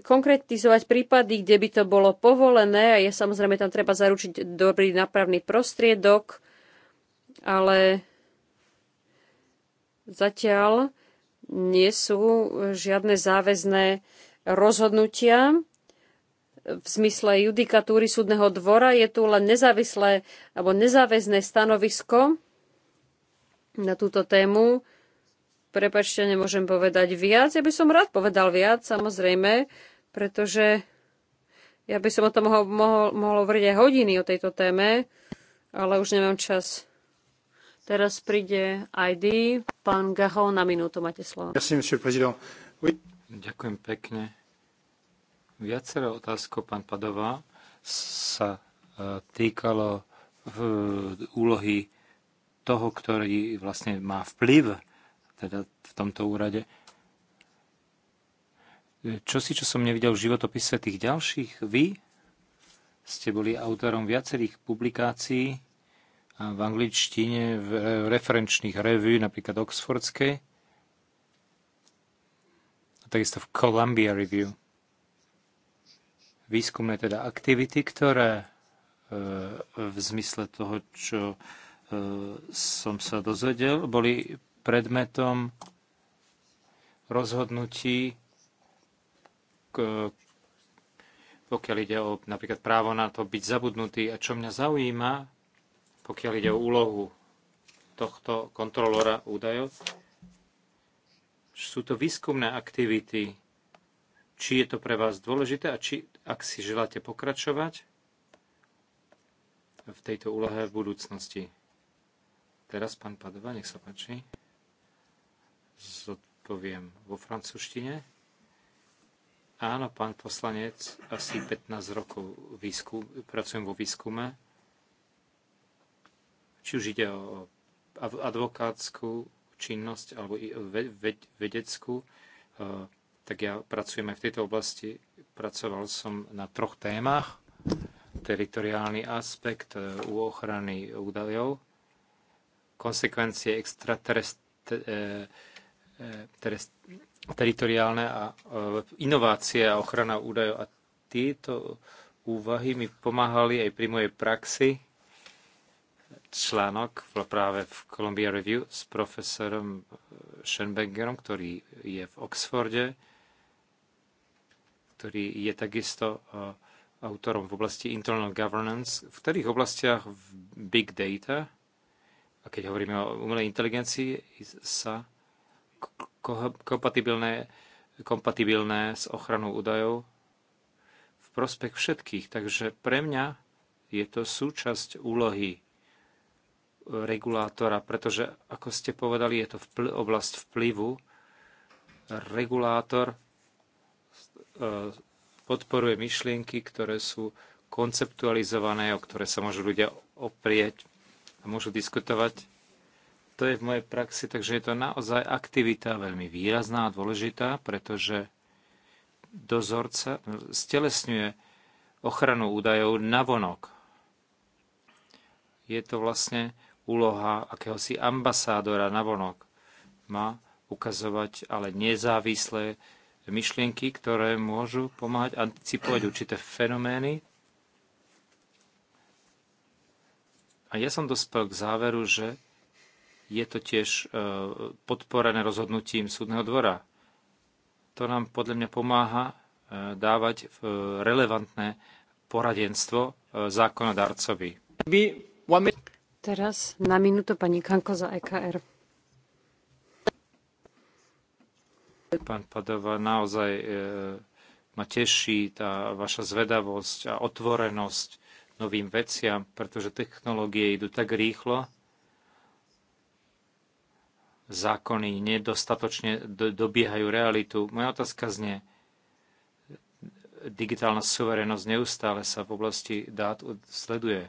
Speaker 3: konkretizovať prípady, kde by to bolo povolené a je samozrejme tam treba zaručiť dobrý napravný prostriedok, ale zatiaľ nie sú žiadne záväzné rozhodnutia v zmysle judikatúry súdneho dvora. Je tu len nezávislé alebo nezáväzné stanovisko na túto tému. Prepačte, nemôžem povedať viac. Ja by som rád povedal viac, samozrejme, pretože ja by som o tom mohol, hovoriť aj hodiny o tejto téme, ale už nemám čas. Teraz príde ID. Pán Gaho, na minútu máte slovo.
Speaker 2: Ďakujem pekne. Viacero otázkov, pán Padová, sa e, týkalo v úlohy toho, ktorý vlastne má vplyv teda v tomto úrade. Čo si, čo som nevidel v životopise tých ďalších, vy ste boli autorom viacerých publikácií v angličtine, v e, referenčných revue, napríklad Oxfordskej, a takisto v Columbia Review výskumné teda aktivity, ktoré e, v zmysle toho, čo e, som sa dozvedel, boli predmetom rozhodnutí, pokiaľ ide o napríklad právo na to byť zabudnutý. A čo mňa zaujíma, pokiaľ ide o úlohu tohto kontrolora údajov, sú to výskumné aktivity, či je to pre vás dôležité a či ak si želáte pokračovať v tejto úlohe v budúcnosti. Teraz pán Padova, nech sa páči. Zodpoviem vo francúzštine. Áno, pán poslanec, asi 15 rokov výskum, pracujem vo výskume. Či už ide o advokátsku činnosť alebo vedeckú, eh, tak ja pracujem aj v tejto oblasti Pracoval som na troch témach. Teritoriálny aspekt e, u ochrany údajov, konsekvencie extrateritoriálne e, e, a inovácie a ochrana údajov. A tieto úvahy mi pomáhali aj pri mojej praxi článok práve v Columbia Review s profesorom Schoenbergerom, ktorý je v Oxforde ktorý je takisto e, autorom v oblasti internal governance. V ktorých oblastiach v big data, a keď hovoríme o umelej inteligencii, sa kompatibilné, kompatibilné s ochranou údajov v prospech všetkých. Takže pre mňa je to súčasť úlohy regulátora, pretože, ako ste povedali, je to vpl- oblasť vplyvu. Regulátor E, podporuje myšlienky, ktoré sú konceptualizované, o ktoré sa môžu ľudia oprieť a môžu diskutovať. To je v mojej praxi, takže je to naozaj aktivita veľmi výrazná a dôležitá, pretože dozorca stelesňuje ochranu údajov vonok. Je to vlastne úloha akéhosi ambasádora vonok. Má ukazovať ale nezávislé myšlienky, ktoré môžu pomáhať anticipovať určité fenomény. A ja som dospel k záveru, že je to tiež e, podporené rozhodnutím súdneho dvora. To nám podľa mňa pomáha e, dávať e, relevantné poradenstvo zákonodarcovi.
Speaker 3: Teraz na minútu pani Kanko za EKR.
Speaker 2: Pán Padova, naozaj e, ma teší tá vaša zvedavosť a otvorenosť novým veciam, pretože technológie idú tak rýchlo, zákony nedostatočne do, dobiehajú realitu. Moja otázka znie, digitálna suverenosť neustále sa v oblasti dát sleduje.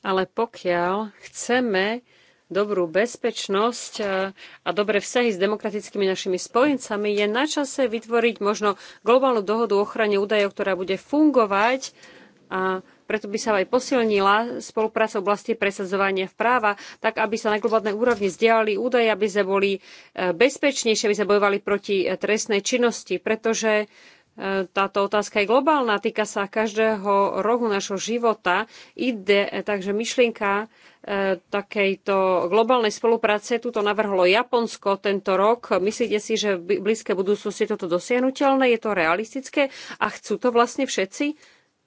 Speaker 3: Ale pokiaľ chceme dobrú bezpečnosť e, a dobré vzťahy s demokratickými našimi spojencami, je na čase vytvoriť možno globálnu dohodu o ochrane údajov, ktorá bude fungovať a preto by sa aj posilnila spolupráca v oblasti presadzovania práva, tak aby sa na globálnej úrovni zdieľali údaje, aby sa boli e, bezpečnejšie, aby sa bojovali proti e, trestnej činnosti, pretože táto otázka je globálna, týka sa každého rohu našho života. Ide, takže myšlienka e, takejto globálnej spolupráce. Tuto navrhlo Japonsko tento rok. Myslíte si, že v blízke budúcnosti je toto dosiahnutelné? Je to realistické? A chcú to vlastne všetci?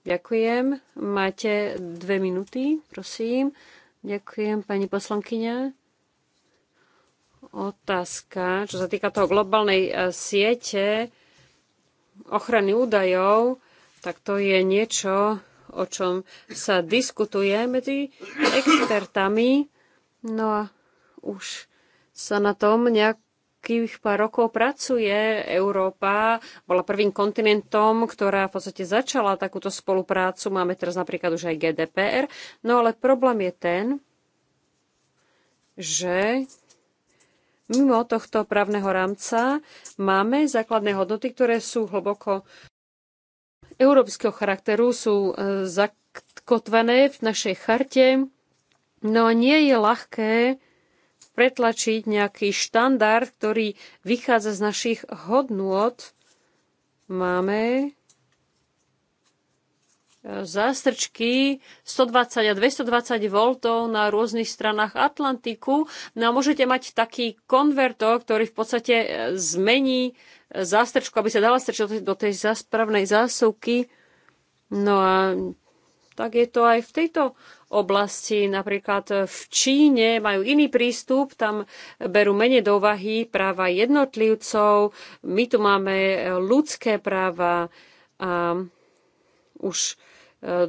Speaker 3: Ďakujem. Máte dve minúty, prosím. Ďakujem, pani poslankyňa. Otázka, čo sa týka toho globálnej e, siete, ochrany údajov, tak to je niečo, o čom sa diskutuje medzi expertami. No a už sa na tom nejakých pár rokov pracuje. Európa bola prvým kontinentom, ktorá v podstate začala takúto spoluprácu. Máme teraz napríklad už aj GDPR. No ale problém je ten, že Mimo tohto právneho rámca máme základné hodnoty, ktoré sú hlboko európskeho charakteru, sú e, zakotvené v našej charte, no nie je ľahké pretlačiť nejaký štandard, ktorý vychádza z našich hodnôt. Máme zástrčky 120 a 220 V na rôznych stranách Atlantiku. No a môžete mať taký konvertor, ktorý v podstate e, zmení e, zástrčku, aby sa dala strčiť do tej správnej zásuvky. No a tak je to aj v tejto oblasti. Napríklad v Číne majú iný prístup, tam berú menej do úvahy práva jednotlivcov. My tu máme ľudské práva a už e,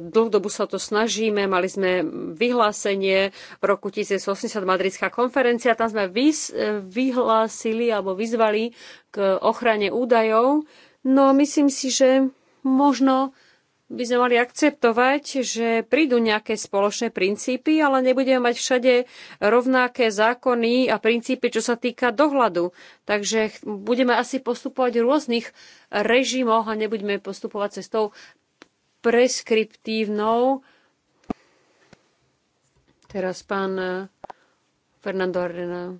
Speaker 3: dlhú dobu sa to snažíme, mali sme vyhlásenie v roku 1080 Madridská konferencia, tam sme vys- e, vyhlásili alebo vyzvali k ochrane údajov, no myslím si, že možno by sme mali akceptovať, že prídu nejaké spoločné princípy, ale nebudeme mať všade rovnaké zákony a princípy, čo sa týka dohľadu. Takže budeme asi postupovať v rôznych režimoch a nebudeme postupovať cestou preskriptívnou. Teraz pán eh, Fernando Arena.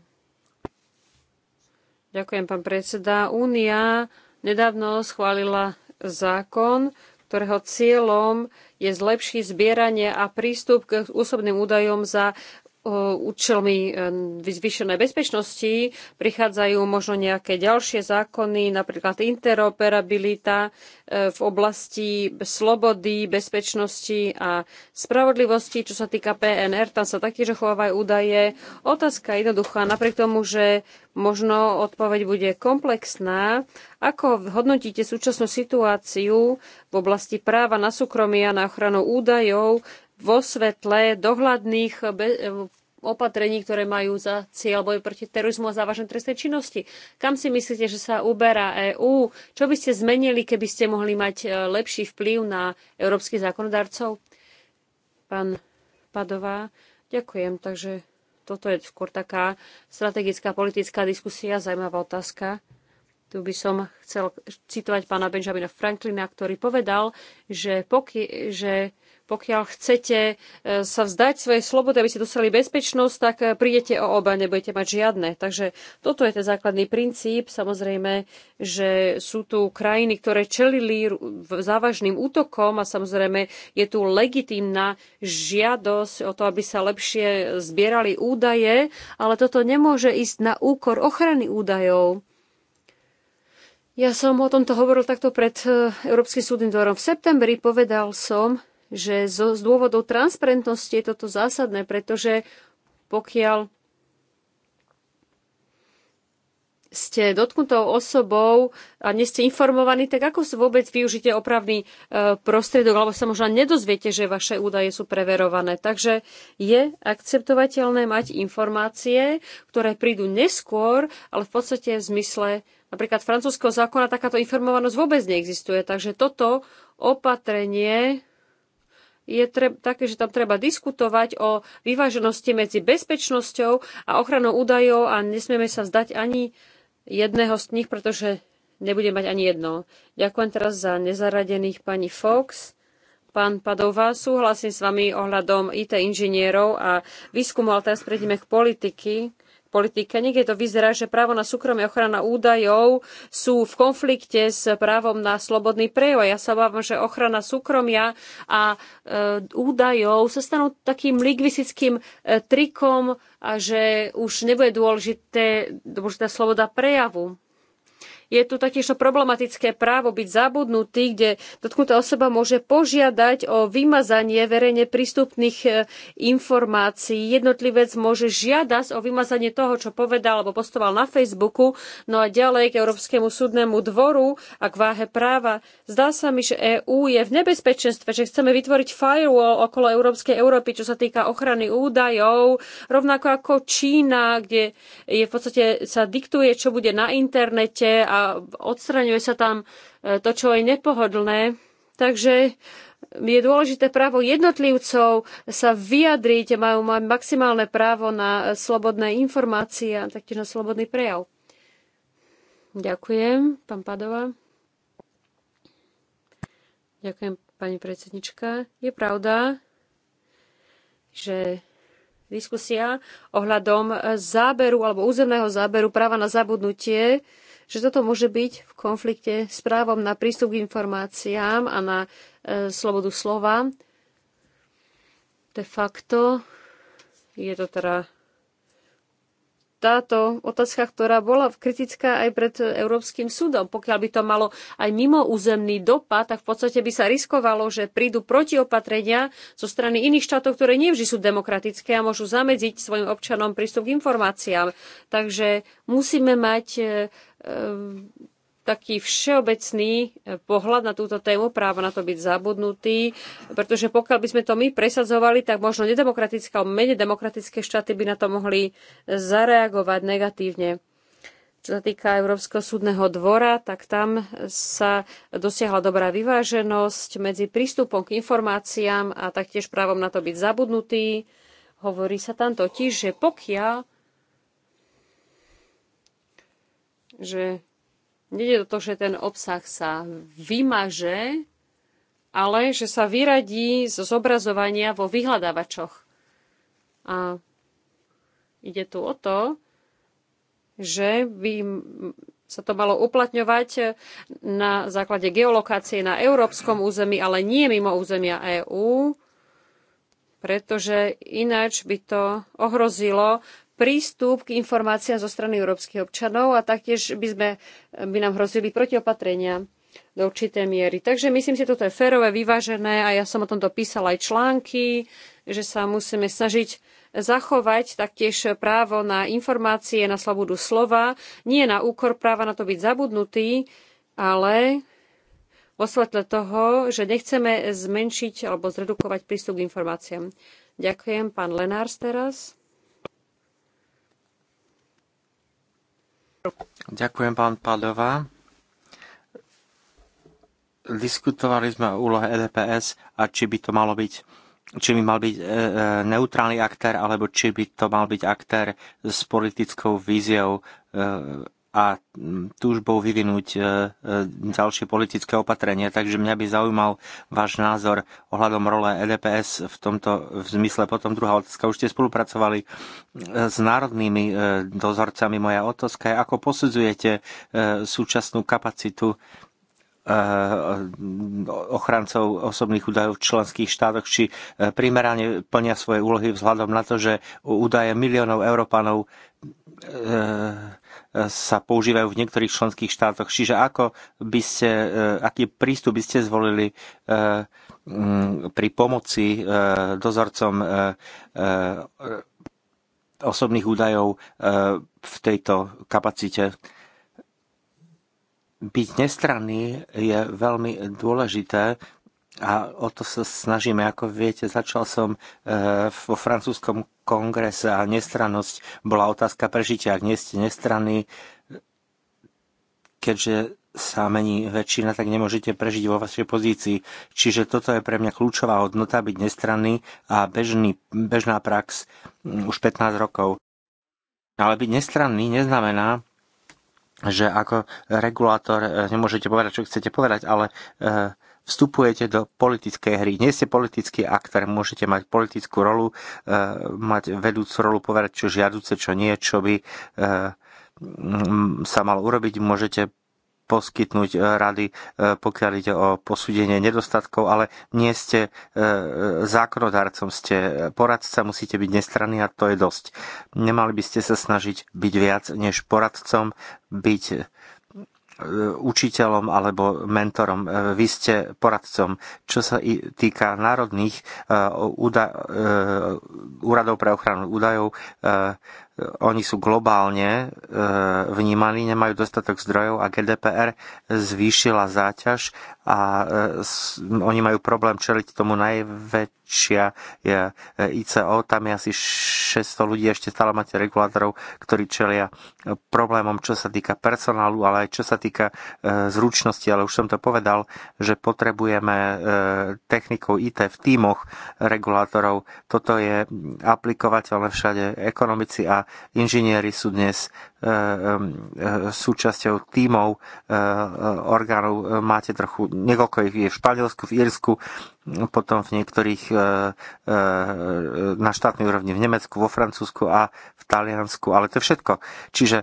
Speaker 3: Ďakujem, pán predseda. Únia nedávno schválila zákon, ktorého cieľom je zlepšiť zbieranie a prístup k osobným údajom za E, účelmi zvýšenej e, bezpečnosti prichádzajú možno nejaké ďalšie zákony, napríklad interoperabilita e, v oblasti slobody, bezpečnosti a spravodlivosti. Čo sa týka PNR, tam sa taktiež chovávajú údaje. Otázka jednoduchá, napriek tomu, že možno odpoveď bude komplexná. Ako hodnotíte súčasnú situáciu v oblasti práva na súkromie a na ochranu údajov vo svetle dohľadných eh, opatrení, ktoré majú za cieľ boj proti terorizmu a závažnej trestnej činnosti. Kam si myslíte, že sa uberá EÚ? Čo by ste zmenili, keby ste mohli mať eh, lepší vplyv na európskych zákonodarcov? Pán Padová, ďakujem. Takže toto je skôr taká strategická politická diskusia, zaujímavá otázka. Tu by som chcel citovať pána Benjamina Franklina, ktorý povedal, že, poky, že pokiaľ chcete e, sa vzdať svojej slobody, aby ste dostali bezpečnosť, tak e, prídete o oba, nebudete mať žiadne. Takže toto je ten základný princíp. Samozrejme, že sú tu krajiny, ktoré čelili závažným útokom a samozrejme je tu legitímna žiadosť o to, aby sa lepšie zbierali údaje, ale toto nemôže ísť na úkor ochrany údajov. Ja som o tomto hovoril takto pred e, Európskym súdnym dvorom. V septembri povedal som, že zo, z dôvodov transparentnosti je toto zásadné, pretože pokiaľ ste dotknutou osobou a nie ste informovaní, tak ako vôbec využite opravný e, prostriedok, alebo sa možno nedozviete, že vaše údaje sú preverované. Takže je akceptovateľné mať informácie, ktoré prídu neskôr, ale v podstate v zmysle napríklad francúzského zákona takáto informovanosť vôbec neexistuje. Takže toto opatrenie je treb, také, že tam treba diskutovať o vyváženosti medzi bezpečnosťou a ochranou údajov a nesmieme sa vzdať ani jedného z nich, pretože nebude mať ani jedno. Ďakujem teraz za nezaradených pani Fox. Pán Padová, súhlasím s vami ohľadom IT inžinierov a výskumu, ale teraz prejdeme k politiky politike. Niekde to vyzerá, že právo na súkromie ochrana údajov sú v konflikte s právom na slobodný prejav. Ja sa obávam, že ochrana súkromia a e, údajov sa stanú takým lingvistickým e, trikom a že už nebude dôležité, dôležitá sloboda prejavu je tu taktiež problematické právo byť zabudnutý, kde dotknutá osoba môže požiadať o vymazanie verejne prístupných e, informácií. Jednotlivec môže žiadať o vymazanie toho, čo povedal alebo postoval na Facebooku, no a ďalej k Európskemu súdnemu dvoru a k váhe práva. Zdá sa mi, že EÚ je v nebezpečenstve, že chceme vytvoriť firewall okolo Európskej Európy, čo sa týka ochrany údajov, rovnako ako Čína, kde je v podstate sa diktuje, čo bude na internete a odstraňuje sa tam e, to, čo je nepohodlné. Takže je dôležité právo jednotlivcov sa vyjadriť, a majú maximálne právo na slobodné informácie a taktiež na slobodný prejav. Ďakujem, pán Padova. Ďakujem, pani predsednička. Je pravda, že diskusia ohľadom záberu alebo územného záberu práva na zabudnutie že toto môže byť v konflikte s právom na prístup k informáciám a na e, slobodu slova. De facto je to teda táto otázka, ktorá bola kritická aj pred Európskym súdom. Pokiaľ by to malo aj mimo územný dopad, tak v podstate by sa riskovalo, že prídu protiopatrenia zo strany iných štátov, ktoré nevždy sú demokratické a môžu zamedziť svojim občanom prístup k informáciám. Takže musíme mať e, e, taký všeobecný e, pohľad na túto tému, právo na to byť zabudnutý, pretože pokiaľ by sme to my presadzovali, tak možno nedemokratické alebo menej demokratické štáty by na to mohli zareagovať negatívne. Čo sa týka Európskeho súdneho dvora, tak tam sa dosiahla dobrá vyváženosť medzi prístupom k informáciám a taktiež právom na to byť zabudnutý. Hovorí sa tam totiž, že pokiaľ že Nede to, že ten obsah sa vymaže, ale že sa vyradí zo zobrazovania vo vyhľadávačoch. A ide tu o to, že by sa to malo uplatňovať na základe geolokácie na európskom území, ale nie mimo územia EÚ, pretože ináč by to ohrozilo prístup k informáciám zo strany európskych občanov a taktiež by, sme, by nám hrozili protiopatrenia do určitej miery. Takže myslím si, toto je férové, vyvážené a ja som o tomto písala aj články, že sa musíme snažiť zachovať taktiež právo na informácie, na slobodu slova, nie na úkor práva na to byť zabudnutý, ale vo svetle toho, že nechceme zmenšiť alebo zredukovať prístup k informáciám. Ďakujem, pán Lenárs teraz.
Speaker 1: Ďakujem, pán Padová. Diskutovali sme o úlohe EDPS a či by to malo byť či by mal byť e, e, neutrálny aktér, alebo či by to mal byť aktér s politickou víziou e, a mm, túžbou vyvinúť e, e, ďalšie politické opatrenie. Takže mňa by zaujímal váš názor ohľadom role EDPS v tomto v zmysle. Potom druhá otázka. Už ste spolupracovali e, s národnými dozorcami. Moja otázka je, ako posudzujete súčasnú kapacitu ochrancov osobných údajov v členských štátoch, či primerane plnia svoje úlohy vzhľadom na to, že údaje miliónov Európanov E, sa používajú v niektorých členských štátoch. Čiže ako by ste, e, aký prístup by ste zvolili e, pri pomoci dozorcom osobných údajov v tejto kapacite? Byť nestranný je veľmi dôležité, a o to sa snažíme. Ako viete, začal som vo francúzskom kongres a nestrannosť bola otázka prežitia. Ak nie ste nestranní, keďže sa mení väčšina, tak nemôžete prežiť vo vašej pozícii. Čiže toto je pre mňa kľúčová hodnota byť nestranný a bežný, bežná prax mm, už 15 rokov. Ale byť nestranný neznamená, že ako regulátor eh, nemôžete povedať, čo chcete povedať, ale uh, vstupujete do politickej hry. Nie ste politický aktor, môžete mať politickú rolu, e, mať vedúcu rolu, povedať čo žiaduce, čo nie, čo by e, sa mal urobiť. Môžete poskytnúť e, rady, pokiaľ ide o posúdenie nedostatkov, ale nie ste zákonodárcom, ste poradca, musíte byť nestranný a to je dosť. Nemali by ste sa snažiť byť viac než poradcom, byť E, učiteľom alebo mentorom. E, vy ste poradcom. Čo sa týka národných e, úradov pre ochranu údajov, oni sú globálne e, vnímaní, nemajú dostatok zdrojov a GDPR zvýšila záťaž a e, oni majú problém čeliť tomu najväčšia je e, ICO, tam je asi 600 ľudí, ešte stále máte regulátorov, ktorí čelia problémom, čo sa týka personálu, ale aj čo sa týka zručnosti, ale už som to povedal, že potrebujeme technikou IT v tímoch regulátorov. Toto je aplikovateľné všade ekonomici a inžinieri sú dnes e, e, e, súčasťou tímov orgánov. Máte trochu, niekoľko ich je v Španielsku, v Írsku, potom v niektorých na štátnej úrovni v Nemecku, vo Francúzsku a v Taliansku, ale to je všetko. Čiže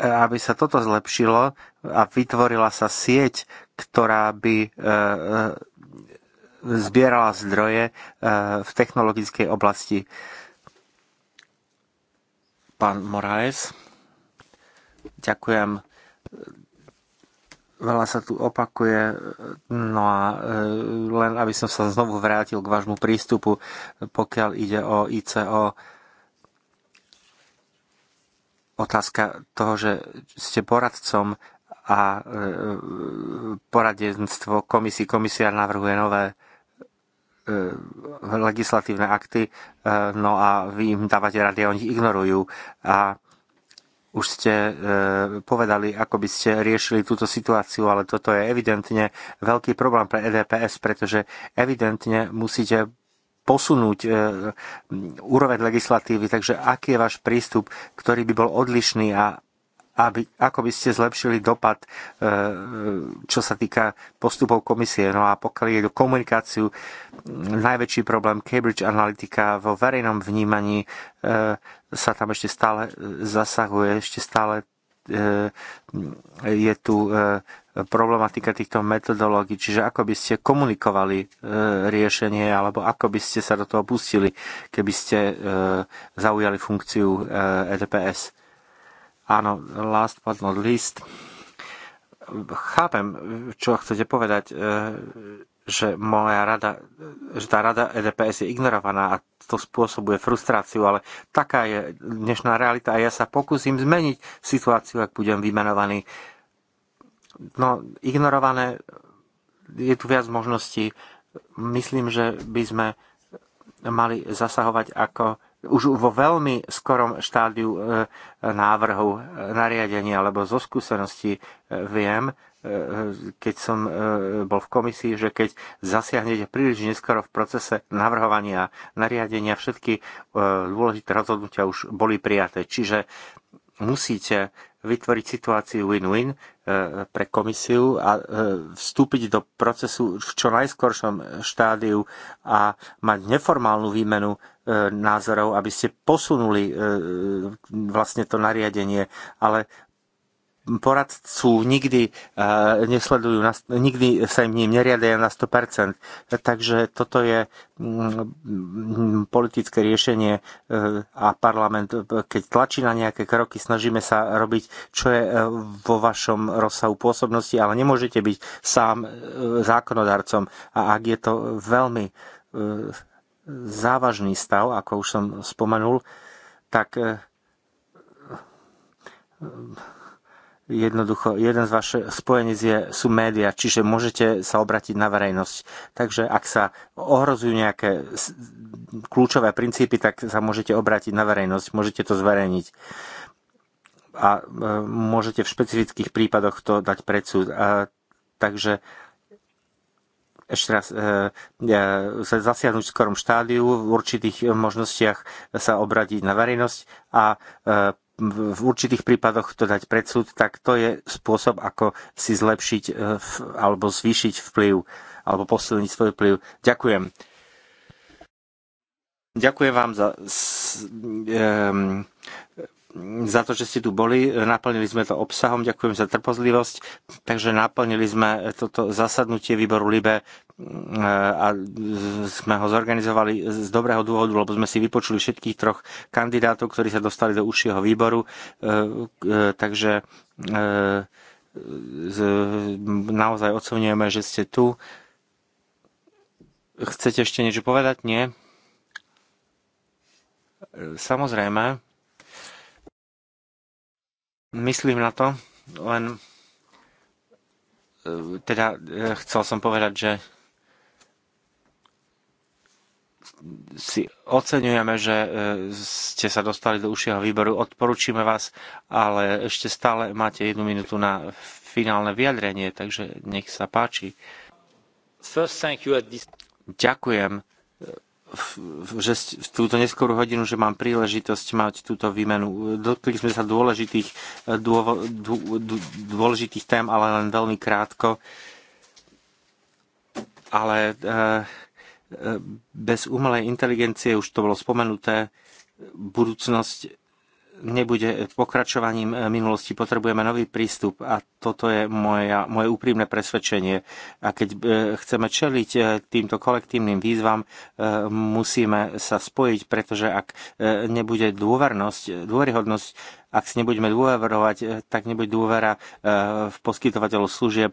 Speaker 1: aby sa toto zlepšilo a vytvorila sa sieť, ktorá by zbierala zdroje v technologickej oblasti. Pán Moraes, ďakujem. Veľa sa tu opakuje, no a e, len aby som sa znovu vrátil k vášmu prístupu, pokiaľ ide o ICO, otázka toho, že ste poradcom a e, poradenstvo komisii, komisia navrhuje nové E, legislatívne akty, e, no a vy im dávate rady a oni ich ignorujú. A už ste e, povedali, ako by ste riešili túto situáciu, ale toto je evidentne veľký problém pre EDPS, pretože evidentne musíte posunúť úroveň legislatívy, takže aký je váš prístup, ktorý by bol odlišný a aby, ako by ste zlepšili dopad, e, čo sa týka postupov komisie. No a pokiaľ je do komunikáciu, najväčší problém Cambridge Analytica vo verejnom vnímaní e, sa tam ešte stále zasahuje, ešte stále e, je tu problematika týchto metodológií, čiže ako by ste komunikovali riešenie alebo ako by ste sa do toho pustili, keby ste zaujali funkciu EDPS. Áno, last but not least. Chápem, čo chcete povedať, e, že moja rada, že tá rada EDPS je ignorovaná a to spôsobuje frustráciu, ale taká je dnešná realita a ja sa pokúsim zmeniť situáciu, ak budem vymenovaný. No, ignorované je tu viac možností. Myslím, že by sme mali zasahovať ako už vo veľmi skorom štádiu e, návrhu e, nariadenia, alebo zo skúsenosti e, viem, keď som bol v komisii, že keď zasiahnete príliš neskoro v procese navrhovania nariadenia, všetky dôležité rozhodnutia už boli prijaté. Čiže musíte vytvoriť situáciu win-win e, pre komisiu a e, vstúpiť do procesu v čo najskoršom štádiu a mať neformálnu výmenu e, názorov, aby ste posunuli vlastne to nariadenie. Ale poradcu nikdy eh, nesledujú, nikdy sa im ním neriadia na 100%. Takže toto je mm, mm, politické riešenie eh, a parlament, keď tlačí na nejaké kroky, snažíme sa robiť, čo je eh, vo vašom rozsahu pôsobnosti, ale nemôžete byť sám zákonodarcom. A ak je to veľmi závažný stav, ako už som spomenul, tak Jednoducho, jeden z vašich spojenec je, sú médiá, čiže môžete sa obratiť na verejnosť. Takže ak sa ohrozujú nejaké kľúčové princípy, tak sa môžete obratiť na verejnosť, môžete to zverejniť a e, môžete v špecifických prípadoch to dať pred súd. A, takže ešte raz, e, e, sa zasiahnuť v skorom štádiu, v určitých možnostiach sa obradiť na verejnosť a e, v určitých prípadoch to dať predsud, tak to je spôsob, ako si zlepšiť e, alebo zvýšiť vplyv alebo posilniť svoj vplyv. Ďakujem. Ďakujem vám za e, za to, že ste tu boli. Naplnili sme to obsahom. Ďakujem za trpozlivosť. Takže naplnili sme toto zasadnutie výboru LIBE e, a sme ho zorganizovali z dobrého dôvodu, lebo sme si vypočuli všetkých troch kandidátov, ktorí sa dostali do užšieho výboru. E, e, takže naozaj ocenujeme, že ste tu. Chcete ešte niečo povedať? Nie? Samozrejme. Myslím na to, len e, teda e, chcel som povedať, že si oceňujeme, že e, ste sa dostali do užšieho výboru. Odporúčime vás, ale ešte stále máte jednu minútu na finálne vyjadrenie, takže nech sa páči. Ďakujem že v túto neskorú hodinu, že mám príležitosť mať túto výmenu. Dotkli sme sa dôležitých, eh, dôvo, dô, dôležitých tém, ale len veľmi krátko. Ale eh, eh, bez umelej inteligencie, už to bolo spomenuté, budúcnosť nebude pokračovaním e, minulosti. Potrebujeme nový prístup a toto je moja, moje úprimné presvedčenie. A keď e, chceme čeliť e, týmto kolektívnym výzvam, musíme sa spojiť, pretože ak nebude dôvernosť, dôveryhodnosť, ak si nebudeme dôverovať, eh, tak nebude dôvera eh, v poskytovateľov služieb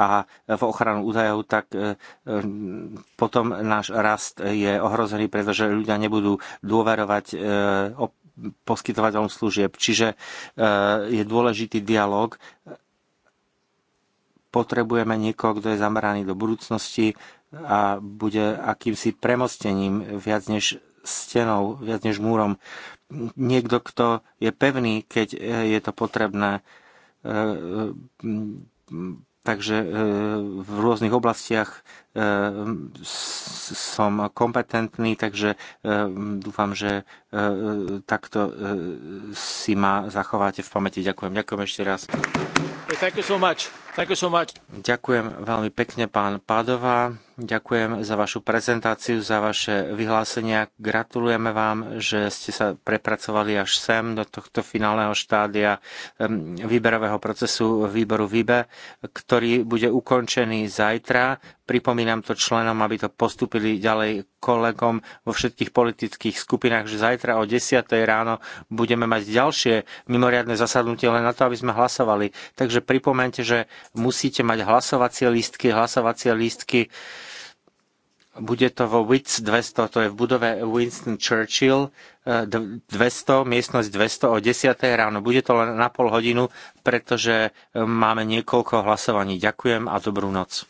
Speaker 1: a v ochranu údajov, tak eh, potom náš rast je ohrozený, pretože ľudia nebudú dôverovať poskytovateľom služieb. Čiže je dôležitý dialog. Potrebujeme niekoho, kto je zameraný do budúcnosti a bude akýmsi premostením viac než stenou, viac než múrom niekto, kto je pevný, keď eh, je to potrebné eh, eh, Takže e, v rôznych oblastiach e, som kompetentný, takže e, dúfam, že takto si ma zachováte v pamäti. Ďakujem. Ďakujem ešte raz. So so Ďakujem veľmi pekne, pán Pádová. Ďakujem za vašu prezentáciu, za vaše vyhlásenia. Gratulujeme vám, že ste sa prepracovali až sem do tohto finálneho štádia výberového procesu výboru VIBE, ktorý ktorý bude ukončený zajtra. Pripomínam to členom, aby to postupili ďalej kolegom vo všetkých politických skupinách, že zajtra o 10. ráno budeme mať ďalšie mimoriadne zasadnutie len na to, aby sme hlasovali. Takže pripomente, že musíte mať hlasovacie lístky, hlasovacie lístky bude to vo WITS 200, to je v budove Winston Churchill 200, e, miestnosť 200 o 10. ráno. Bude to len na pol hodinu, pretože e, máme niekoľko hlasovaní. Ďakujem a dobrú noc.